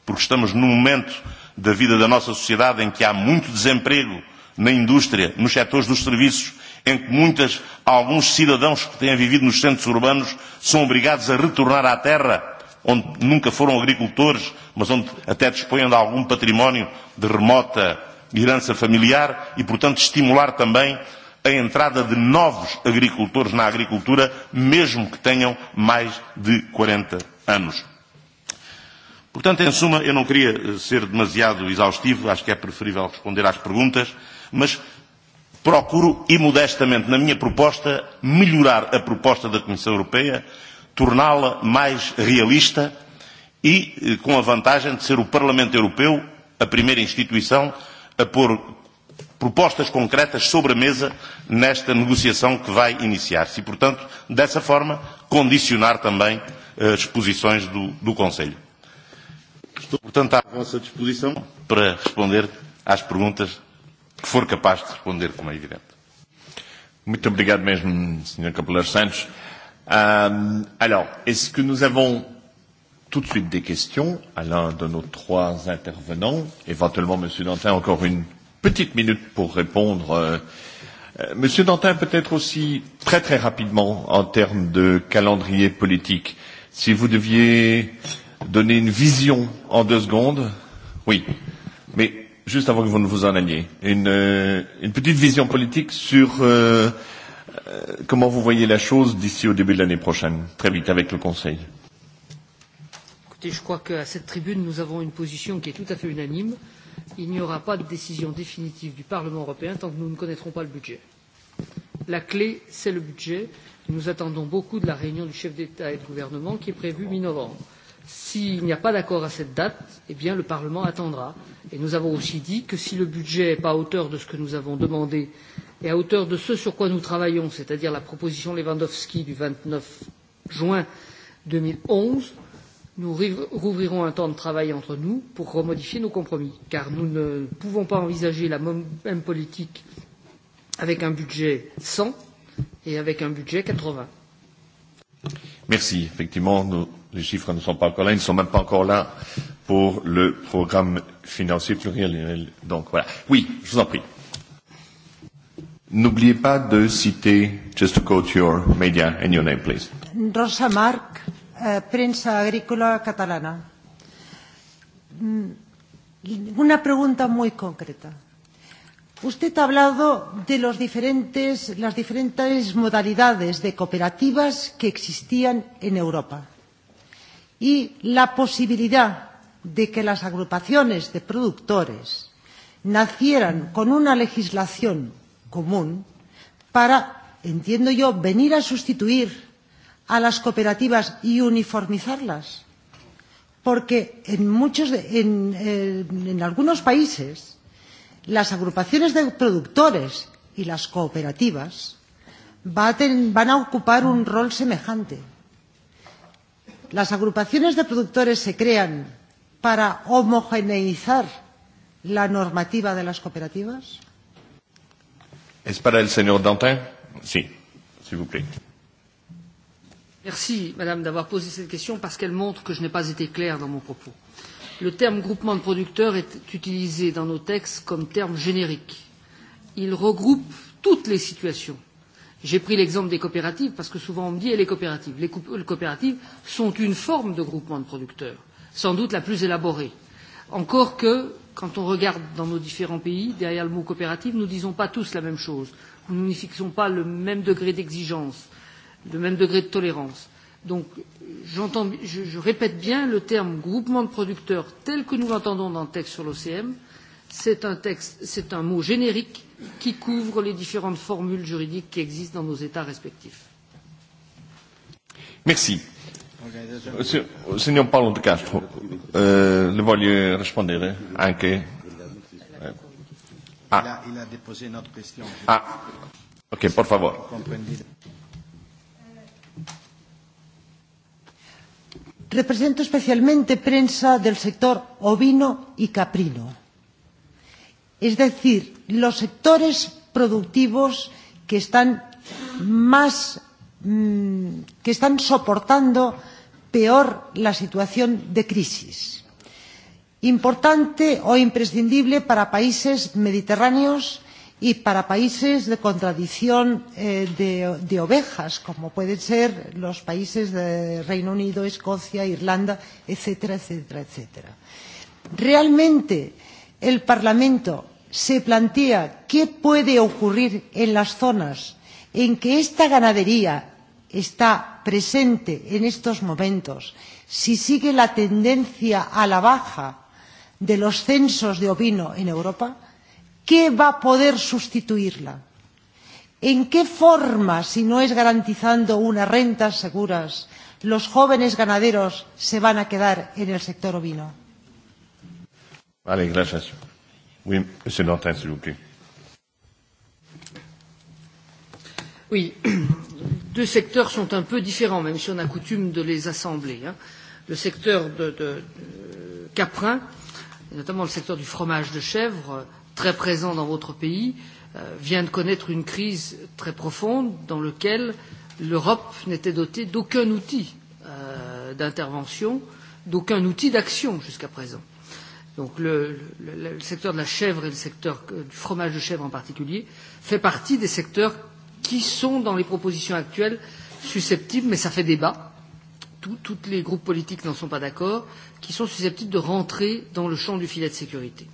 porque estamos num momento da vida da nossa sociedade em que há muito desemprego na indústria, nos setores dos serviços em que muitas, alguns cidadãos que têm vivido nos centros urbanos são obrigados a retornar à terra, onde nunca foram agricultores, mas onde até dispõem de algum património de remota herança familiar e, portanto, estimular também a entrada de novos agricultores na agricultura, mesmo que tenham mais de 40 anos. Portanto, em suma, eu não queria eh, ser demasiado exaustivo, acho que é preferível responder às perguntas, mas procuro, e modestamente na minha proposta, melhorar a proposta da Comissão Europeia, torná-la mais realista e eh, com a vantagem de ser o Parlamento Europeu a primeira instituição a pôr propostas concretas sobre a mesa nesta negociação que vai iniciar-se. E, portanto, dessa forma, condicionar também eh, as posições do, do Conselho. Estou, portanto, à vossa disposição para responder às perguntas que for capaz de responder, como é evidente. Muito obrigado mesmo, Sr. Capelar Santos. Euh, alors, est-ce que nous avons tout de suite des questions à l'un de nos trois intervenants Éventuellement, Monsieur Dantin, encore une petite minute pour répondre. Euh, Monsieur Dantin, peut-être aussi très très rapidement en termes de calendrier politique, si vous deviez donner une vision en deux secondes. Oui, mais juste avant que vous ne vous en alliez, une, euh, une petite vision politique sur euh, euh, comment vous voyez la chose d'ici au début de l'année prochaine, très vite, avec le Conseil. Écoutez, je crois qu'à cette tribune, nous avons une position qui est tout à fait unanime. Il n'y aura pas de décision définitive du Parlement européen tant que nous ne connaîtrons pas le budget. La clé, c'est le budget. Nous attendons beaucoup de la réunion du chef d'État et de gouvernement qui est prévue mi-novembre S'il n'y a pas d'accord à cette date, eh bien, le Parlement attendra. Et nous avons aussi dit que si le budget n'est pas à hauteur de ce que nous avons demandé et à hauteur de ce sur quoi nous travaillons, c'est-à-dire la proposition Lewandowski du 29 juin 2011, nous rouvrirons un temps de travail entre nous pour remodifier nos compromis, car nous ne pouvons pas envisager la même politique avec un budget 100 et avec un budget 80. Merci. Effectivement, nous, les chiffres ne sont pas encore là, ils ne sont même pas encore là pour le programme financier pluriannuel. Donc voilà. Oui, je vous en prie. N'oubliez pas de citer, just to quote your media and your name, please. Rosa Marc, eh, prensa agrícola catalana. Mm, una pregunta muy concreta. Usted ha hablado de los diferentes, las diferentes modalidades de cooperativas que existían en Europa y la posibilidad de que las agrupaciones de productores nacieran con una legislación común para, entiendo yo, venir a sustituir a las cooperativas y uniformizarlas. Porque en, muchos, en, en, eh, en algunos países las agrupaciones de productores y las cooperativas va a ten, van a ocupar un rol semejante. Las agrupaciones de productores se crean para homogeneizar la normativa de las cooperativas? ¿Es para el señor Dantin? Sí, s'il vous plaît. Merci, madame, d'avoir posé cette question parce qu'elle montre que je n'ai pas été clair dans mon propos. Le terme groupement de producteurs est utilisé dans nos textes comme terme générique. Il regroupe toutes les situations. J'ai pris l'exemple des coopératives parce que souvent on me dit et eh, les coopératives. Les coopératives sont une forme de groupement de producteurs, sans doute la plus élaborée. Encore que, quand on regarde dans nos différents pays, derrière le mot coopérative, nous ne disons pas tous la même chose. Nous n'y fixons pas le même degré d'exigence, le même degré de tolérance. Donc, je, je répète bien le terme groupement de producteurs tel que nous l'entendons dans le texte sur l'OCM. C'est un, texte, un mot générique qui couvre les différentes formules juridiques qui existent dans nos États respectifs. Merci. Se, o signor Paolo De Castro, eh, le voglio rispondere anche. Eh. Ah. Ah. Ok, por favor. Comprendite. Represento especialmente prensa del sector ovino y caprino, es decir, los sectores productivos que están más mmm, que están soportando peor la situación de crisis. Importante o imprescindible para países mediterráneos y para países de contradicción eh, de, de ovejas, como pueden ser los países de Reino Unido, Escocia, Irlanda, etcétera, etcétera, etcétera. Realmente el Parlamento se plantea qué puede ocurrir en las zonas en que esta ganadería está presente en estos momentos, si sigue la tendencia a la baja de los censos de ovino en Europa, ¿Qué va a poder sustituirla? ¿En qué forma, si no es garantizando unas rentas seguras, los jóvenes ganaderos se van a quedar en el sector ovino? Vale, gracias. Oui, monsieur Nantin, s'il vous plaît. Oui, deux secteurs sont un peu différents, même si on a coutume de les assembler. Hein. Le secteur de, de, de caprin, notamment le secteur du fromage de chèvre, très présent dans votre pays, euh, vient de connaître une crise très profonde dans laquelle l'Europe n'était dotée d'aucun outil euh, d'intervention, d'aucun outil d'action jusqu'à présent. Donc le, le, le secteur de la chèvre et le secteur euh, du fromage de chèvre en particulier fait partie des secteurs qui sont dans les propositions actuelles susceptibles, mais ça fait débat, tout, tous les groupes politiques n'en sont pas d'accord, qui sont susceptibles de rentrer dans le champ du filet de sécurité.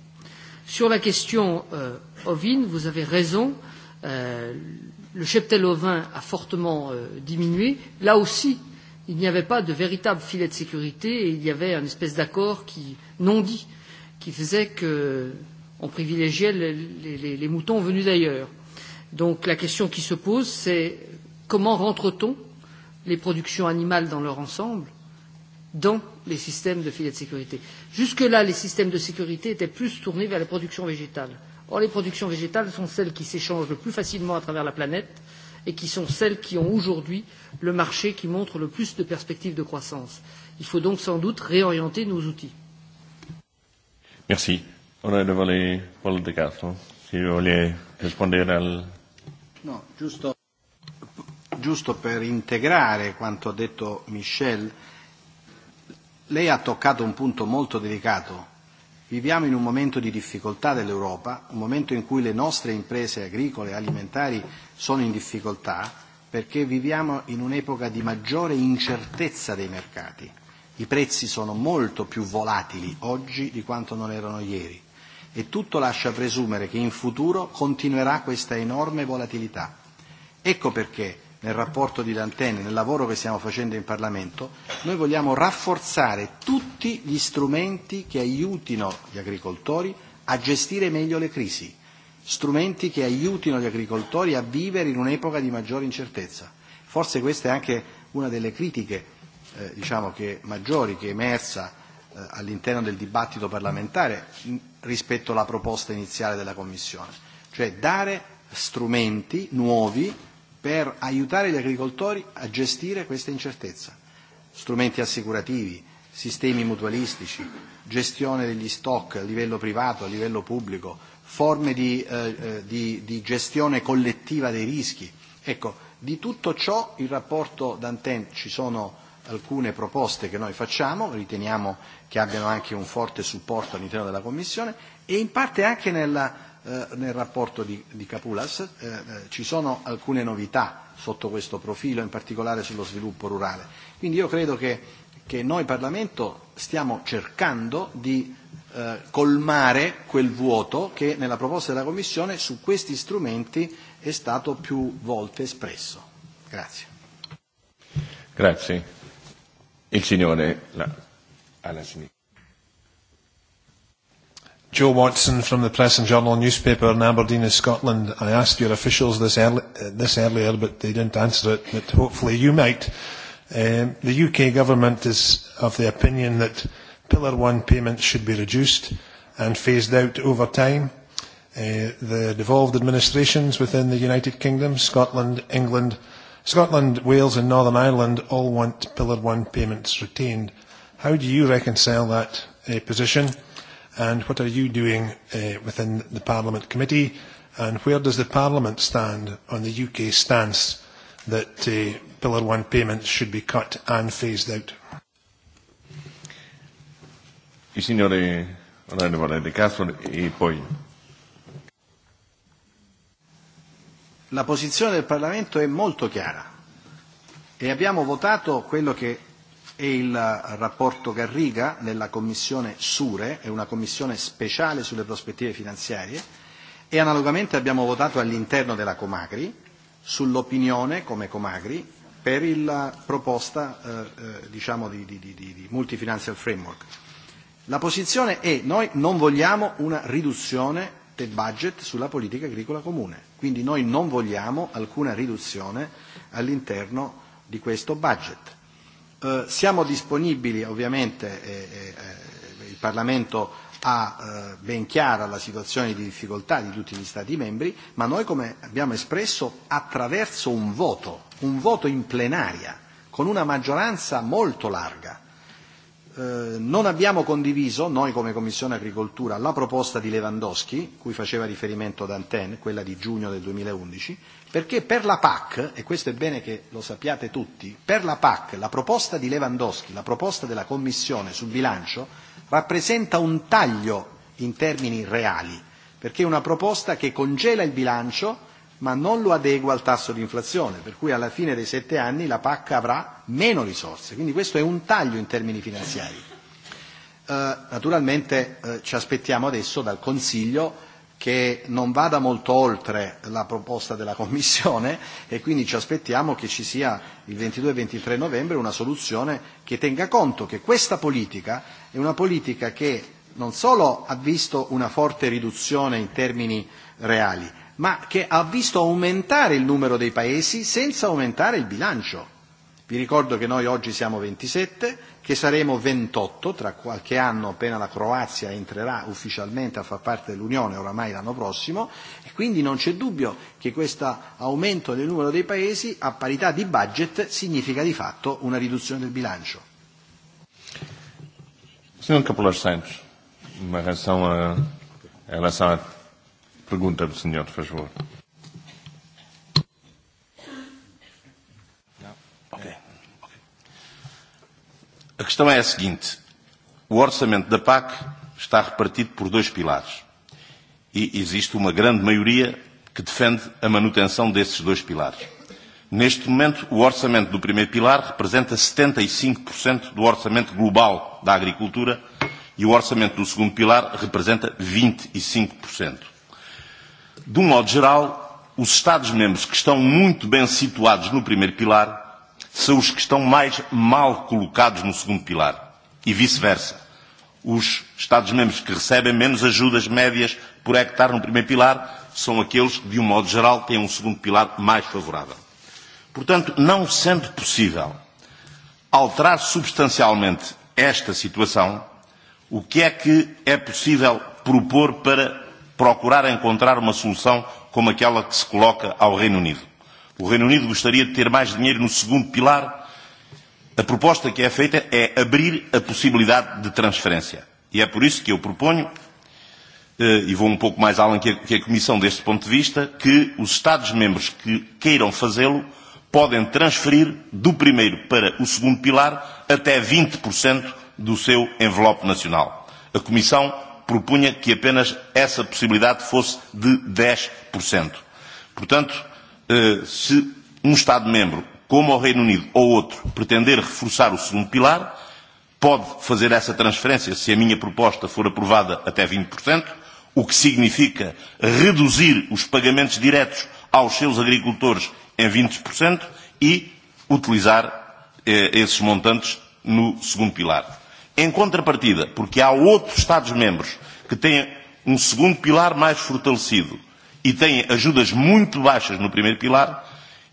Sur la question euh, ovine, vous avez raison. Euh, le cheptel ovin a fortement euh, diminué. Là aussi, il n'y avait pas de véritable filet de sécurité et il y avait un espèce d'accord qui non dit qui faisait que on privilégiait les, les, les moutons venus d'ailleurs. Donc la question qui se pose, c'est comment rentre-t-on les productions animales dans leur ensemble dans les systèmes de filets de sécurité. Jusque-là, les systèmes de sécurité étaient plus tournés vers les productions végétales. Or, les productions végétales sont celles qui s'échangent le plus facilement à travers la planète et qui sont celles qui ont aujourd'hui le marché qui montre le plus de perspectives de croissance. Il faut donc sans doute réorienter nos outils. Merci. Onorevole Valdecato, se vuole rispondere al... No, giusto, giusto per integrare quanto detto Michel, eh, lei ha toccato un punto molto delicato. Viviamo in un momento di difficoltà dell'Europa, un momento in cui le nostre imprese agricole e alimentari sono in difficoltà perché viviamo in un'epoca di maggiore incertezza dei mercati. I prezzi sono molto più volatili oggi di quanto non erano ieri e tutto lascia presumere che in futuro continuerà questa enorme volatilità. Ecco perché nel rapporto di Dantene, nel lavoro che stiamo facendo in Parlamento, noi vogliamo rafforzare tutti gli strumenti che aiutino gli agricoltori a gestire meglio le crisi, strumenti che aiutino gli agricoltori a vivere in un'epoca di maggiore incertezza. Forse questa è anche una delle critiche eh, diciamo che maggiori che è emersa eh, all'interno del dibattito parlamentare in, rispetto alla proposta iniziale della Commissione, cioè dare strumenti nuovi per aiutare gli agricoltori a gestire questa incertezza. Strumenti assicurativi, sistemi mutualistici, gestione degli stock a livello privato, a livello pubblico, forme di, eh, eh, di, di gestione collettiva dei rischi. Ecco, di tutto ciò il rapporto Danten ci sono alcune proposte che noi facciamo, riteniamo che abbiano anche un forte supporto all'interno della Commissione e in parte anche nella eh, nel rapporto di, di Capulas. Eh, eh, ci sono alcune novità sotto questo profilo, in particolare sullo sviluppo rurale. Quindi io credo che, che noi Parlamento stiamo cercando di eh, colmare quel vuoto che nella proposta della Commissione su questi strumenti è stato più volte espresso. Grazie. Grazie. Il signore là, alla sinistra. Joe Watson from the Press and Journal newspaper in Aberdeen, Scotland. I asked your officials this, early, uh, this earlier, but they didn't answer it, but hopefully you might. Um, the UK government is of the opinion that Pillar 1 payments should be reduced and phased out over time. Uh, the devolved administrations within the United Kingdom, Scotland, England, Scotland, Wales and Northern Ireland all want Pillar 1 payments retained. How do you reconcile that uh, position? and what are you doing uh, within the Parliament Committee, and where does the Parliament stand on the UK stance that uh, Pillar 1 payments should be cut and phased out? Il signore onorevole De Castro e poi. La posizione del Parlamento è molto chiara e abbiamo votato quello che e il rapporto Garriga nella commissione Sure, è una commissione speciale sulle prospettive finanziarie, e analogamente abbiamo votato all'interno della Comagri sull'opinione come Comagri per la proposta eh, eh, diciamo di, di, di, di multifinanzial framework. La posizione è noi non vogliamo una riduzione del budget sulla politica agricola comune, quindi noi non vogliamo alcuna riduzione all'interno di questo budget. Eh, siamo disponibili, ovviamente eh, eh, il Parlamento ha eh, ben chiara la situazione di difficoltà di tutti gli Stati membri, ma noi come abbiamo espresso attraverso un voto, un voto in plenaria, con una maggioranza molto larga, eh, non abbiamo condiviso, noi come Commissione Agricoltura, la proposta di Lewandowski, cui faceva riferimento Danten, quella di giugno del 2011, perché per la PAC, e questo è bene che lo sappiate tutti, per la PAC la proposta di Lewandowski, la proposta della Commissione sul bilancio, rappresenta un taglio in termini reali, perché è una proposta che congela il bilancio ma non lo adegua al tasso di inflazione, per cui alla fine dei sette anni la PAC avrà meno risorse. Quindi questo è un taglio in termini finanziari. Eh, naturalmente eh, ci aspettiamo adesso dal Consiglio che non vada molto oltre la proposta della Commissione e quindi ci aspettiamo che ci sia il 22 e 23 novembre una soluzione che tenga conto che questa politica è una politica che non solo ha visto una forte riduzione in termini reali, ma che ha visto aumentare il numero dei paesi senza aumentare il bilancio. Vi ricordo che noi oggi siamo 27, che saremo 28 tra qualche anno appena la Croazia entrerà ufficialmente a far parte dell'Unione oramai l'anno prossimo e quindi non c'è dubbio che questo aumento del numero dei paesi a parità di budget significa di fatto una riduzione del bilancio. Senhor Capolar Santos, uma relação a, a relação a pergunta do senhor, por favor. Okay. Okay. A questão é a seguinte: o orçamento da PAC está repartido por dois pilares e existe uma grande maioria que defende a manutenção desses dois pilares. Neste momento, o orçamento do primeiro pilar representa 75% e do orçamento global da agricultura e o orçamento do segundo pilar representa 25% de um modo geral, os Estados-membros que estão muito bem situados no primeiro pilar são os que estão mais mal colocados no segundo pilar e vice-versa. Os Estados-membros que recebem menos ajudas médias por hectare no primeiro pilar são aqueles que, de um modo geral, têm um segundo pilar mais favorável. Portanto, não sendo possível alterar substancialmente esta situação, o que é que é possível propor para procurar encontrar uma solução como aquela que se coloca ao Reino Unido. O Reino Unido gostaria de ter mais dinheiro no segundo pilar. A proposta que é feita é abrir a possibilidade de transferência. E é por isso que eu proponho, eh, e vou um pouco mais além que a Comissão deste ponto de vista, que os Estados-membros que queiram fazê-lo podem transferir do primeiro para o segundo pilar até 20% do seu envelope nacional. A Comissão propunha que apenas essa possibilidade fosse de 10%. Portanto, eh, se um Estado-membro, como o Reino Unido ou outro, pretender reforçar o segundo pilar, pode fazer essa transferência, se a minha proposta for aprovada, até 20%, o que significa reduzir os pagamentos diretos aos seus agricultores em 20% e utilizar eh, esses montantes no segundo pilar. Em contrapartida, porque há outros Estados-membros que têm um segundo pilar mais fortalecido e têm ajudas muito baixas no primeiro pilar,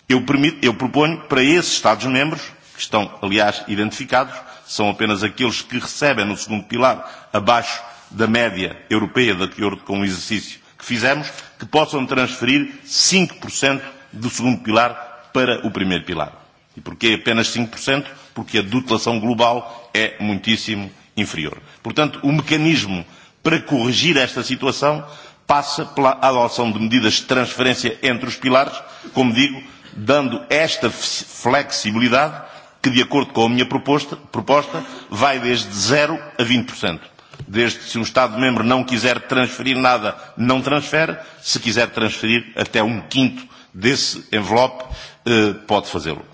eu, permito, eu proponho para esses Estados-membros, que estão, aliás, identificados, são apenas aqueles que recebem no segundo pilar abaixo da média europeia, de acordo com o exercício que fizemos, que possam transferir 5% do segundo pilar para o primeiro pilar. E porquê apenas 5%? Porque a dotação global é muitíssimo inferior. Portanto, o mecanismo para corrigir esta situação passa pela adoção de medidas de transferência entre os pilares, como digo, dando esta flexibilidade que, de acordo com a minha proposta, proposta vai desde 0 a 20%. Desde se um Estado-membro não quiser transferir nada, não transfere. Se quiser transferir até um quinto desse envelope, eh, pode fazê-lo.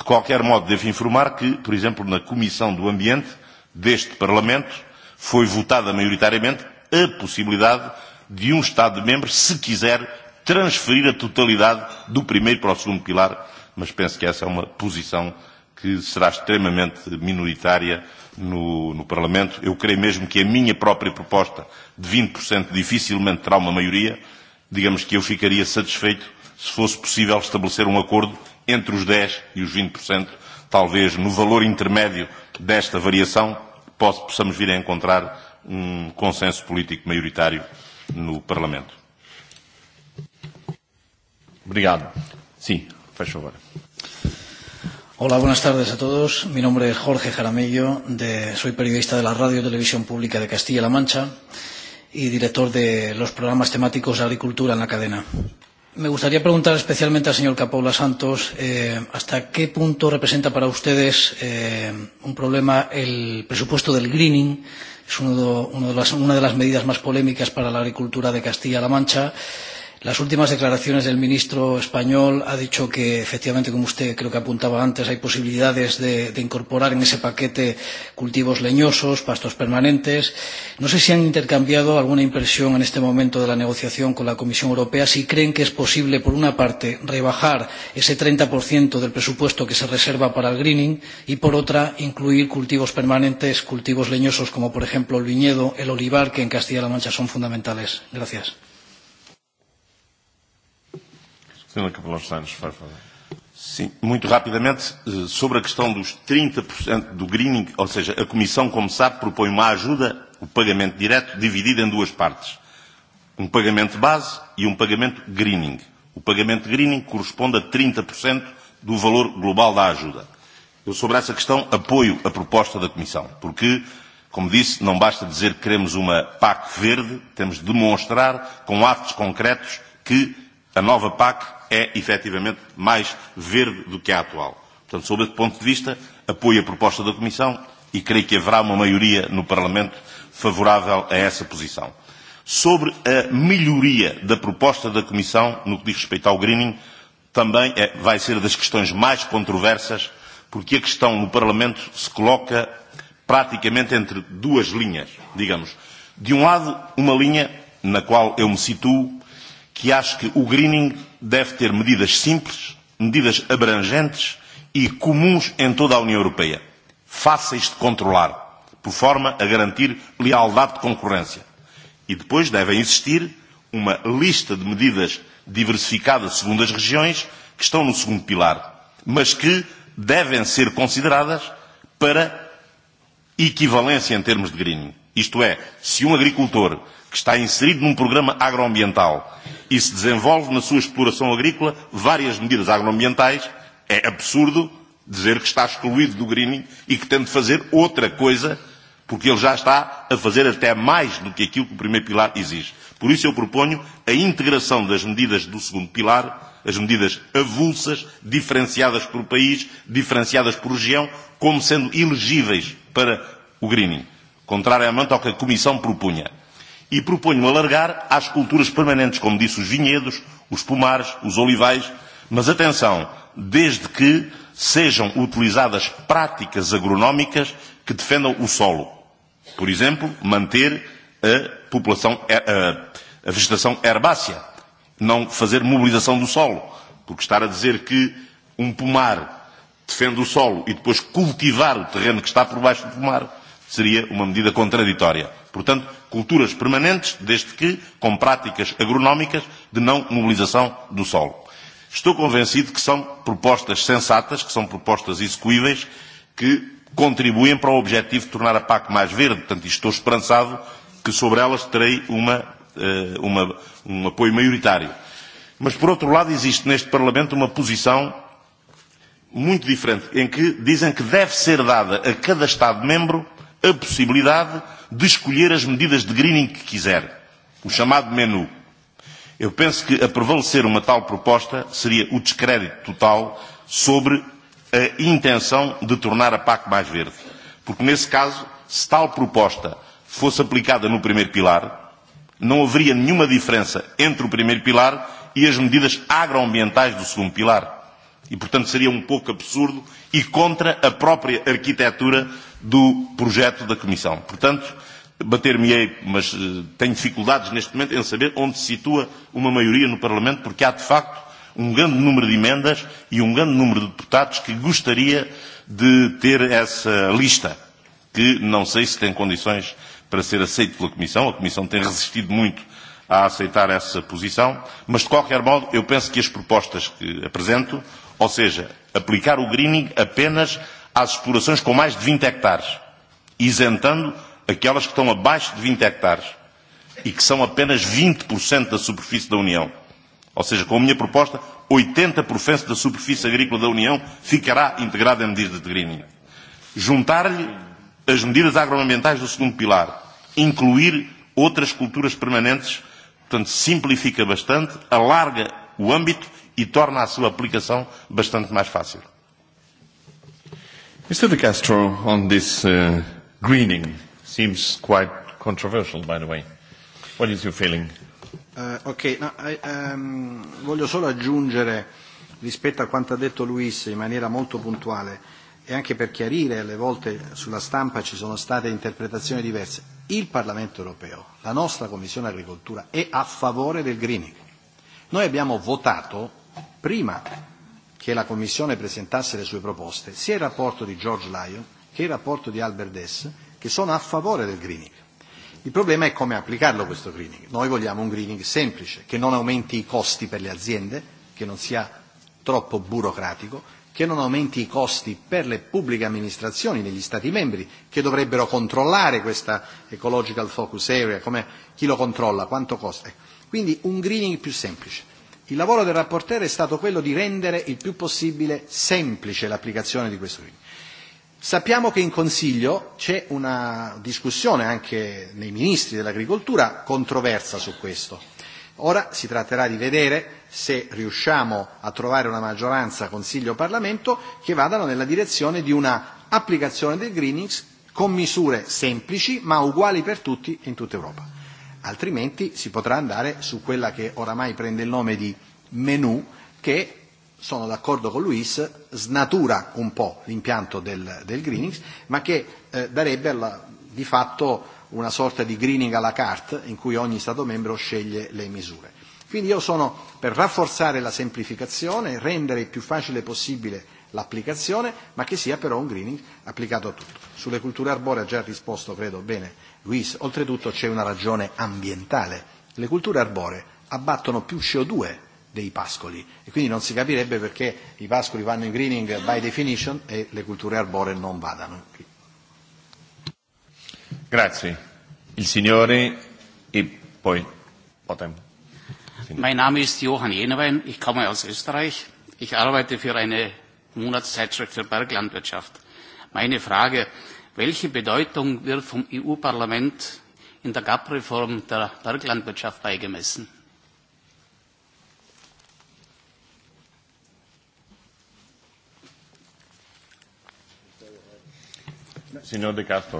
De qualquer modo, devo informar que, por exemplo, na Comissão do Ambiente deste Parlamento, foi votada maioritariamente a possibilidade de um Estado-membro, se quiser, transferir a totalidade do primeiro para o segundo pilar, mas penso que essa é uma posição que será extremamente minoritária no, no Parlamento. Eu creio mesmo que a minha própria proposta de 20% dificilmente terá uma maioria. Digamos que eu ficaria satisfeito se fosse possível estabelecer um acordo entre os 10% e os 20%, talvez no valor intermédio desta variação possamos vir a encontrar um consenso político maioritário no Parlamento. Obrigado. Sim, faz favor. Hola, buenas tardes a todos. Mi nombre es Jorge Jaramillo, de, soy periodista de la Radio y Televisión Pública de Castilla-La Mancha y director de los programas temáticos de agricultura en la cadena. Eh, Me gustaría preguntar especialmente al señor Capola Santos eh, hasta qué punto representa para ustedes eh, un problema el presupuesto del greening. Es uno de, uno de las, una de las medidas más polémicas para la agricultura de Castilla-La Mancha. Eh, Las últimas declaraciones del ministro español ha dicho que, efectivamente, como usted creo que apuntaba antes, hay posibilidades de, de incorporar en ese paquete cultivos leñosos, pastos permanentes. No sé si han intercambiado alguna impresión en este momento de la negociación con la Comisión Europea, si creen que es posible, por una parte, rebajar ese 30% del presupuesto que se reserva para el greening y, por otra, incluir cultivos permanentes, cultivos leñosos como, por ejemplo, el viñedo, el olivar, que en Castilla-La Mancha son fundamentales. Gracias. Senhora Capelos Santos, faz favor. Sim, muito rapidamente, eh, sobre a questão dos 30% do greening, ou seja, a Comissão, como sabe, propõe uma ajuda, o pagamento direto, dividido em duas partes. Um pagamento base e um pagamento greening. O pagamento greening corresponde a 30% do valor global da ajuda. Eu, sobre essa questão, apoio a proposta da Comissão, porque, como disse, não basta dizer que queremos uma PAC verde, temos de demonstrar com atos concretos que a nova PAC é efetivamente mais verde do que a atual. Portanto, sob esse ponto de vista, apoio a proposta da Comissão e creio que haverá uma maioria no Parlamento favorável a essa posição. Sobre a melhoria da proposta da Comissão no que diz respeito ao greening, também é, vai ser das questões mais controversas, porque a questão no Parlamento se coloca praticamente entre duas linhas, digamos. De um lado, uma linha na qual eu me situo que acho que o greening deve ter medidas simples, medidas abrangentes e comuns em toda a União Europeia, fáceis de controlar, por forma a garantir lealdade de concorrência. E depois devem existir uma lista de medidas diversificadas segundo as regiões que estão no segundo pilar, mas que devem ser consideradas para equivalência em termos de greening. Isto é, se um agricultor que está inserido num programa agroambiental e se desenvolve na sua exploração agrícola várias medidas agroambientais, é absurdo dizer que está excluído do greening e que tem de fazer outra coisa, porque ele já está a fazer até mais do que aquilo que o primeiro pilar exige. Por isso eu proponho a integração das medidas do segundo pilar, as medidas avulsas, diferenciadas por país, diferenciadas por região, como sendo elegíveis para o greening contrariamente ao que a Comissão propunha. E proponho alargar às culturas permanentes, como disse, os vinhedos, os pomares, os olivais, mas atenção, desde que sejam utilizadas práticas agronómicas que defendam o solo. Por exemplo, manter a população, a, a vegetação herbácea, não fazer mobilização do solo, porque estar a dizer que um pomar defende o solo e depois cultivar o terreno que está por baixo do pomar seria uma medida contraditória. Portanto, culturas permanentes, desde que com práticas agronómicas de não mobilização do solo. Estou convencido que são propostas sensatas, que são propostas execuíveis, que contribuem para o objetivo de tornar a PAC mais verde. Portanto, estou esperançado que sobre elas terei uma, eh, uma, um apoio maioritário. Mas, por outro lado, existe neste Parlamento uma posição muito diferente, em que dizem que deve ser dada a cada Estado-membro a possibilidade de escolher as medidas de greening que quiser, o chamado menu. Eu penso que a prevalecer uma tal proposta seria o descrédito total sobre a intenção de tornar a PAC mais verde. Porque, nesse caso, se tal proposta fosse aplicada no primeiro pilar, não haveria nenhuma diferença entre o primeiro pilar e as medidas agroambientais do segundo pilar e, portanto, seria um pouco absurdo e contra a própria arquitetura do projeto da Comissão. Portanto, bater-me-ei, mas uh, tenho dificuldades neste momento em saber onde se situa uma maioria no Parlamento, porque há, de facto, um grande número de emendas e um grande número de deputados que gostaria de ter essa lista, que não sei se tem condições para ser aceito pela Comissão. A Comissão tem resistido muito a aceitar essa posição, mas de qualquer modo eu penso que as propostas que apresento ou seja, aplicar o greening apenas às explorações com mais de 20 hectares, isentando aquelas que estão abaixo de 20 hectares e que são apenas 20% da superfície da União. Ou seja, com a minha proposta, 80% da superfície agrícola da União ficará integrada em medidas de greening. Juntar-lhe as medidas agroambientais do segundo pilar, incluir outras culturas permanentes, portanto, simplifica bastante, alarga o âmbito e torna a sua aplicação bastante mais fácil. Mr. De Castro, on this uh, greening seems quite controversial, by the way. What is your feeling? Uh, ok, no, I, um, voglio solo aggiungere rispetto a quanto ha detto Luis in maniera molto puntuale e anche per chiarire, alle volte sulla stampa ci sono state interpretazioni diverse. Il Parlamento europeo, la nostra Commissione agricoltura, è a favore del greening. Noi abbiamo votato prima che la Commissione presentasse le sue proposte, sia il rapporto di George Lyon che il rapporto di Albert Dess, che sono a favore del greening. Il problema è come applicarlo questo greening. Noi vogliamo un greening semplice, che non aumenti i costi per le aziende, che non sia troppo burocratico, che non aumenti i costi per le pubbliche amministrazioni negli Stati membri, che dovrebbero controllare questa ecological focus area, come chi lo controlla, quanto costa. Quindi un greening più semplice. Il lavoro del rapportere è stato quello di rendere il più possibile semplice l'applicazione di questo regime. Sappiamo che in Consiglio c'è una discussione anche nei ministri dell'agricoltura controversa su questo. Ora si tratterà di vedere se riusciamo a trovare una maggioranza Consiglio-Parlamento che vadano nella direzione di una applicazione del Greenings con misure semplici ma uguali per tutti in tutta Europa altrimenti si potrà andare su quella che oramai prende il nome di menu che sono d'accordo con Luis, snatura un po' l'impianto del, del greening, ma che eh, darebbe alla, di fatto una sorta di greening à la carte in cui ogni Stato membro sceglie le misure. Quindi io sono per rafforzare la semplificazione, rendere il più facile possibile l'applicazione, ma che sia però un greening applicato a tutto. Sulle culture arboree ha già risposto, credo, bene Luis, oltretutto c'è una ragione ambientale. Le culture arboree abbattono più CO2 dei pascoli e quindi non si capirebbe perché i pascoli vanno in greening by definition e le culture arboree non vadano. Grazie. Il signore e poi Potem. Mein Name ist Johann Jenewein, ich komme aus Österreich. Ich arbeite für eine Monatszeitschrift für Berglandwirtschaft. Meine Frage, Welche Bedeutung wird vom EU-Parlament in der GAP-Reform der Berglandwirtschaft beigemessen? Signor De Castro.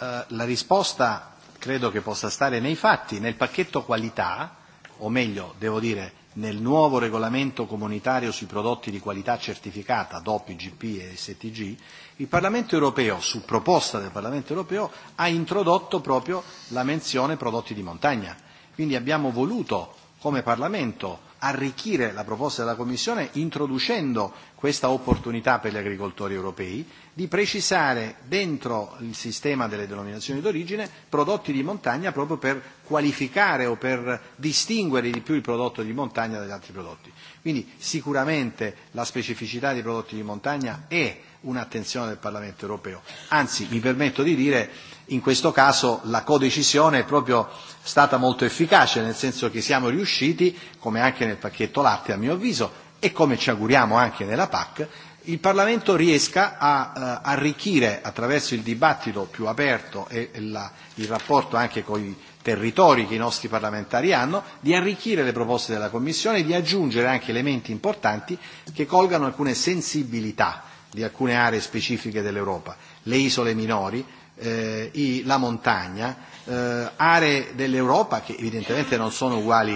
Uh, la risposta credo che possa stare nei fatti. Nel pacchetto qualità, o meglio, devo dire, nel nuovo regolamento comunitario sui prodotti di qualità certificata DOP, IGP e STG, il Parlamento europeo, su proposta del Parlamento europeo, ha introdotto proprio la menzione prodotti di montagna. Quindi abbiamo voluto, come Parlamento, arricchire la proposta della Commissione introducendo questa opportunità per gli agricoltori europei di precisare dentro il sistema delle denominazioni d'origine prodotti di montagna proprio per qualificare o per distinguere di più il prodotto di montagna dagli altri prodotti. Quindi sicuramente la specificità dei prodotti di montagna è un'attenzione del Parlamento europeo. Anzi, mi permetto di dire, in questo caso la codecisione è proprio stata molto efficace, nel senso che siamo riusciti, come anche nel pacchetto latte a mio avviso, e come ci auguriamo anche nella PAC, il Parlamento riesca a eh, arricchire attraverso il dibattito più aperto e, e la, il rapporto anche con i territori che i nostri parlamentari hanno, di arricchire le proposte della Commissione e di aggiungere anche elementi importanti che colgano alcune sensibilità di alcune aree specifiche dell'Europa, le isole minori, eh, i, la montagna, eh, aree dell'Europa che evidentemente non sono uguali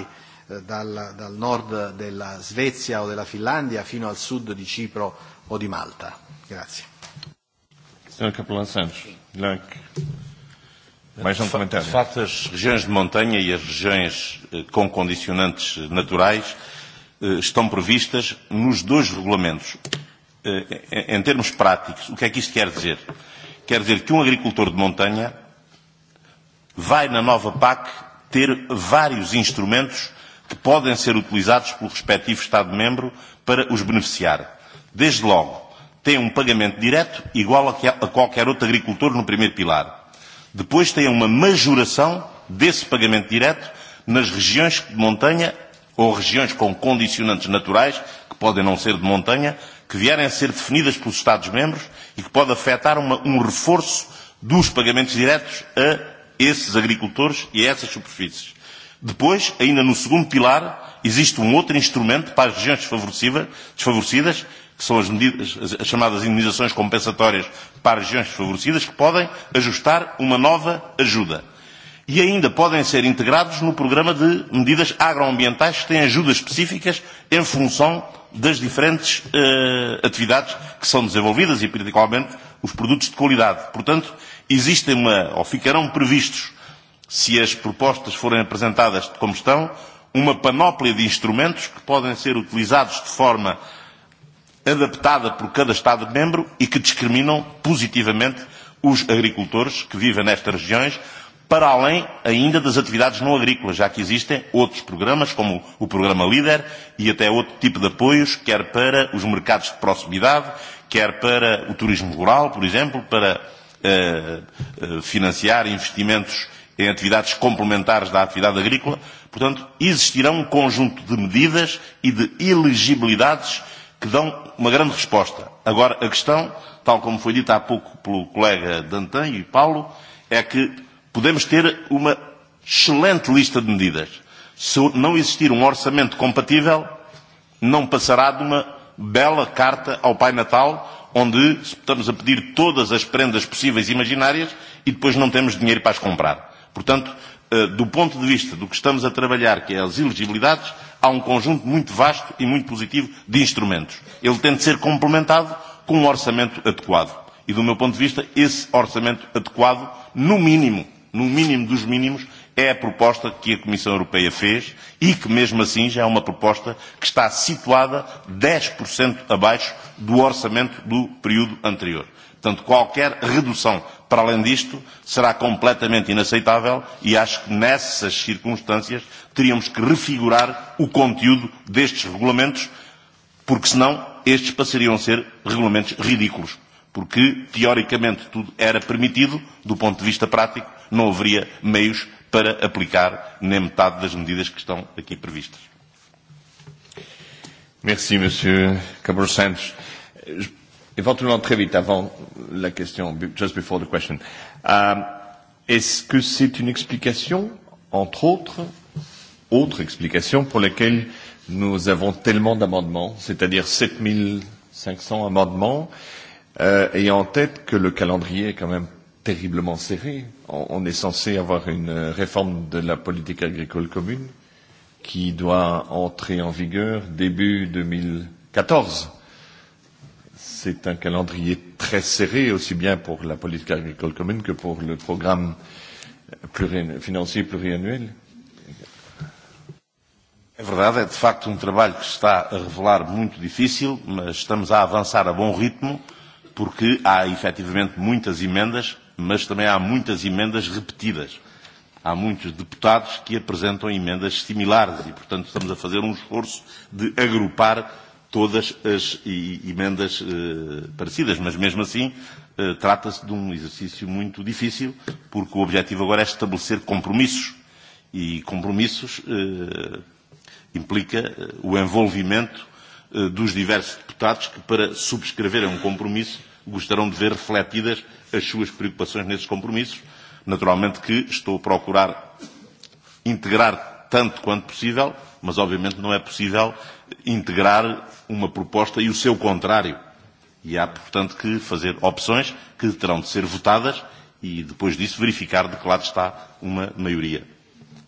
eh, dal, dal nord della Svezia o della Finlandia fino al sud di Cipro o di Malta. Grazie. Senhor Capelão Santos, mais um comentário. De facto, as regiões de montanha e as regiões eh, com condicionantes naturais eh, estão previstas nos dois regulamentos Eh, em termos práticos, o que é que isto quer dizer? Quer dizer que um agricultor de montanha vai na nova PAC ter vários instrumentos que podem ser utilizados pelo respectivo Estado-membro para os beneficiar. Desde logo, tem um pagamento direto igual a qualquer outro agricultor no primeiro pilar. Depois tem uma majoração desse pagamento direto nas regiões de montanha ou regiões com condicionantes naturais, que podem não ser de montanha, que vierem a ser definidas pelos Estados-membros e que pode afetar uma, um reforço dos pagamentos diretos a esses agricultores e a essas superfícies. Depois, ainda no segundo pilar, existe um outro instrumento para as regiões desfavorecidas, desfavorecidas que são as, medidas, as chamadas indenizações compensatórias para as regiões desfavorecidas, que podem ajustar uma nova ajuda e ainda podem ser integrados no programa de medidas agroambientais que têm ajudas específicas em função das diferentes eh, atividades que são desenvolvidas e, particularmente, os produtos de qualidade. Portanto, existem uma, ou ficarão previstos, se as propostas forem apresentadas como estão, uma panóplia de instrumentos que podem ser utilizados de forma adaptada por cada Estado-membro e que discriminam positivamente os agricultores que vivem nestas regiões para além ainda das atividades não agrícolas, já que existem outros programas, como o programa Líder e até outro tipo de apoios, quer para os mercados de proximidade, quer para o turismo rural, por exemplo, para eh, eh, financiar investimentos em atividades complementares da atividade agrícola. Portanto, existirá um conjunto de medidas e de elegibilidades que dão uma grande resposta. Agora, a questão, tal como foi dita há pouco pelo colega Dantan e Paulo, é que Podemos ter uma excelente lista de medidas. Se não existir um orçamento compatível, não passará de uma bela carta ao Pai Natal, onde estamos a pedir todas as prendas possíveis e imaginárias e depois não temos dinheiro para as comprar. Portanto, eh, do ponto de vista do que estamos a trabalhar, que é as elegibilidades, há um conjunto muito vasto e muito positivo de instrumentos. Ele tem de ser complementado com um orçamento adequado. E, do meu ponto de vista, esse orçamento adequado, no mínimo, no mínimo dos mínimos, é a proposta que a Comissão Europeia fez e que, mesmo assim, já é uma proposta que está situada 10% abaixo do orçamento do período anterior. Portanto, qualquer redução para além disto será completamente inaceitável e acho que nessas circunstâncias teríamos que refigurar o conteúdo destes regulamentos, porque senão estes passariam a ser regulamentos ridículos. Porque, teoricamente, tudo era permitido, do ponto de vista prático, não haveria meios para aplicar nem metade das medidas que estão aqui previstas. Merci, Monsieur Cabral Santos. Éventuellement très vite avant la question, just before the question. Um, Est-ce que c'est une explication, entre autres, autre explication pour laquelle nous avons tellement d'amendements, c'est-à-dire 7500 amendements, euh, et en tête que le calendrier est quand même terriblement serré on, on est censé avoir une euh, réforme de la politique agricole commune qui doit entrer en vigueur début 2014. C'est un calendrier très serré, aussi bien pour la politique agricole commune que pour le programme pluriannuel, financier pluriannuel. É verdade, é de facto um trabalho que está a revelar muito difícil, mas estamos a avançar a bom ritmo, porque há efetivamente muitas emendas mas também há muitas emendas repetidas. Há muitos deputados que apresentam emendas similares e, portanto, estamos a fazer um esforço de agrupar todas as e, emendas eh, parecidas, mas mesmo assim eh, trata-se de um exercício muito difícil, porque o objetivo agora é estabelecer compromissos e compromissos eh, implica eh, o envolvimento eh, dos diversos deputados que, para subscreverem um compromisso, gostarão de ver refletidas as suas preocupações nesses compromissos. Naturalmente que estou a procurar integrar tanto quanto possível, mas obviamente não é possível integrar uma proposta e o seu contrário. E há, portanto, que fazer opções que terão de ser votadas e depois disso verificar de que lado está uma maioria.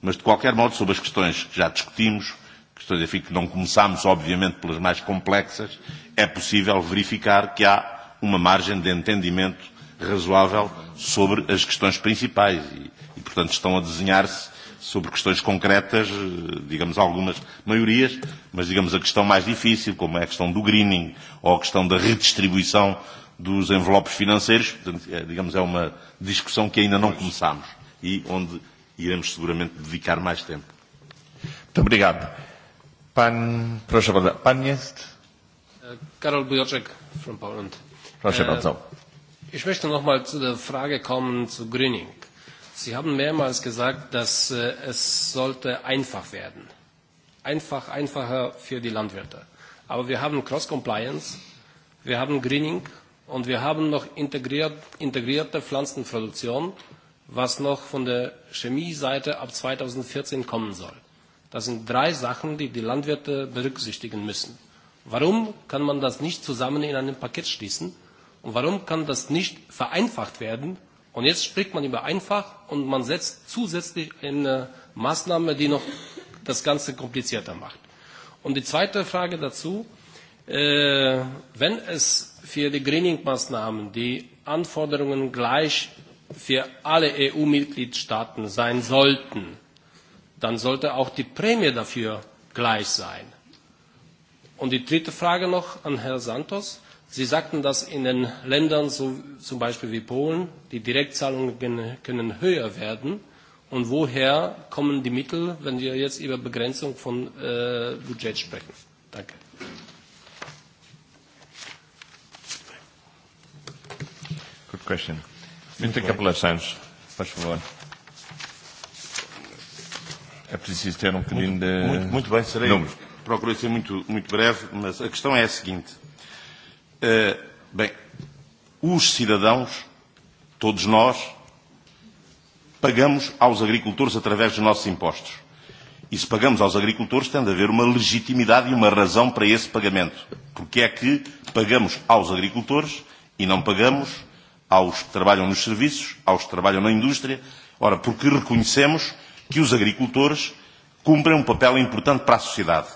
Mas, de qualquer modo, sobre as questões que já discutimos, questões enfim, que não começámos, obviamente, pelas mais complexas, é possível verificar que há uma margem de entendimento razoável sobre as questões principais e, e portanto, estão a desenhar-se sobre questões concretas, eh, digamos, algumas maiorias, mas, digamos, a questão mais difícil, como é a questão do greening ou a questão da redistribuição dos envelopes financeiros, portanto, é, digamos, é uma discussão que ainda não começámos e onde iremos seguramente dedicar mais tempo. Muito obrigado. Pan, proszę bardzo, pan jest? Karol Bujoczek from Poland. Proszę e, bardzo. Uh, Ich möchte nochmal zu der Frage kommen zu Greening. Sie haben mehrmals gesagt, dass äh, es sollte einfach werden. Einfach, einfacher für die Landwirte. Aber wir haben Cross-Compliance, wir haben Greening und wir haben noch integriert, integrierte Pflanzenproduktion, was noch von der Chemieseite ab 2014 kommen soll. Das sind drei Sachen, die die Landwirte berücksichtigen müssen. Warum kann man das nicht zusammen in einem Paket schließen? Und warum kann das nicht vereinfacht werden? Und jetzt spricht man über einfach und man setzt zusätzlich eine Maßnahme, die noch das Ganze komplizierter macht. Und die zweite Frage dazu, äh, wenn es für die Greening-Maßnahmen die Anforderungen gleich für alle EU-Mitgliedstaaten sein sollten, dann sollte auch die Prämie dafür gleich sein. Und die dritte Frage noch an Herrn Santos. Sie sagten, dass in den Ländern so, zum Beispiel wie Polen die Direktzahlungen können höher werden. Und woher kommen die Mittel, wenn wir jetzt über Begrenzung von äh, Budget sprechen? Danke. Good question. You take a couple of times, faz favor. É preciso ter um bocadinho de muito, muito bem, serei, números. Procurei ser muito, muito breve, mas a questão é a seguinte Uh, bem, os cidadãos, todos nós, pagamos aos agricultores através dos nossos impostos. E se pagamos aos agricultores, tem de haver uma legitimidade e uma razão para esse pagamento. Porque é que pagamos aos agricultores e não pagamos aos que trabalham nos serviços, aos que trabalham na indústria? Ora, porque reconhecemos que os agricultores cumprem um papel importante para a sociedade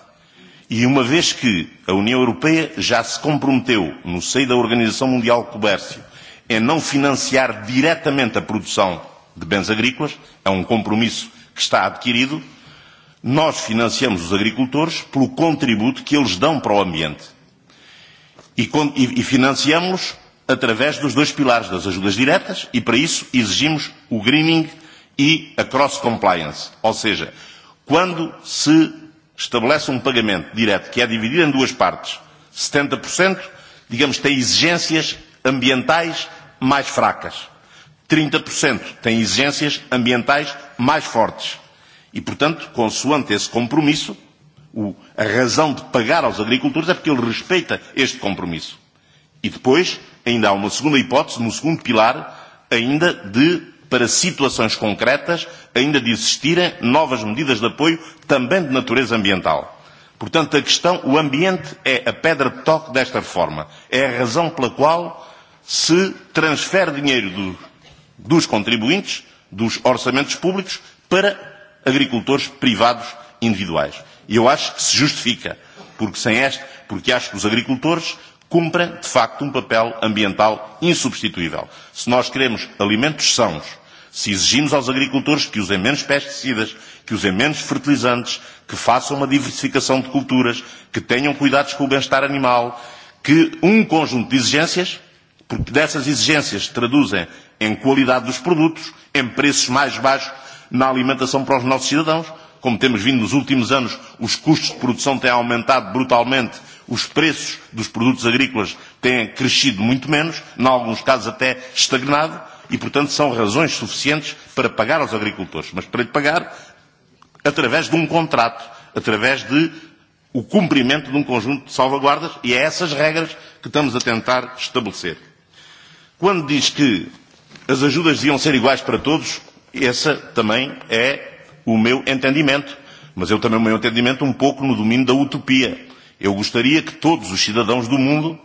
E uma vez que a União Europeia já se comprometeu, no seio da Organização Mundial de Comércio, em não financiar diretamente a produção de bens agrícolas, é um compromisso que está adquirido, nós financiamos os agricultores pelo contributo que eles dão para o ambiente. E, e, e financiamos através dos dois pilares das ajudas diretas e, para isso, exigimos o greening e a cross-compliance. Ou seja, quando se estabelece um pagamento direto que é dividido em duas partes. 70%, digamos, tem exigências ambientais mais fracas. 30% tem exigências ambientais mais fortes. E, portanto, consoante esse compromisso, o, a razão de pagar aos agricultores é porque ele respeita este compromisso. E depois, ainda há uma segunda hipótese, no um segundo pilar, ainda de para situações concretas, ainda de existirem novas medidas de apoio também de natureza ambiental. Portanto, a questão, o ambiente é a pedra de toque desta reforma. É a razão pela qual se transfere dinheiro do, dos contribuintes, dos orçamentos públicos, para agricultores privados individuais. E eu acho que se justifica, porque sem este, porque acho que os agricultores cumpra, de facto, um papel ambiental insubstituível. Se nós queremos alimentos sãos, se exigimos aos agricultores que usem menos pesticidas, que usem menos fertilizantes, que façam uma diversificação de culturas, que tenham cuidados com o bem-estar animal, que um conjunto de exigências, porque dessas exigências se traduzem em qualidade dos produtos, em preços mais baixos na alimentação para os nossos cidadãos, como temos vindo nos últimos anos, os custos de produção têm aumentado brutalmente os preços dos produtos agrícolas têm crescido muito menos, em alguns casos até estagnado, e, portanto, são razões suficientes para pagar aos agricultores, mas para lhe pagar através de um contrato, através de o cumprimento de um conjunto de salvaguardas, e é essas regras que estamos a tentar estabelecer. Quando diz que as ajudas deviam ser iguais para todos, esse também é o meu entendimento, mas eu também o meu entendimento um pouco no domínio da utopia. Eu gostaria que todos os cidadãos do mundo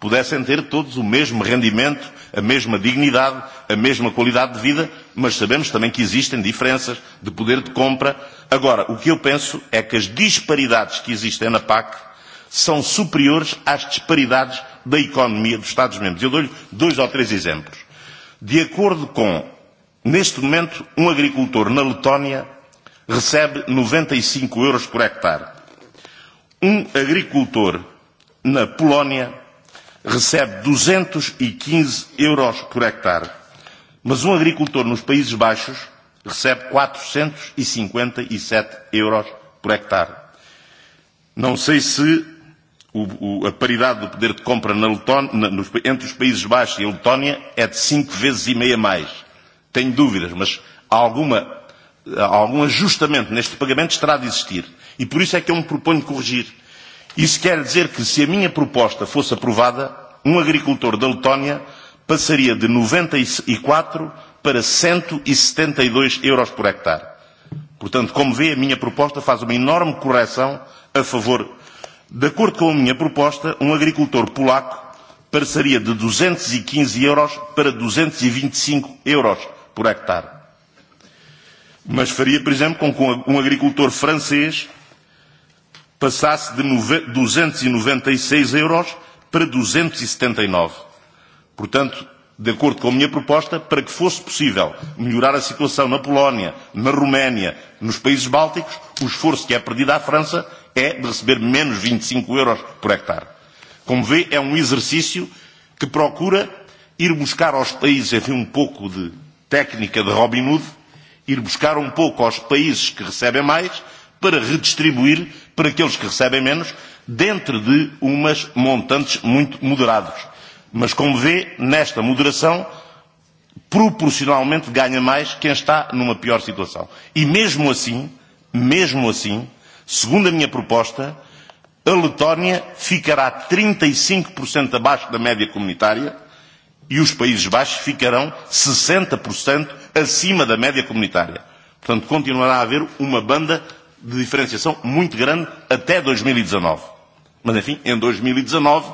pudessem ter todos o mesmo rendimento, a mesma dignidade, a mesma qualidade de vida, mas sabemos também que existem diferenças de poder de compra. Agora, o que eu penso é que as disparidades que existem na PAC são superiores às disparidades da economia dos Estados-membros. Eu dou-lhe dois ou três exemplos. De acordo com, neste momento, um agricultor na Letónia recebe 95 e euros por hectare Um agricultor na Polónia recebe 215 e euros por hectare, mas um agricultor nos Países Baixos recebe 457 e e euros por hectare. Não sei se o, o, a paridade do poder de compra na Letón, na, nos, entre os Países Baixos e a Letónia é de cinco vezes e meia mais. Tenho dúvidas, mas há alguma Eh, algum ajustamento neste pagamento terá de existir. E por isso é que eu me proponho corrigir. Isso quer dizer que se a minha proposta fosse aprovada, um agricultor da Letónia passaria de 94 e para 172 e e euros por hectare. Portanto, como vê, a minha proposta faz uma enorme correção a favor. De acordo com a minha proposta, um agricultor polaco passaria de 215 euros para 225 euros por hectare mas faria, por exemplo, com que um, um agricultor francês passasse de 296 e e euros para 279. E Portanto, de acordo com a minha proposta, para que fosse possível melhorar a situação na Polónia, na Roménia, nos países bálticos, o esforço que é perdido à França é de receber menos 25 euros por hectare. Como vê, é um exercício que procura ir buscar aos países, enfim, um pouco de técnica de Robin Hood, ir buscar um pouco aos países que recebem mais para redistribuir para aqueles que recebem menos, dentro de umas montantes muito moderados. Mas, como vê, nesta moderação, proporcionalmente ganha mais quem está numa pior situação. E mesmo assim, mesmo assim, segundo a minha proposta, a Letónia ficará 35% e abaixo da média comunitária e os Países Baixos ficarão 60% acima da média comunitária. Portanto, continuará a haver uma banda de diferenciação muito grande até 2019. E Mas, enfim, em 2019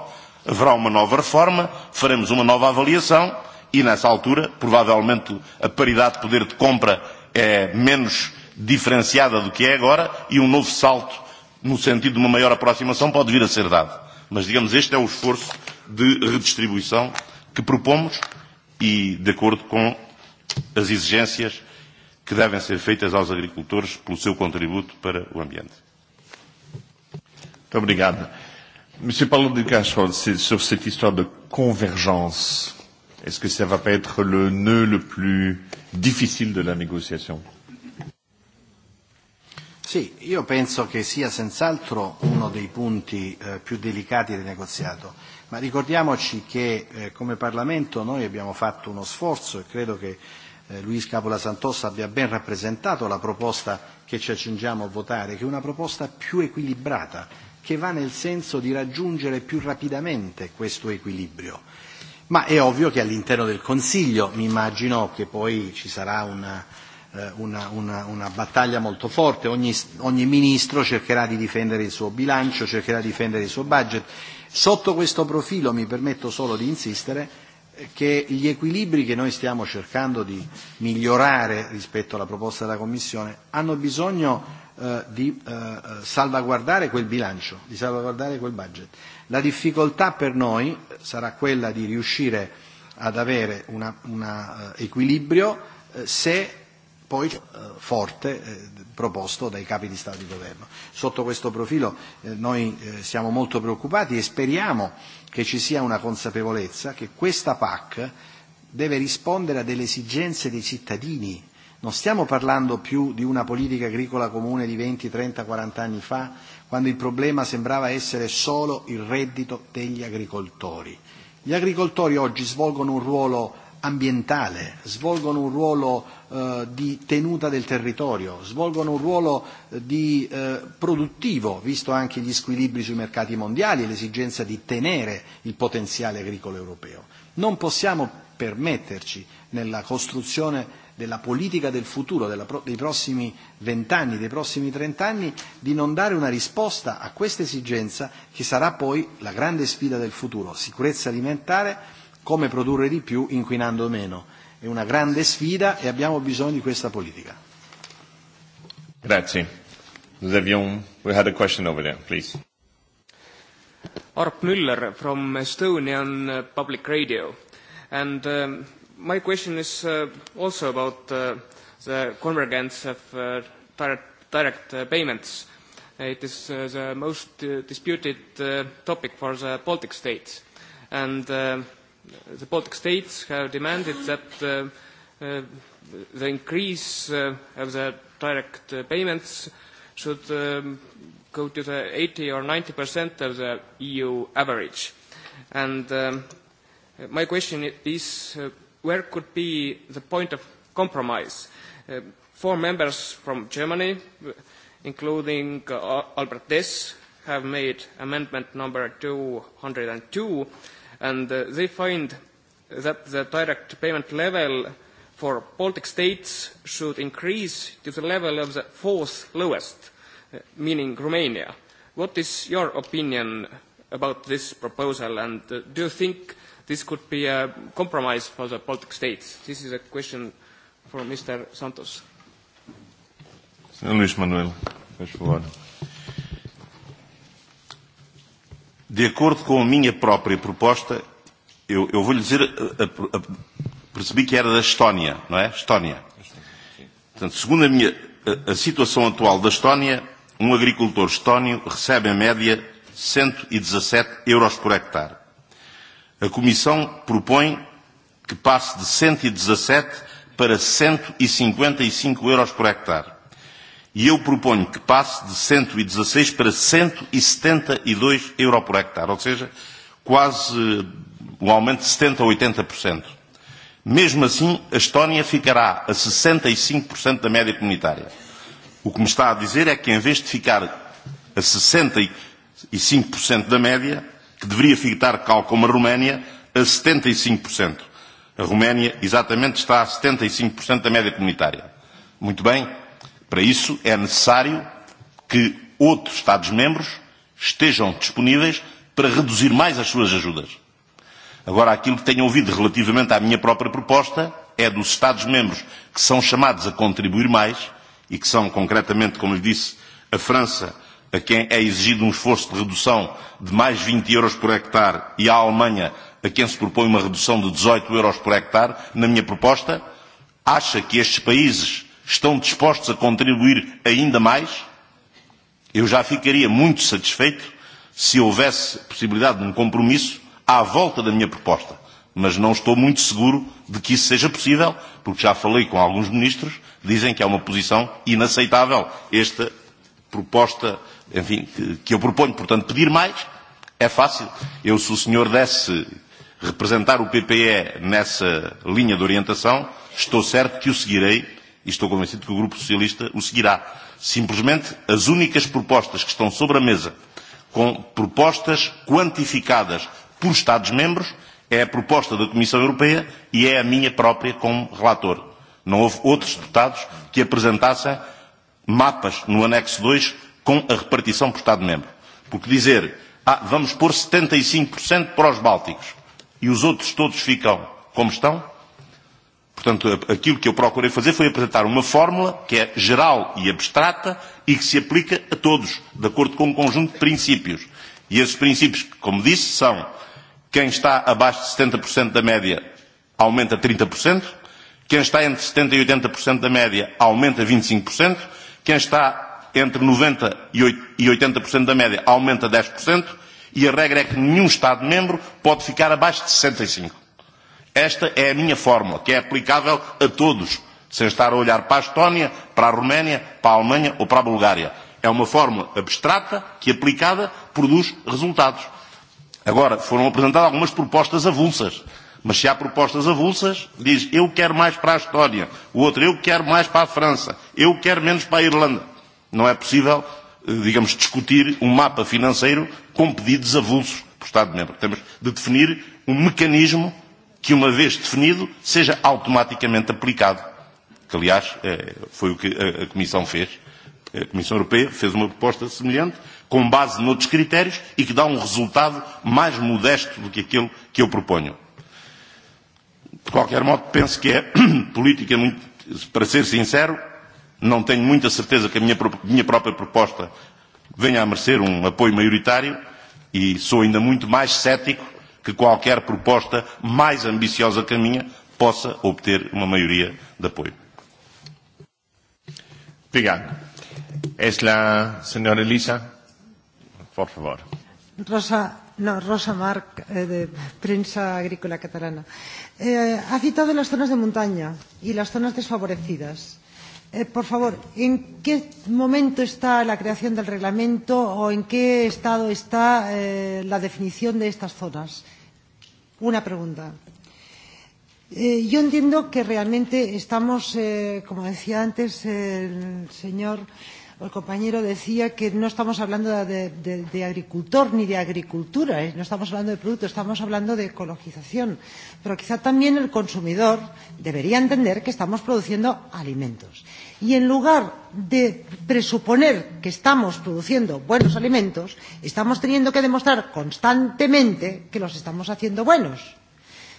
e haverá uma nova reforma, faremos uma nova avaliação e, nessa altura, provavelmente a paridade de poder de compra é menos diferenciada do que é agora e um novo salto no sentido de uma maior aproximação pode vir a ser dado. Mas, digamos, este é o esforço de redistribuição que propomos e de acordo com as exigências que devem ser feitas aos agricultores pelo seu contributo para o ambiente. Muito obrigado. Monsieur Paulo de Castro, sur cette histoire de convergence, est-ce que ça ne va pas être le nœud le plus difficile de la négociation Sì, io penso che sia senz'altro uno dei punti eh, più delicati del negoziato ma ricordiamoci che eh, come Parlamento noi abbiamo fatto uno sforzo e credo che eh, Luis Capola Santos abbia ben rappresentato la proposta che ci accingiamo a votare, che è una proposta più equilibrata, che va nel senso di raggiungere più rapidamente questo equilibrio. Ma è ovvio che all'interno del Consiglio mi immagino che poi ci sarà una, eh, una, una, una battaglia molto forte, ogni, ogni ministro cercherà di difendere il suo bilancio, cercherà di difendere il suo budget Sotto questo profilo mi permetto solo di insistere che gli equilibri che noi stiamo cercando di migliorare rispetto alla proposta della Commissione hanno bisogno eh, di eh, salvaguardare quel bilancio, di salvaguardare quel budget. La difficoltà per noi sarà quella di riuscire ad avere un uh, eh, equilibrio eh, se poi eh, forte eh, proposto dai capi di Stato e di Governo. Sotto questo profilo eh, noi eh, siamo molto preoccupati e speriamo che ci sia una consapevolezza che questa PAC deve rispondere a delle esigenze dei cittadini. Non stiamo parlando più di una politica agricola comune di 20, 30, 40 anni fa, quando il problema sembrava essere solo il reddito degli agricoltori. Gli agricoltori oggi svolgono un ruolo ambientale, svolgono un ruolo eh, di tenuta del territorio, svolgono un ruolo eh, di, eh, produttivo, visto anche gli squilibri sui mercati mondiali e l'esigenza di tenere il potenziale agricolo europeo. Non possiamo permetterci nella costruzione della politica del futuro, della, dei prossimi vent'anni, dei prossimi trent'anni, di non dare una risposta a questa esigenza che sarà poi la grande sfida del futuro, sicurezza alimentare, come produrre di più inquinando meno. È una grande sfida e abbiamo bisogno di questa politica. Grazie. Zevion, we had a question over there, please. Arp Müller from Estonian uh, Public Radio. And um, my question is uh, also about uh, the convergence of uh, direct, direct uh, payments. Uh, it is uh, the most uh, disputed uh, topic for the Baltic states. And uh, the Baltic states have demanded that uh, uh, the increase uh, of the direct uh, payments should um, go to the 80 or 90 percent of the EU average. And um, my question is, uh, where could be the point of compromise? Uh, four members from Germany, including uh, Albert Dess, have made amendment number 202, and uh, they find that the direct payment level for Baltic states should increase to the level of the fourth lowest, uh, meaning Romania. What is your opinion about this proposal, and uh, do you think this could be a compromise for the Baltic states? This is a question for Mr. Santos. Luis Manuel, por favor. De acordo com a minha própria proposta, eu, eu vou lhe dizer, a, a, a, percebi que era da Estónia, não é? Estónia. Portanto, segundo a minha a, a situação atual da Estónia, um agricultor estónio recebe em média 117 e euros por hectare. A Comissão propõe que passe de 117 e para 155 e euros por hectare e eu proponho que passe de 116 e para 172 e e euros por hectare, ou seja, quase um aumento de 70% a 80%. Mesmo assim, a Estónia ficará a 65% da média comunitária. O que me está a dizer é que, em vez de ficar a 65% da média, que deveria ficar, tal como a Roménia, a 75%. A Roménia, exatamente, está a 75% da média comunitária. Muito bem, Para isso, é necessário que outros Estados-membros estejam disponíveis para reduzir mais as suas ajudas. Agora, aquilo que tenho ouvido relativamente à minha própria proposta é dos Estados-membros que são chamados a contribuir mais e que são, concretamente, como lhe disse, a França, a quem é exigido um esforço de redução de mais 20 euros por hectare e a Alemanha, a quem se propõe uma redução de 18 euros por hectare, na minha proposta, acha que estes países estão dispostos a contribuir ainda mais? Eu já ficaria muito satisfeito se houvesse possibilidade de um compromisso à volta da minha proposta, mas não estou muito seguro de que isso seja possível, porque já falei com alguns ministros, dizem que é uma posição inaceitável esta proposta, enfim, que, que eu proponho. Portanto, pedir mais é fácil. Eu, se o senhor desse representar o PPE nessa linha de orientação, estou certo que o seguirei e estou convencido que o Grupo Socialista o seguirá. Simplesmente, as únicas propostas que estão sobre a mesa, com propostas quantificadas por Estados-membros, é a proposta da Comissão Europeia e é a minha própria como relator. Não houve outros deputados que apresentassem mapas no anexo 2 com a repartição por Estado-membro. Porque dizer, ah, vamos pôr 75% e para os Bálticos e os outros todos ficam como estão, Portanto, aquilo que eu procurei fazer foi apresentar uma fórmula que é geral e abstrata e que se aplica a todos, de acordo com um conjunto de princípios. E esses princípios, como disse, são quem está abaixo de 70% da média aumenta 30%, quem está entre 70% e 80% da média aumenta 25%, e quem está entre 90% e 80% e da média aumenta 10%, e a regra é que nenhum Estado-membro pode ficar abaixo de 65%. Esta é a minha fórmula, que é aplicável a todos, sem estar a olhar para a Estónia, para a Roménia, para a Alemanha ou para a Bulgária. É uma fórmula abstrata que, aplicada, produz resultados. Agora, foram apresentadas algumas propostas avulsas. Mas se há propostas avulsas, diz eu quero mais para a Estónia, o outro eu quero mais para a França, eu quero menos para a Irlanda. Não é possível, eh, digamos, discutir um mapa financeiro com pedidos avulsos para o Estado-membro. Temos de definir um mecanismo que, uma vez definido, seja automaticamente aplicado. Que, aliás, eh, foi o que eh, a Comissão fez. A Comissão Europeia fez uma proposta semelhante, com base noutros critérios, e que dá um resultado mais modesto do que aquele que eu proponho. De qualquer modo, penso que é *clears throat* política muito. Para ser sincero, não tenho muita certeza que a minha, minha própria proposta venha a merecer um apoio maioritário e sou ainda muito mais cético que qualquer proposta mais ambiciosa que a minha possa obter uma maioria de apoio. Obrigado. Es la señora Elisa, por favor. Rosa, no, Rosa Marc, eh, de Prensa Agrícola Catalana. Eh, ha citado las zonas de montaña y las zonas desfavorecidas. Eh, por favor, ¿en qué momento está la creación del reglamento o en qué estado está eh, la definición de estas zonas? una pregunta. Eh, yo entiendo que realmente estamos, eh, como decía antes el señor o el compañero, decía que no estamos hablando de, de, de agricultor ni de agricultura, eh, no estamos hablando de producto, estamos hablando de ecologización. Pero quizá también el consumidor debería entender que estamos produciendo alimentos y en lugar de presuponer que estamos produciendo buenos alimentos, estamos teniendo que demostrar constantemente que los estamos haciendo buenos.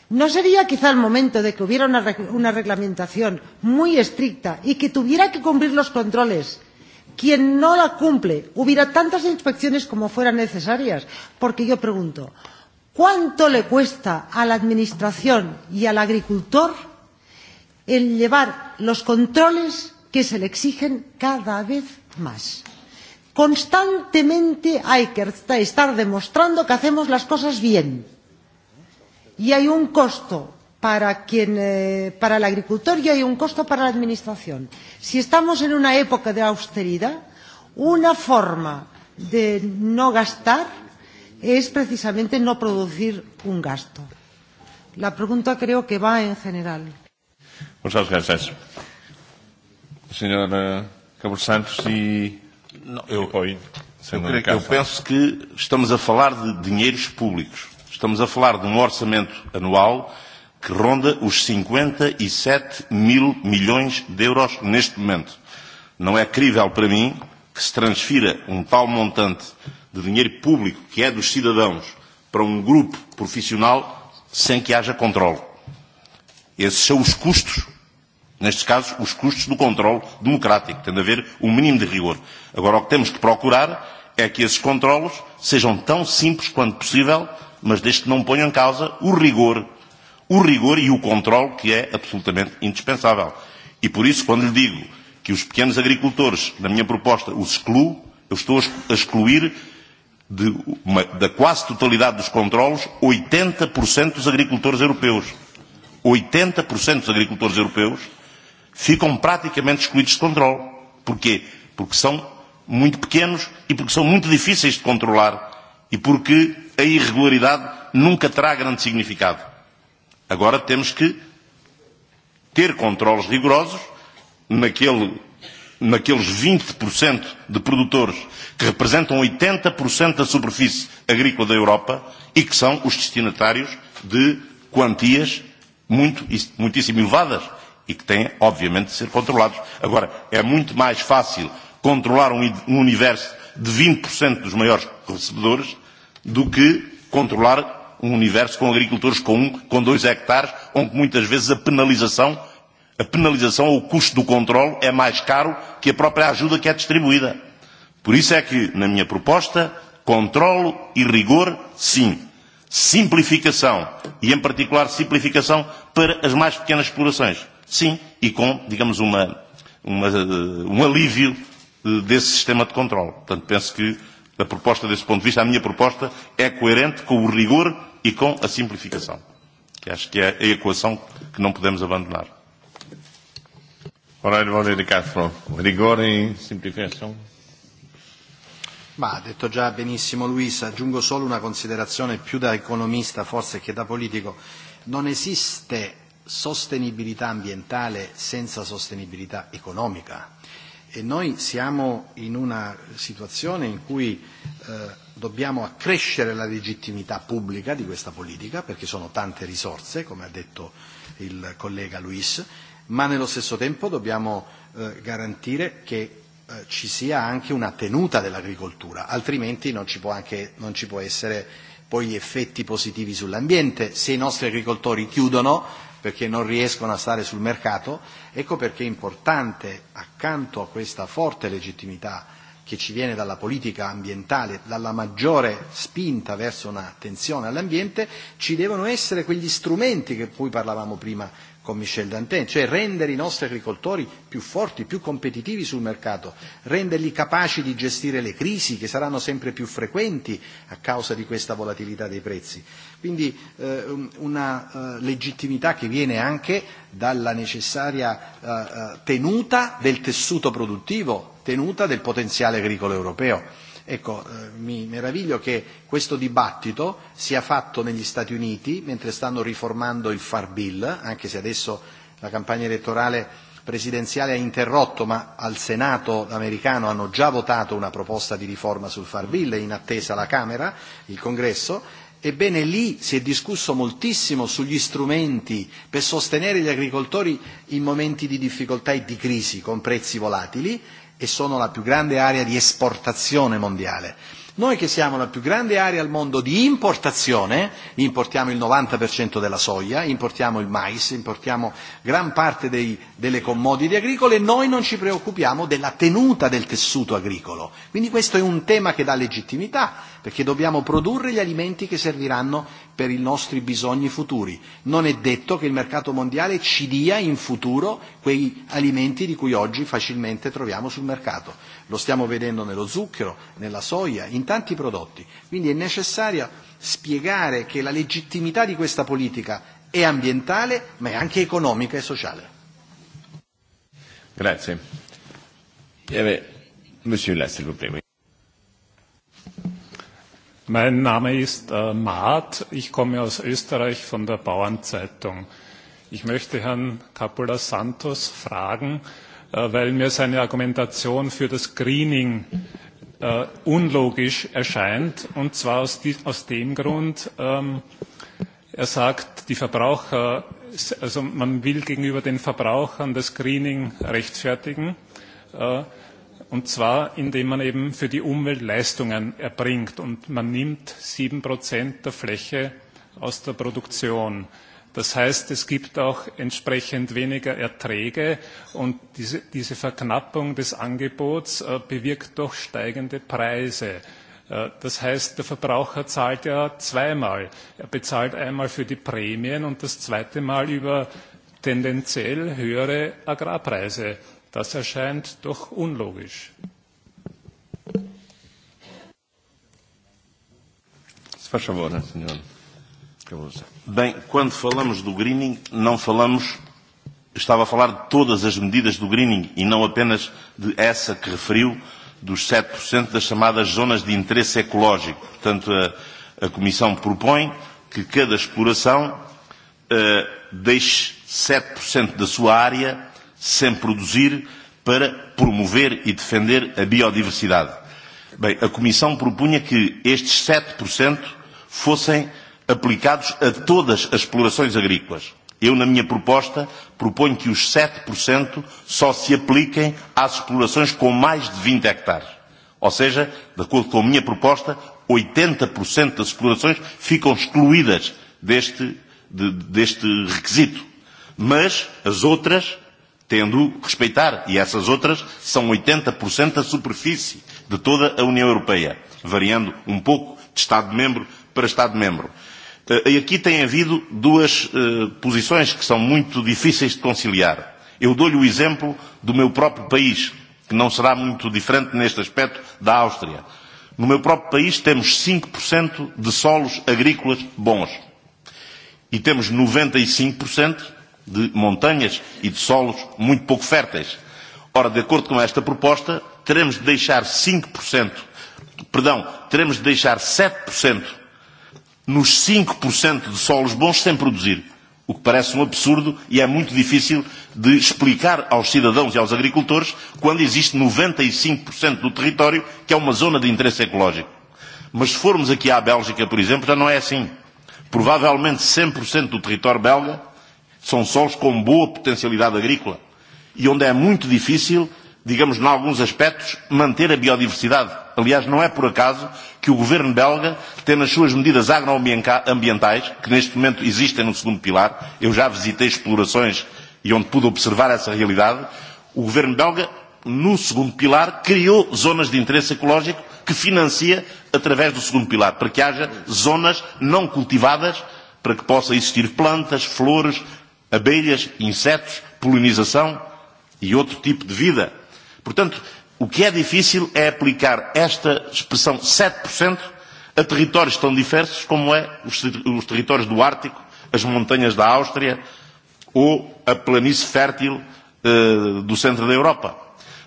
¿No sería quizá el momento de que hubiera una, reg una reglamentación muy estricta y que tuviera que cumplir los controles quien no la cumple hubiera tantas inspecciones como fueran necesarias. Porque yo pregunto, ¿cuánto le cuesta a la Administración y al agricultor el llevar los controles que se le exigen cada vez más. Constantemente hay que estar demostrando que hacemos las cosas bien. Y hay un costo para, quien, eh, para el agricultor y hay un costo para la Administración. Si estamos en una época de austeridad, una forma de no gastar es precisamente no producir un gasto. La pregunta creo que va en general. Muchas gracias. Senhor eh, Cabo Santos e, não, eu, e apoio. Eu, creio, eu penso que estamos a falar de dinheiros públicos. Estamos a falar de um orçamento anual que ronda os 57 e mil milhões de euros neste momento. Não é crível para mim que se transfira um tal montante de dinheiro público que é dos cidadãos para um grupo profissional sem que haja controle. Esses são os custos nestes casos, os custos do controle democrático. Tem de haver um mínimo de rigor. Agora, o que temos que procurar é que esses controlos sejam tão simples quanto possível, mas desde que não ponham em causa o rigor. O rigor e o controle que é absolutamente indispensável. E por isso, quando lhe digo que os pequenos agricultores, na minha proposta, os excluo, eu estou a excluir de uma, da quase totalidade dos controlos 80% dos agricultores europeus. 80% dos agricultores europeus ficam praticamente excluídos de controle. Porquê? Porque são muito pequenos e porque são muito difíceis de controlar e porque a irregularidade nunca terá grande significado. Agora temos que ter controles rigorosos naquele, naqueles 20% de produtores que representam 80% da superfície agrícola da Europa e que são os destinatários de quantias muito, muitíssimo elevadas e que têm, obviamente, de ser controlados. Agora, é muito mais fácil controlar um, um universo de 20% dos maiores recebedores do que controlar um universo com agricultores com um, com dois hectares, onde muitas vezes a penalização, a penalização ou o custo do controle é mais caro que a própria ajuda que é distribuída. Por isso é que, na minha proposta, controlo e rigor, sim. Simplificação, e em particular simplificação para as mais pequenas explorações sim, e com, digamos, uma, uma, eh, um alívio eh, desse sistema de controle. Portanto, penso que a proposta desse ponto de vista, a minha proposta, é coerente com o rigor e com a simplificação, que acho que é a equação que não podemos abandonar. Onorevole De Castro, rigore e simplificação. Ma ha detto già benissimo Luisa, aggiungo solo una considerazione più da economista forse che da politico. Non esiste sostenibilità ambientale senza sostenibilità economica. E noi siamo in una situazione in cui eh, dobbiamo accrescere la legittimità pubblica di questa politica, perché sono tante risorse, come ha detto il collega Luis, ma nello stesso tempo dobbiamo eh, garantire che eh, ci sia anche una tenuta dell'agricoltura, altrimenti non ci può, anche, non ci può essere poi effetti positivi sull'ambiente. Se i nostri agricoltori chiudono perché non riescono a stare sul mercato, ecco perché è importante, accanto a questa forte legittimità che ci viene dalla politica ambientale, dalla maggiore spinta verso un'attenzione all'ambiente, ci devono essere quegli strumenti che cui parlavamo prima, con Michel Dantin, cioè rendere i nostri agricoltori più forti, più competitivi sul mercato, renderli capaci di gestire le crisi che saranno sempre più frequenti a causa di questa volatilità dei prezzi. Quindi eh, um, una eh, legittimità che viene anche dalla necessaria eh, eh, tenuta del tessuto produttivo, tenuta del potenziale agricolo europeo Ecco, eh, mi meraviglio che questo dibattito sia fatto negli Stati Uniti mentre stanno riformando il Far Bill, anche se adesso la campagna elettorale presidenziale ha interrotto, ma al Senato americano hanno già votato una proposta di riforma sul Far Bill in attesa la Camera, il Congresso. Ebbene lì si è discusso moltissimo sugli strumenti per sostenere gli agricoltori in momenti di difficoltà e di crisi con prezzi volatili e sono la più grande area di esportazione mondiale. Noi che siamo la più grande area al mondo di importazione, importiamo il 90% della soia, importiamo il mais, importiamo gran parte dei, delle commodity agricole, noi non ci preoccupiamo della tenuta del tessuto agricolo. Quindi questo è un tema che dà legittimità perché dobbiamo produrre gli alimenti che serviranno per i nostri bisogni futuri. Non è detto che il mercato mondiale ci dia in futuro quei alimenti di cui oggi facilmente troviamo sul mercato. Lo stiamo vedendo nello zucchero, nella soia, in tanti prodotti. Quindi è necessario spiegare che la legittimità di questa politica è ambientale, ma è anche economica e sociale. Grazie. Eh beh, monsieur Lester, vous plaît. Mein Name ist äh, Maat. Ich komme aus Österreich von der Bauernzeitung. Ich möchte Herrn Capula Santos fragen, äh, weil mir seine Argumentation für das Greening äh, unlogisch erscheint. Und zwar aus, die, aus dem Grund, ähm, er sagt, die Verbraucher, also man will gegenüber den Verbrauchern das Greening rechtfertigen. Äh, Und zwar, indem man eben für die Umwelt Leistungen erbringt und man nimmt sieben Prozent der Fläche aus der Produktion. Das heißt, es gibt auch entsprechend weniger Erträge und diese, diese Verknappung des Angebots äh, bewirkt doch steigende Preise. Äh, das heißt, der Verbraucher zahlt ja zweimal. Er bezahlt einmal für die Prämien und das zweite Mal über tendenziell höhere Agrarpreise. Das erscheint doch unlogisch. Se faz favor, senhor. Bem, quando falamos do greening, não falamos, estava a falar de todas as medidas do greening e não apenas de essa que referiu, dos 7% das chamadas zonas de interesse ecológico. Portanto, a, a Comissão propõe que cada exploração uh, deixe 7% da sua área sem produzir, para promover e defender a biodiversidade. Bem, a Comissão propunha que estes 7% fossem aplicados a todas as explorações agrícolas. Eu, na minha proposta, proponho que os 7% só se apliquem às explorações com mais de 20 hectares. Ou seja, de acordo com a minha proposta, 80% das explorações ficam excluídas deste, de, deste requisito. Mas as outras tendo respeitar, e essas outras são 80% da superfície de toda a União Europeia, variando um pouco de Estado-membro para Estado-membro. Eh, e aqui tem havido duas eh, posições que são muito difíceis de conciliar. Eu dou-lhe o exemplo do meu próprio país, que não será muito diferente neste aspecto da Áustria. No meu próprio país temos 5% de solos agrícolas bons e temos 95% de montanhas e de solos muito pouco férteis. Ora, de acordo com esta proposta, teremos de deixar 5%, perdão, teremos de deixar 7% nos 5% de solos bons sem produzir. O que parece um absurdo e é muito difícil de explicar aos cidadãos e aos agricultores quando existe 95% e do território que é uma zona de interesse ecológico. Mas se formos aqui à Bélgica, por exemplo, já não é assim. Provavelmente 100% do território belga são solos com boa potencialidade agrícola e onde é muito difícil, digamos, em alguns aspectos, manter a biodiversidade. Aliás, não é por acaso que o governo belga tem nas suas medidas agroambientais, que neste momento existem no segundo pilar, eu já visitei explorações e onde pude observar essa realidade, o governo belga, no segundo pilar, criou zonas de interesse ecológico que financia através do segundo pilar, para que haja zonas não cultivadas para que possa existir plantas, flores, abelhas, insetos, polinização e outro tipo de vida. Portanto, o que é difícil é aplicar esta expressão 7% a territórios tão diversos como é os, os territórios do Ártico, as montanhas da Áustria ou a planície fértil eh, do centro da Europa.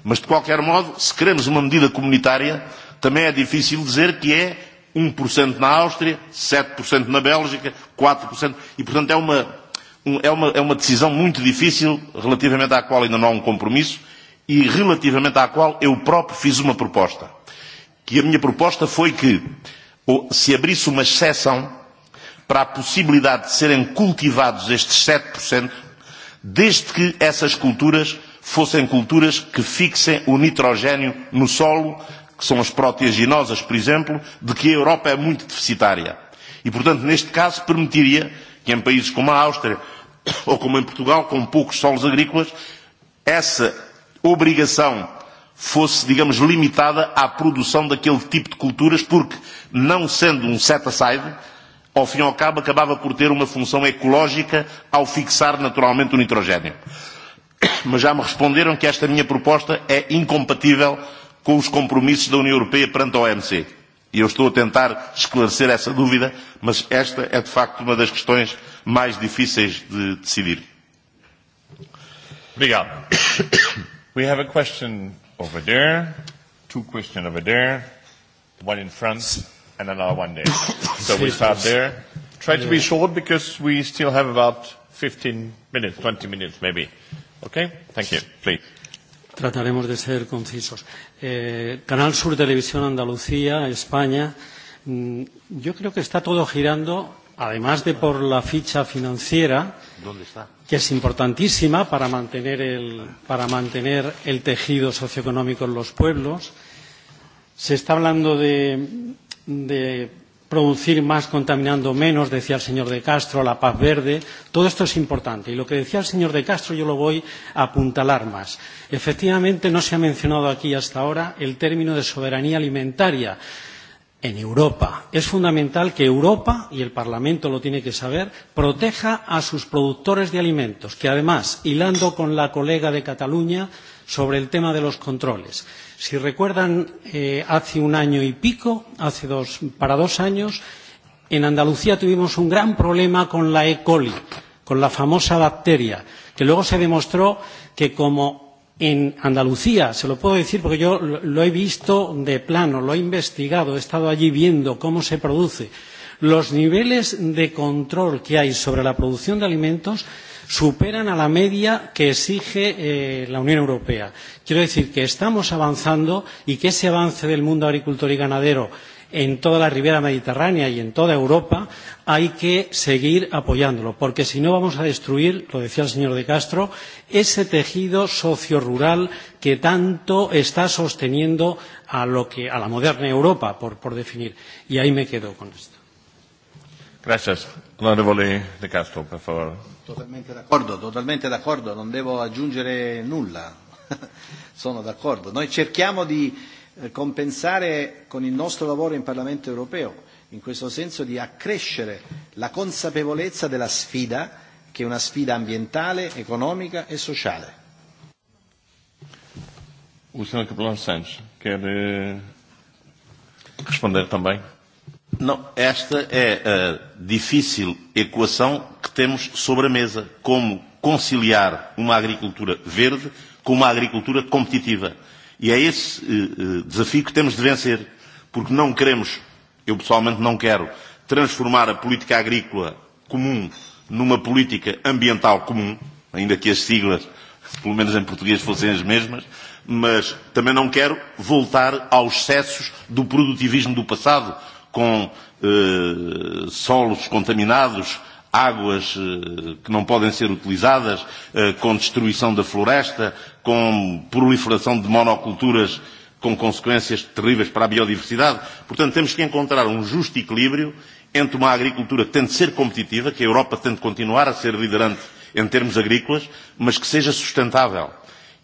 Mas, de qualquer modo, se queremos uma medida comunitária, também é difícil dizer que é 1% um na Áustria, 7% na Bélgica, 4%. E, portanto, é uma Um, é uma, é uma decisão muito difícil, relativamente à qual ainda não há um compromisso e relativamente à qual eu próprio fiz uma proposta. Que a minha proposta foi que se abrisse uma exceção para a possibilidade de serem cultivados estes 7%, desde que essas culturas fossem culturas que fixem o nitrogênio no solo, que são as proteaginosas, por exemplo, de que a Europa é muito deficitária. E, portanto, neste caso, permitiria que em países como a Áustria, *coughs* ou como em Portugal, com poucos solos agrícolas, essa obrigação fosse, digamos, limitada à produção daquele tipo de culturas, porque, não sendo um set-aside, ao fim e ao cabo acabava por ter uma função ecológica ao fixar naturalmente o nitrogênio. *coughs* Mas já me responderam que esta minha proposta é incompatível com os compromissos da União Europeia perante a OMC. E eu estou a tentar esclarecer essa dúvida, mas esta é de facto uma das questões mais difíceis de decidir. Obrigado. We have a question over there, two questions over there, one in front and another one there. So we start there. Try to be short because we still have about 15 minutes, 20 minutes maybe. Okay? Thank you. Please. Trataremos de ser concisos. Eh, Canal Sur Televisión Andalucía, España. Mm, yo creo que está todo girando, además de por la ficha financiera, ¿Dónde está? que es importantísima para mantener, el, para mantener el tejido socioeconómico en los pueblos. Se está hablando de, de producir más contaminando menos, decía el señor de Castro, la paz verde, todo esto es importante. Y lo que decía el señor de Castro yo lo voy a apuntalar más. Efectivamente, no se ha mencionado aquí hasta ahora el término de soberanía alimentaria en Europa. Es fundamental que Europa, y el Parlamento lo tiene que saber, proteja a sus productores de alimentos, que además, hilando con la colega de Cataluña, sobre el tema de los controles. Si recuerdan, eh, hace un año y pico, hace dos, para dos años, en Andalucía tuvimos un gran problema con la E. coli, con la famosa bacteria, que luego se demostró que como en Andalucía, se lo puedo decir porque yo lo he visto de plano, lo he investigado, he estado allí viendo cómo se produce. Los niveles de control que hay sobre la producción de alimentos superan a la media que exige eh, la Unión Europea. Quiero decir que estamos avanzando y que ese avance del mundo agricultor y ganadero en toda la ribera mediterránea y en toda Europa, hay que seguir apoyándolo, porque si no vamos a destruir, lo decía el señor de Castro, ese tejido sociorural que tanto está sosteniendo a, lo que, a la moderna Europa, por, por definir. Y ahí me quedo con esto. Gracias, onorevole De Castro, per favore. Totalmente d'accordo, totalmente d'accordo, non devo aggiungere nulla. *laughs* Sono d'accordo. Noi cerchiamo di eh, compensare con il nostro lavoro in Parlamento europeo, in questo senso di accrescere la consapevolezza della sfida, che è una sfida ambientale, economica e sociale. O Sr. Capelão Santos quer eh, responder também. Não, esta é a difícil equação que temos sobre a mesa. Como conciliar uma agricultura verde com uma agricultura competitiva? E é esse eh, eh, desafio que temos de vencer, porque não queremos, eu pessoalmente não quero, transformar a política agrícola comum numa política ambiental comum, ainda que as siglas, pelo menos em português, fossem as mesmas, mas também não quero voltar aos excessos do produtivismo do passado, com eh, solos contaminados, águas eh, que não podem ser utilizadas, eh, com destruição da floresta, com proliferação de monoculturas com consequências terríveis para a biodiversidade. Portanto, temos que encontrar um justo equilíbrio entre uma agricultura que tem de ser competitiva, que a Europa tem de continuar a ser liderante em termos agrícolas, mas que seja sustentável.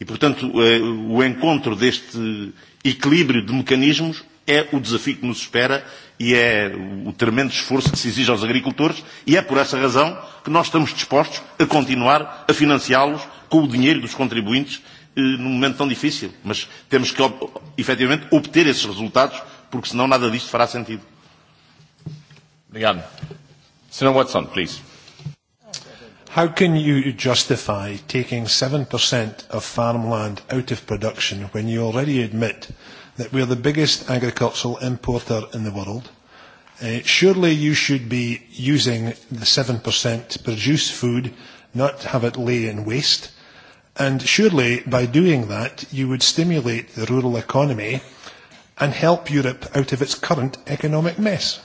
E, portanto, eh, o encontro deste equilíbrio de mecanismos é o desafio que nos espera e é o tremendo esforço que se exige aos agricultores, e é por essa razão que nós estamos dispostos a continuar a financiá-los com o dinheiro dos contribuintes eh, num momento tão difícil. Mas temos que, efetivamente, obter esses resultados, porque senão nada disto fará sentido. Obrigado. Sr. Watson, please. How can you justify taking 7% of farmland out of production when you already admit that we're the biggest agricultural importer in the world. Uh, surely you should be using the 7% to produce food, not have it lay in waste. And surely by doing that, you would stimulate the rural economy and help Europe out of its current economic mess.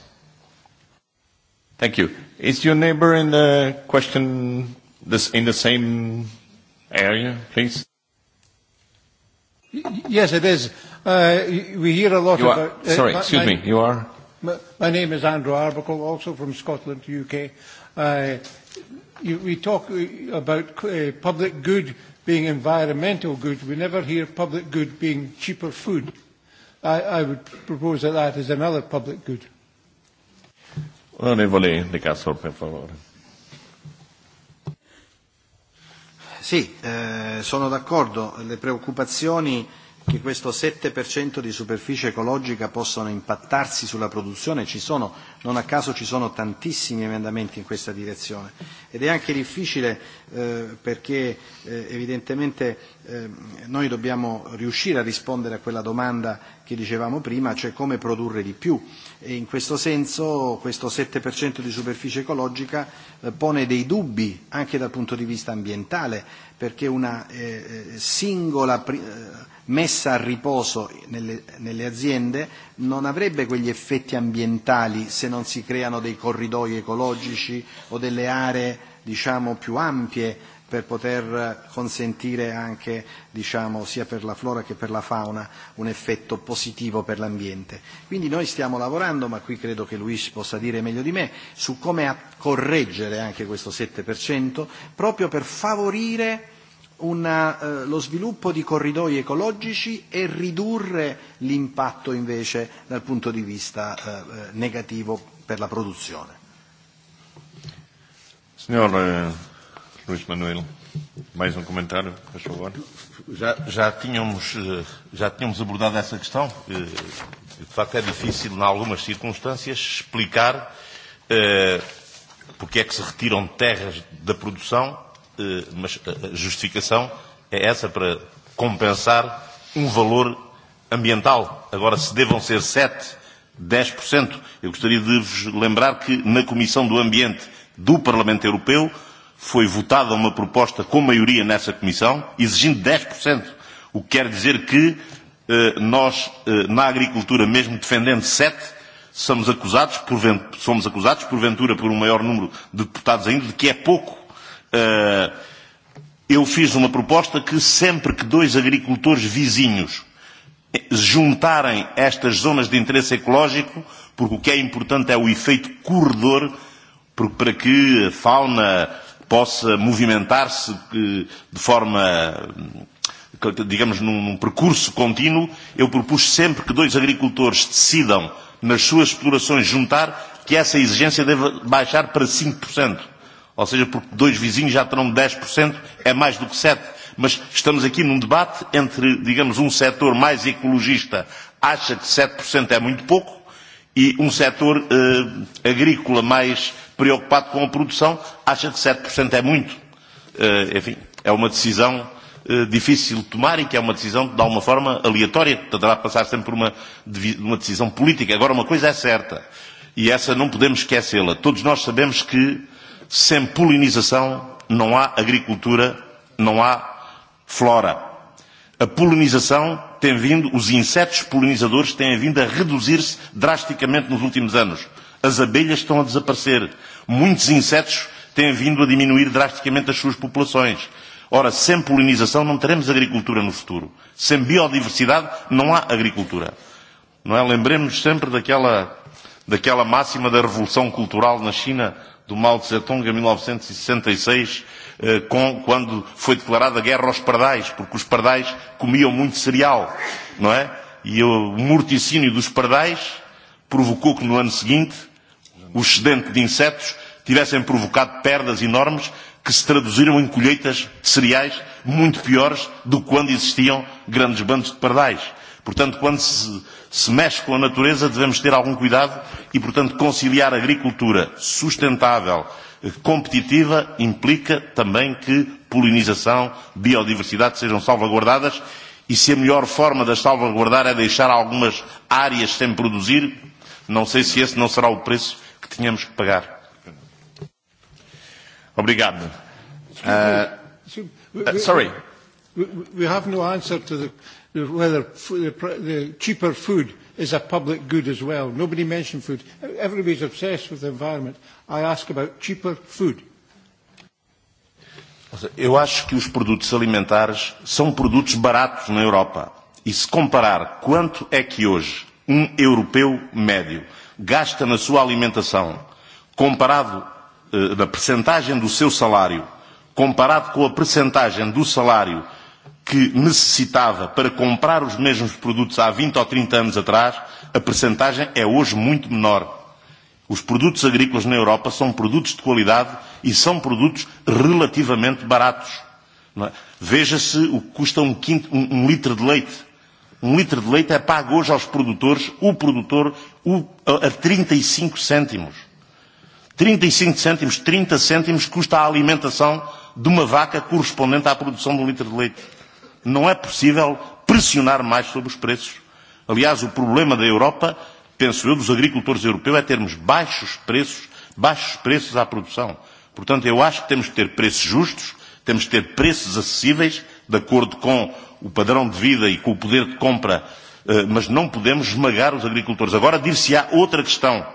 Thank you. Is your neighbour in the question this in the same area, please? Yes, it is. Uh, we hear a lot you about... Are, uh, sorry, my, excuse my, me, you are? My, my name is Andrew Arbuckle, also from Scotland, UK. Uh, you, we talk uh, about uh, public good being environmental good. We never hear public good being cheaper food. I, I would propose that that is another public good. Onorevole De Castro, per favore. Sì, eh, sono d'accordo. Le preoccupazioni eh, che questo 7% di superficie ecologica possano impattarsi sulla produzione, ci sono, non a caso ci sono tantissimi emendamenti in questa direzione ed è anche difficile eh, perché eh, evidentemente eh, noi dobbiamo riuscire a rispondere a quella domanda che dicevamo prima, cioè come produrre di più e in questo senso questo 7% di superficie ecologica eh, pone dei dubbi anche dal punto di vista ambientale perché una eh, eh singola pri- eh, messa a riposo nelle, nelle aziende non avrebbe quegli effetti ambientali se non si creano dei corridoi ecologici o delle aree diciamo, più ampie per poter consentire anche, diciamo, sia per la flora che per la fauna, un effetto positivo per l'ambiente. Quindi noi stiamo lavorando, ma qui credo che Luis possa dire meglio di me, su come correggere anche questo 7%, proprio per favorire una, eh, lo sviluppo di corridoi ecologici e ridurre l'impatto invece dal punto di vista eh, eh negativo per la produzione. Signor eh, Luiz Manuel, mais um comentário, por favor. Já, já, tínhamos, eh, já tínhamos abordado essa questão. Eh, de facto, é difícil, em algumas circunstâncias, explicar eh, porque é que se retiram terras da produção Eh, mas eh, a justificação é essa para compensar um valor ambiental. Agora, se devam ser 7, 10%, eu gostaria de vos lembrar que na Comissão do Ambiente do Parlamento Europeu foi votada uma proposta com maioria nessa Comissão exigindo 10%, o que quer dizer que eh, nós, eh, na agricultura, mesmo defendendo 7%, somos acusados, por, somos acusados, porventura, por um maior número de deputados ainda, de que é pouco Eh, eu fiz uma proposta que sempre que dois agricultores vizinhos eh, juntarem estas zonas de interesse ecológico, porque o que é importante é o efeito corredor para que a fauna possa movimentar-se eh, de forma, digamos, num, num percurso contínuo, eu propus sempre que dois agricultores decidam nas suas explorações juntar que essa exigência deve baixar para 5%. Ou seja, porque dois vizinhos já terão 10%, é mais do que 7%. Mas estamos aqui num debate entre, digamos, um setor mais ecologista acha que 7% é muito pouco e um setor eh, agrícola mais preocupado com a produção acha que 7% é muito. Eh, enfim, é uma decisão eh, difícil de tomar e que é uma decisão, de alguma forma, aleatória, que tentará passar sempre por uma, uma decisão política. Agora, uma coisa é certa, e essa não podemos esquecê-la. Todos nós sabemos que eh, Sem polinização não há agricultura, não há flora. A polinização tem vindo, os insetos polinizadores têm vindo a reduzir-se drasticamente nos últimos anos. As abelhas estão a desaparecer. Muitos insetos têm vindo a diminuir drasticamente as suas populações. Ora, sem polinização não teremos agricultura no futuro. Sem biodiversidade não há agricultura. Não é? Lembremos sempre daquela, daquela máxima da revolução cultural na China do Mao Tse-Tung em 1966, e e eh, com, quando foi declarada guerra aos pardais, porque os pardais comiam muito cereal, não é? E o morticínio dos pardais provocou que no ano seguinte o excedente de insetos tivessem provocado perdas enormes que se traduziram em colheitas de cereais muito piores do que quando existiam grandes bandos de pardais. Portanto, quando se, se mexe com a natureza, devemos ter algum cuidado e, portanto, conciliar agricultura sustentável, eh, competitiva, implica também que polinização, biodiversidade sejam salvaguardadas e se a melhor forma de as salvaguardar é deixar algumas áreas sem produzir, não sei se esse não será o preço que tínhamos que pagar. Obrigado. Uh, uh, sorry. We, we have no answer to the whether the, the cheaper food is a public good as well. Nobody mentioned food. Everybody's obsessed with the environment. I ask about cheaper food. Eu acho que os produtos alimentares são produtos baratos na Europa. E se comparar quanto é que hoje um europeu médio gasta na sua alimentação, comparado eh, na percentagem do seu salário, comparado com a percentagem do salário que necessitava para comprar os mesmos produtos há 20 ou 30 anos atrás, a percentagem é hoje muito menor. Os produtos agrícolas na Europa são produtos de qualidade e são produtos relativamente baratos. É? Veja-se o que custa um, quinto, um, um litro de leite. Um litro de leite é pago hoje aos produtores, o produtor, o, a, a 35 e cêntimos. 35 e cêntimos, 30 cêntimos custa a alimentação de uma vaca correspondente à produção de um litro de leite não é possível pressionar mais sobre os preços. Aliás, o problema da Europa, penso eu, dos agricultores europeus é termos baixos preços, baixos preços à produção. Portanto, eu acho que temos de ter preços justos, temos de ter preços acessíveis, de acordo com o padrão de vida e com o poder de compra, eh, mas não podemos esmagar os agricultores. Agora, dir-se-á outra questão,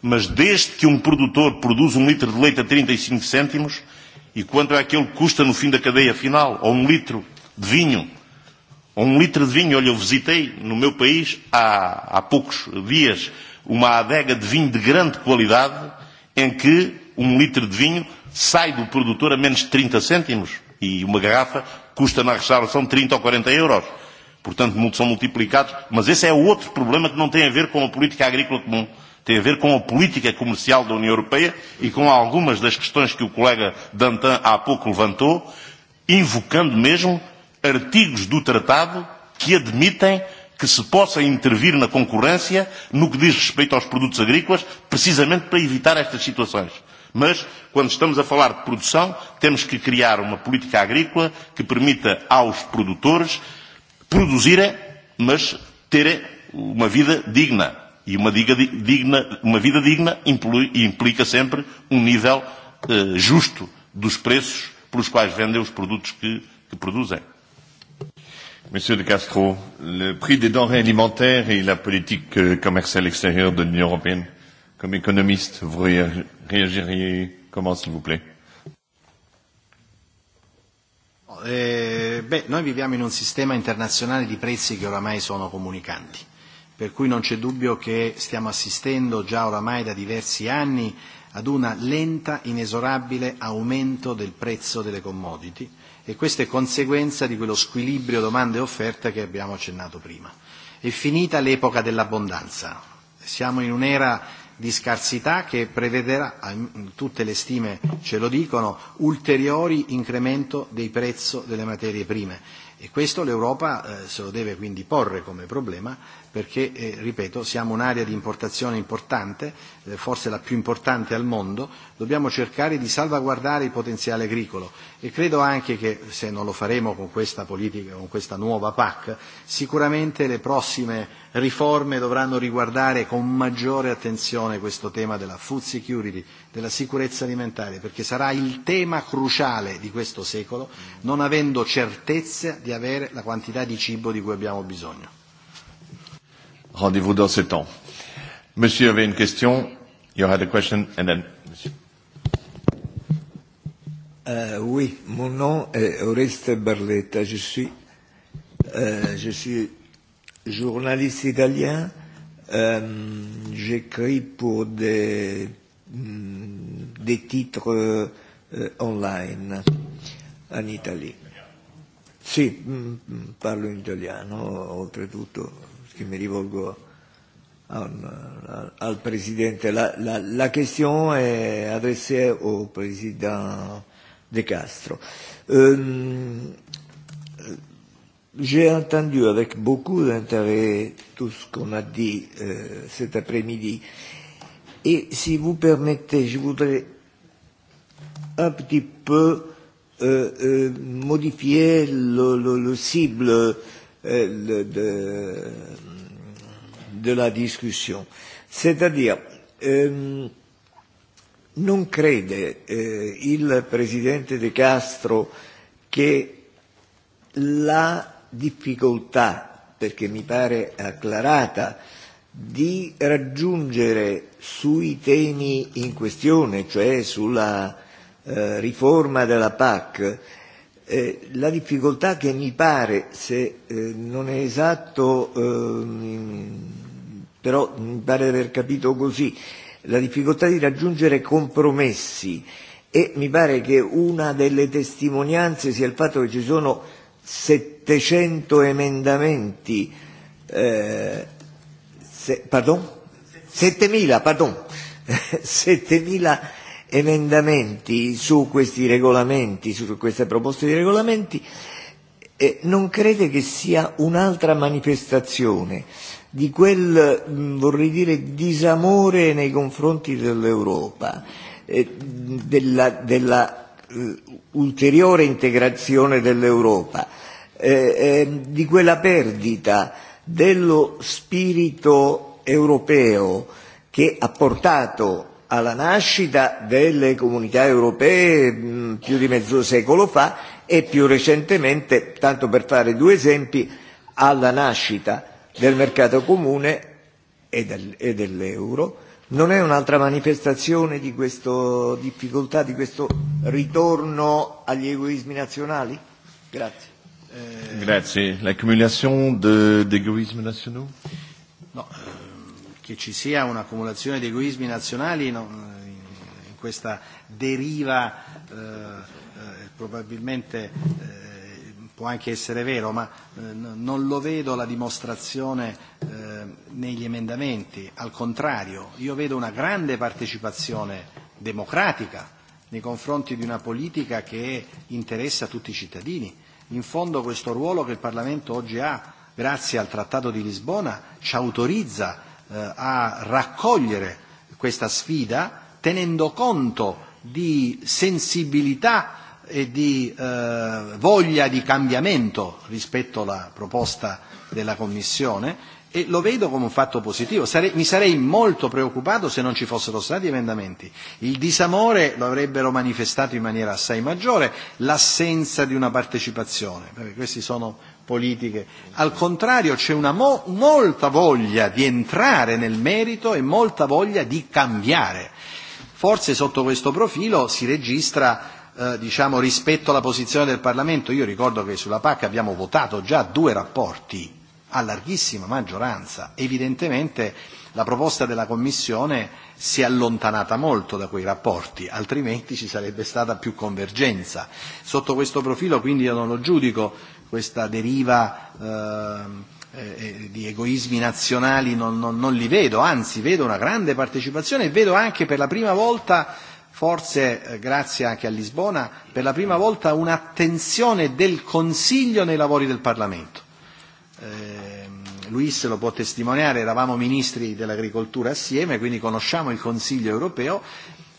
mas desde que um produtor produz um litro de leite a 35 e cêntimos, e quanto é que ele custa no fim da cadeia final, ou um litro de vinho, ou um litro de vinho. Olha, eu visitei no meu país há, há poucos dias uma adega de vinho de grande qualidade em que um litro de vinho sai do produtor a menos de 30 cêntimos e uma garrafa custa na restauração 30 ou 40 euros. Portanto, são multiplicados. Mas esse é outro problema que não tem a ver com a política agrícola comum. Tem a ver com a política comercial da União Europeia e com algumas das questões que o colega Dantan há pouco levantou, invocando mesmo artigos do tratado que admitem que se possa intervir na concorrência no que diz respeito aos produtos agrícolas, precisamente para evitar estas situações. Mas, quando estamos a falar de produção, temos que criar uma política agrícola que permita aos produtores produzirem, mas terem uma vida digna. E uma, diga, digna, uma vida digna implica sempre um nível eh, justo dos preços pelos quais vendem os produtos que, que produzem. Monsieur de Castro, le prix des denrées alimentaires et la politique euh, commerciale extérieure de l'Union européenne, comme économiste, vous réagiriez comment, s'il vous plaît Eh, beh, noi viviamo in un sistema internazionale di prezzi che oramai sono comunicanti, per cui non c'è dubbio che stiamo assistendo già oramai da diversi anni ad una lenta, inesorabile aumento del prezzo delle commodity e questa è conseguenza di quello squilibrio domanda e offerta che abbiamo accennato prima. È finita l'epoca dell'abbondanza, siamo in un'era di scarsità che prevederà, tutte le stime ce lo dicono, ulteriori incremento dei prezzi delle materie prime e questo l'Europa eh, se lo deve quindi porre come problema perché, eh, ripeto, siamo un'area di importazione importante, eh, forse la più importante al mondo, dobbiamo cercare di salvaguardare il potenziale agricolo e credo anche che, se non lo faremo con questa politica, con questa nuova PAC, sicuramente le prossime riforme dovranno riguardare con maggiore attenzione questo tema della food security, della sicurezza alimentare, perché sarà il tema cruciale di questo secolo, non avendo certezza di avere la quantità di cibo di cui abbiamo bisogno. Rendez-vous dans sept ans. Monsieur avait une question. You had a question, and then Monsieur. Euh, oui, mon nom est Oreste Barletta. Je suis, euh, je suis journaliste italien. Euh, J'écris pour des, des titres euh, online en Italie. Sì, mm, mm, parlo italiano oltretutto perché mi rivolgo al, al Presidente. La, la, la question est adressée au Président De Castro. Euh, J'ai entendu avec beaucoup d'intérêt tout ce qu'on a dit euh, cet après-midi. Et si vous permettez, je voudrais un petit peu euh, euh, modifier le, le, le cible euh, euh, de, de la discussion. C'est-à-dire, euh, non crede eh, il Presidente De Castro che la difficoltà, perché mi pare acclarata, di raggiungere sui temi in questione, cioè sulla eh, riforma della PAC, Eh, la difficoltà che mi pare, se eh, non è esatto, eh, però mi pare di aver capito così, la difficoltà di raggiungere compromessi e mi pare che una delle testimonianze sia il fatto che ci sono 700 emendamenti, eh, se, pardon? 7000, pardon, 7000 *laughs* emendamenti su questi regolamenti, su queste proposte di regolamenti, eh, non crede che sia un'altra manifestazione di quel, mh, mm, vorrei dire, disamore nei confronti dell'Europa, eh, della, della eh, ulteriore integrazione dell'Europa, eh, eh, di quella perdita dello spirito europeo che ha portato alla nascita delle comunità europee mh, mm, più di mezzo secolo fa e più recentemente, tanto per fare due esempi, alla nascita del mercato comune e, del, e dell'euro, non è un'altra manifestazione di questa difficoltà, di questo ritorno agli egoismi nazionali? Grazie. Eh... Grazie. L'accumulation de, d'égoismes nazionali? No, che ci sia un'accumulazione di egoismi nazionali non, eh, in questa deriva eh, eh, probabilmente eh, può anche essere vero, ma eh, non lo vedo la dimostrazione eh, negli emendamenti, al contrario, io vedo una grande partecipazione democratica nei confronti di una politica che interessa tutti i cittadini. In fondo questo ruolo che il Parlamento oggi ha, grazie al Trattato di Lisbona, ci autorizza Eh, a raccogliere questa sfida tenendo conto di sensibilità e di eh, voglia di cambiamento rispetto alla proposta della Commissione e lo vedo come un fatto positivo. Sare- mi sarei molto preoccupato se non ci fossero stati emendamenti. Il disamore lo avrebbero manifestato in maniera assai maggiore, l'assenza di una partecipazione, perché questi sono politiche. Al contrario c'è una mo- molta voglia di entrare nel merito e molta voglia di cambiare. Forse sotto questo profilo si registra eh, diciamo, rispetto alla posizione del Parlamento. Io ricordo che sulla PAC abbiamo votato già due rapporti a larghissima maggioranza. Evidentemente la proposta della Commissione si è allontanata molto da quei rapporti, altrimenti ci sarebbe stata più convergenza. Sotto questo profilo quindi io non lo giudico questa deriva ehm, eh, eh, di egoismi nazionali non, non, non li vedo, anzi vedo una grande partecipazione e vedo anche per la prima volta forse eh, grazie anche a Lisbona, per la prima volta un'attenzione del Consiglio nei lavori del Parlamento. Eh, Luis lo può testimoniare, eravamo ministri dell'agricoltura assieme, quindi conosciamo il Consiglio europeo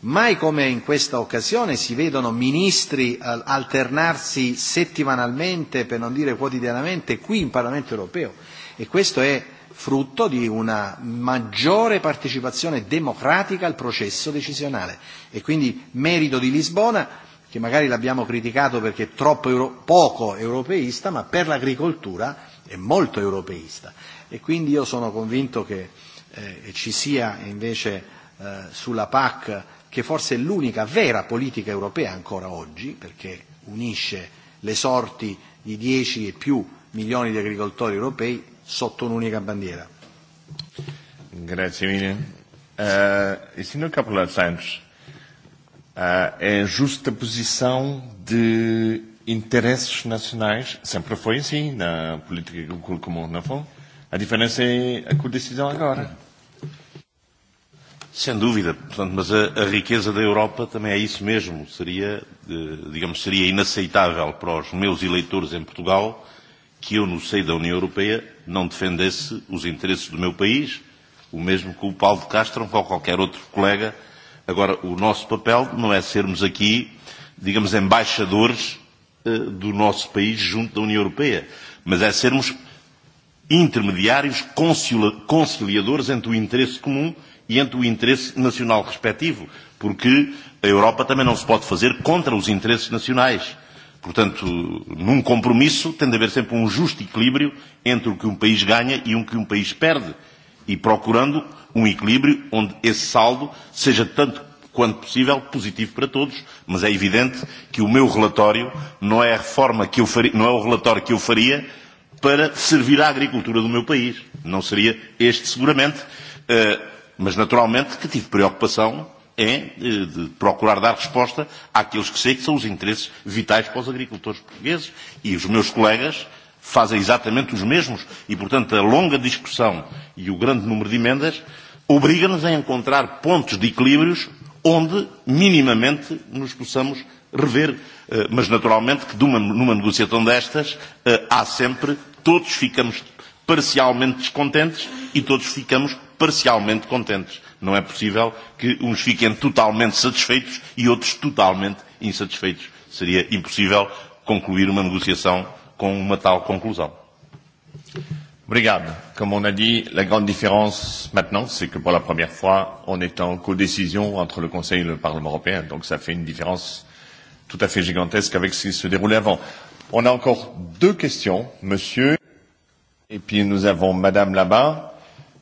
Mai come in questa occasione si vedono ministri alternarsi settimanalmente, per non dire quotidianamente, qui in Parlamento europeo e questo è frutto di una maggiore partecipazione democratica al processo decisionale e quindi merito di Lisbona che magari l'abbiamo criticato perché è troppo euro- poco europeista, ma per l'agricoltura è molto europeista. E quindi io sono convinto che eh, ci sia invece eh, sulla PAC che forse è l'unica vera politica europea ancora oggi, perché unisce le sorti di 10 e più milioni di agricoltori europei sotto un'unica bandiera. Grazie mille. Uh, il signor Capolar Santos, uh, eh, é justa posição de interesses nacionais, sempre foi assim na política agrícola comum, não foi? A diferença é a co-decisão agora. Sem dúvida, portanto, mas a, a riqueza da Europa também é isso mesmo. Seria, eh, digamos, seria inaceitável para os meus eleitores em Portugal que eu, no seio da União Europeia, não defendesse os interesses do meu país, o mesmo que o Paulo de Castro ou qualquer outro colega. Agora, o nosso papel não é sermos aqui, digamos, embaixadores eh, do nosso país junto da União Europeia, mas é sermos intermediários conciliadores entre o interesse comum e entre o interesse nacional respectivo, porque a Europa também não se pode fazer contra os interesses nacionais. Portanto, num compromisso tem de haver sempre um justo equilíbrio entre o que um país ganha e o que um país perde, e procurando um equilíbrio onde esse saldo seja tanto quanto possível positivo para todos, mas é evidente que o meu relatório não é a reforma que eu faria, não é o relatório que eu faria para servir à agricultura do meu país. Não seria este seguramente. Uh, Mas, naturalmente, que tive preocupação em eh, de procurar dar resposta àqueles que sei que são os interesses vitais para os agricultores portugueses. E os meus colegas fazem exatamente os mesmos. E, portanto, a longa discussão e o grande número de emendas obriga-nos a encontrar pontos de equilíbrios onde minimamente nos possamos rever. Eh, mas, naturalmente, que numa, numa negociação destas eh, há sempre, todos ficamos parcialmente descontentes e todos ficamos parcialmente contentes. Não é possível que uns fiquem totalmente satisfeitos e outros totalmente insatisfeitos. Seria impossível concluir uma negociação com uma tal conclusão. Obrigado. Comme on a dit, la grande différence maintenant, c'est que pour la première fois, on est en codécision entre le Conseil et le Parlement européen. Donc ça fait une différence tout à fait gigantesque avec ce qui se déroulait avant. On a encore deux questions, monsieur. Et puis nous avons madame là-bas.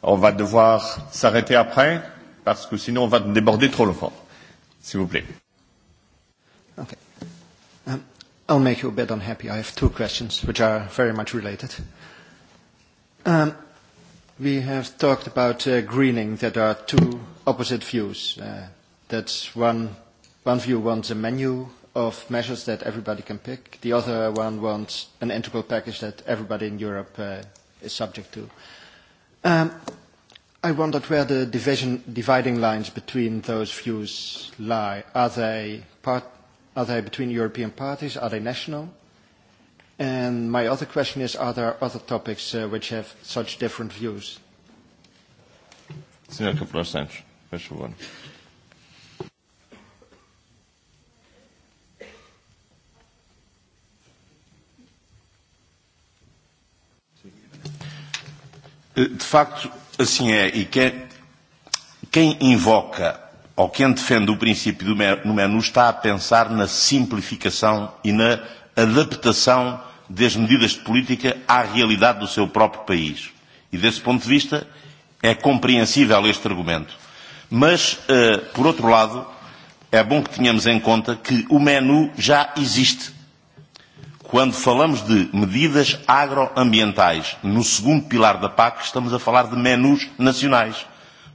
On va devoir s'arrêter après parce que sinon on va déborder trop longtemps. S'il vous plaît. Okay. Um, I'll make you a bit unhappy. I have two questions which are very much related. Um, we have talked about uh, greening. There are two opposite views. Uh, that's one, one view wants a menu of measures that everybody can pick. The other one wants an integral package that everybody in Europe uh, is subject to. Uh, Um, I wondered where the division, dividing lines between those views lie. Are they, part, are they between European parties? Are they national? And my other question is, are there other topics uh, which have such different views? Senhor Capelão Santos, faz favor. Eh, de facto, assim é. E quem, quem invoca ou quem defende o princípio do menu está a pensar na simplificação e na adaptação das medidas de política à realidade do seu próprio país. E desse ponto de vista é compreensível este argumento. Mas, uh, por outro lado, é bom que tenhamos em conta que o menu já existe Quando falamos de medidas agroambientais no segundo pilar da PAC, estamos a falar de menus nacionais,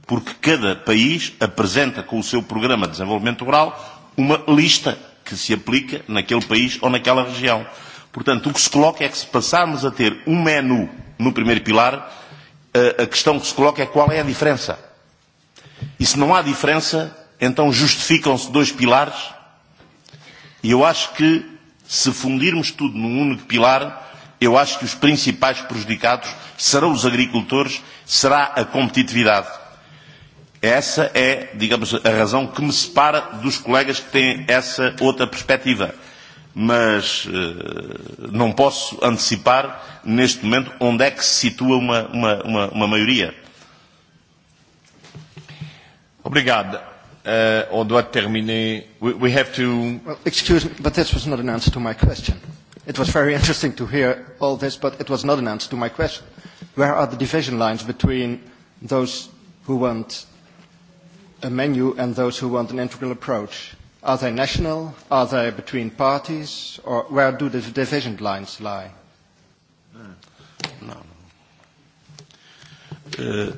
porque cada país apresenta com o seu programa de desenvolvimento rural uma lista que se aplica naquele país ou naquela região. Portanto, o que se coloca é que se passarmos a ter um menu no primeiro pilar, a questão que se coloca é qual é a diferença. E se não há diferença, então justificam-se dois pilares. E eu acho que Se fundirmos tudo num único pilar, eu acho que os principais prejudicados serão os agricultores, será a competitividade. Essa é, digamos, a razão que me separa dos colegas que têm essa outra perspectiva. Mas eh, não posso antecipar, neste momento, onde é que se situa uma, uma, uma, uma maioria. Obrigado uh, or doit terminer. We, we have to. Well, excuse me, but this was not an answer to my question. It was very *laughs* interesting to hear all this, but it was not an answer to my question. Where are the division lines between those who want a menu and those who want an integral approach? Are they national? Are they between parties? Or where do the division lines lie? Hmm. No. Uh,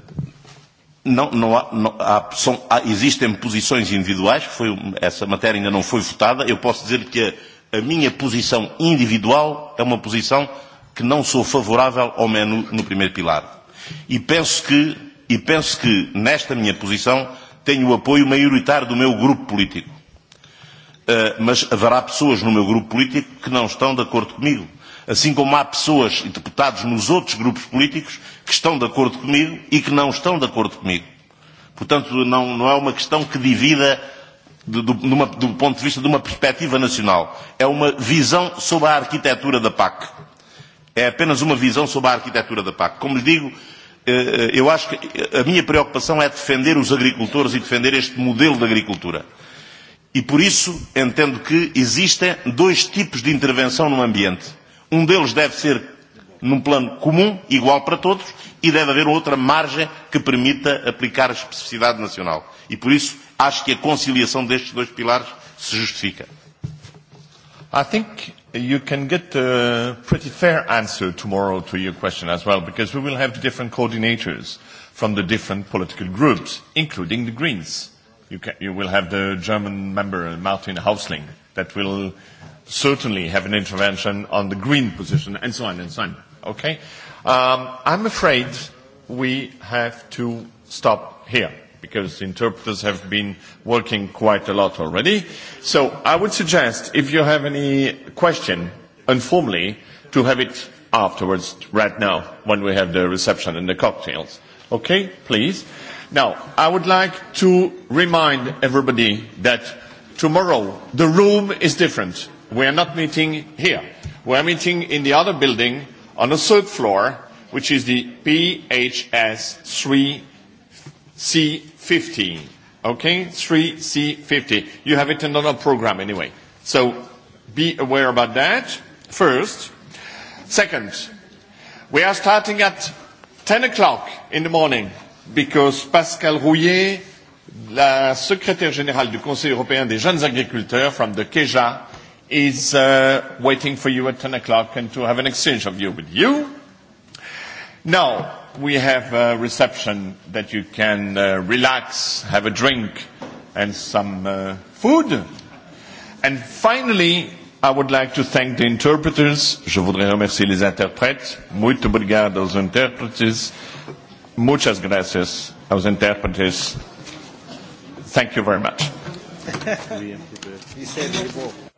não, não há, não, há, são, há, existem posições individuais, que foi, essa matéria ainda não foi votada. Eu posso dizer que a, a minha posição individual é uma posição que não sou favorável ao menu no primeiro pilar. E penso que, e penso que nesta minha posição, tenho o apoio maioritário do meu grupo político. Uh, mas haverá pessoas no meu grupo político que não estão de acordo comigo. Assim como há pessoas e deputados nos outros grupos políticos que estão de acordo comigo e que não estão de acordo comigo. Portanto, não, não é uma questão que divida do, do, numa, do ponto de vista de uma perspectiva nacional. É uma visão sobre a arquitetura da PAC. É apenas uma visão sobre a arquitetura da PAC. Como lhe digo, eh, eh, eu acho que eh, a minha preocupação é defender os agricultores e defender este modelo de agricultura. E por isso entendo que existem dois tipos de intervenção no ambiente. Um deles deve ser num plano comum, igual para todos, e deve haver outra margem que permita aplicar a especificidade nacional. E por isso acho que a conciliação destes dois pilares se justifica. I think you can get a pretty fair answer tomorrow to your question as well, because we will have different coordinators from the different political groups, including the Greens. You, can, you will have the German member, Martin Hausling, that will certainly have an intervention on the Green position, and so on and so on. Okay? Um, I'm afraid we have to stop here because interpreters have been working quite a lot already. So I would suggest if you have any question informally to have it afterwards right now when we have the reception and the cocktails. Okay, please. Now, I would like to remind everybody that tomorrow the room is different. We are not meeting here. We are meeting in the other building on the third floor, which is the PHS 3C15. Okay? 3C50. You have it in another program anyway. So be aware about that, first. Second, we are starting at 10 o'clock in the morning because Pascal Rouillet, la secrétaire générale du Conseil européen des jeunes agriculteurs from the CEJA, is uh, waiting for you at 10 o'clock and to have an exchange of view with you. Now, we have a reception that you can uh, relax, have a drink and some uh, food. And finally, I would like to thank the interpreters. Je voudrais remercier les intérpretes. Muito obrigado aos intérpretes. Muchas gracias aos intérpretes. Thank you very much. *laughs*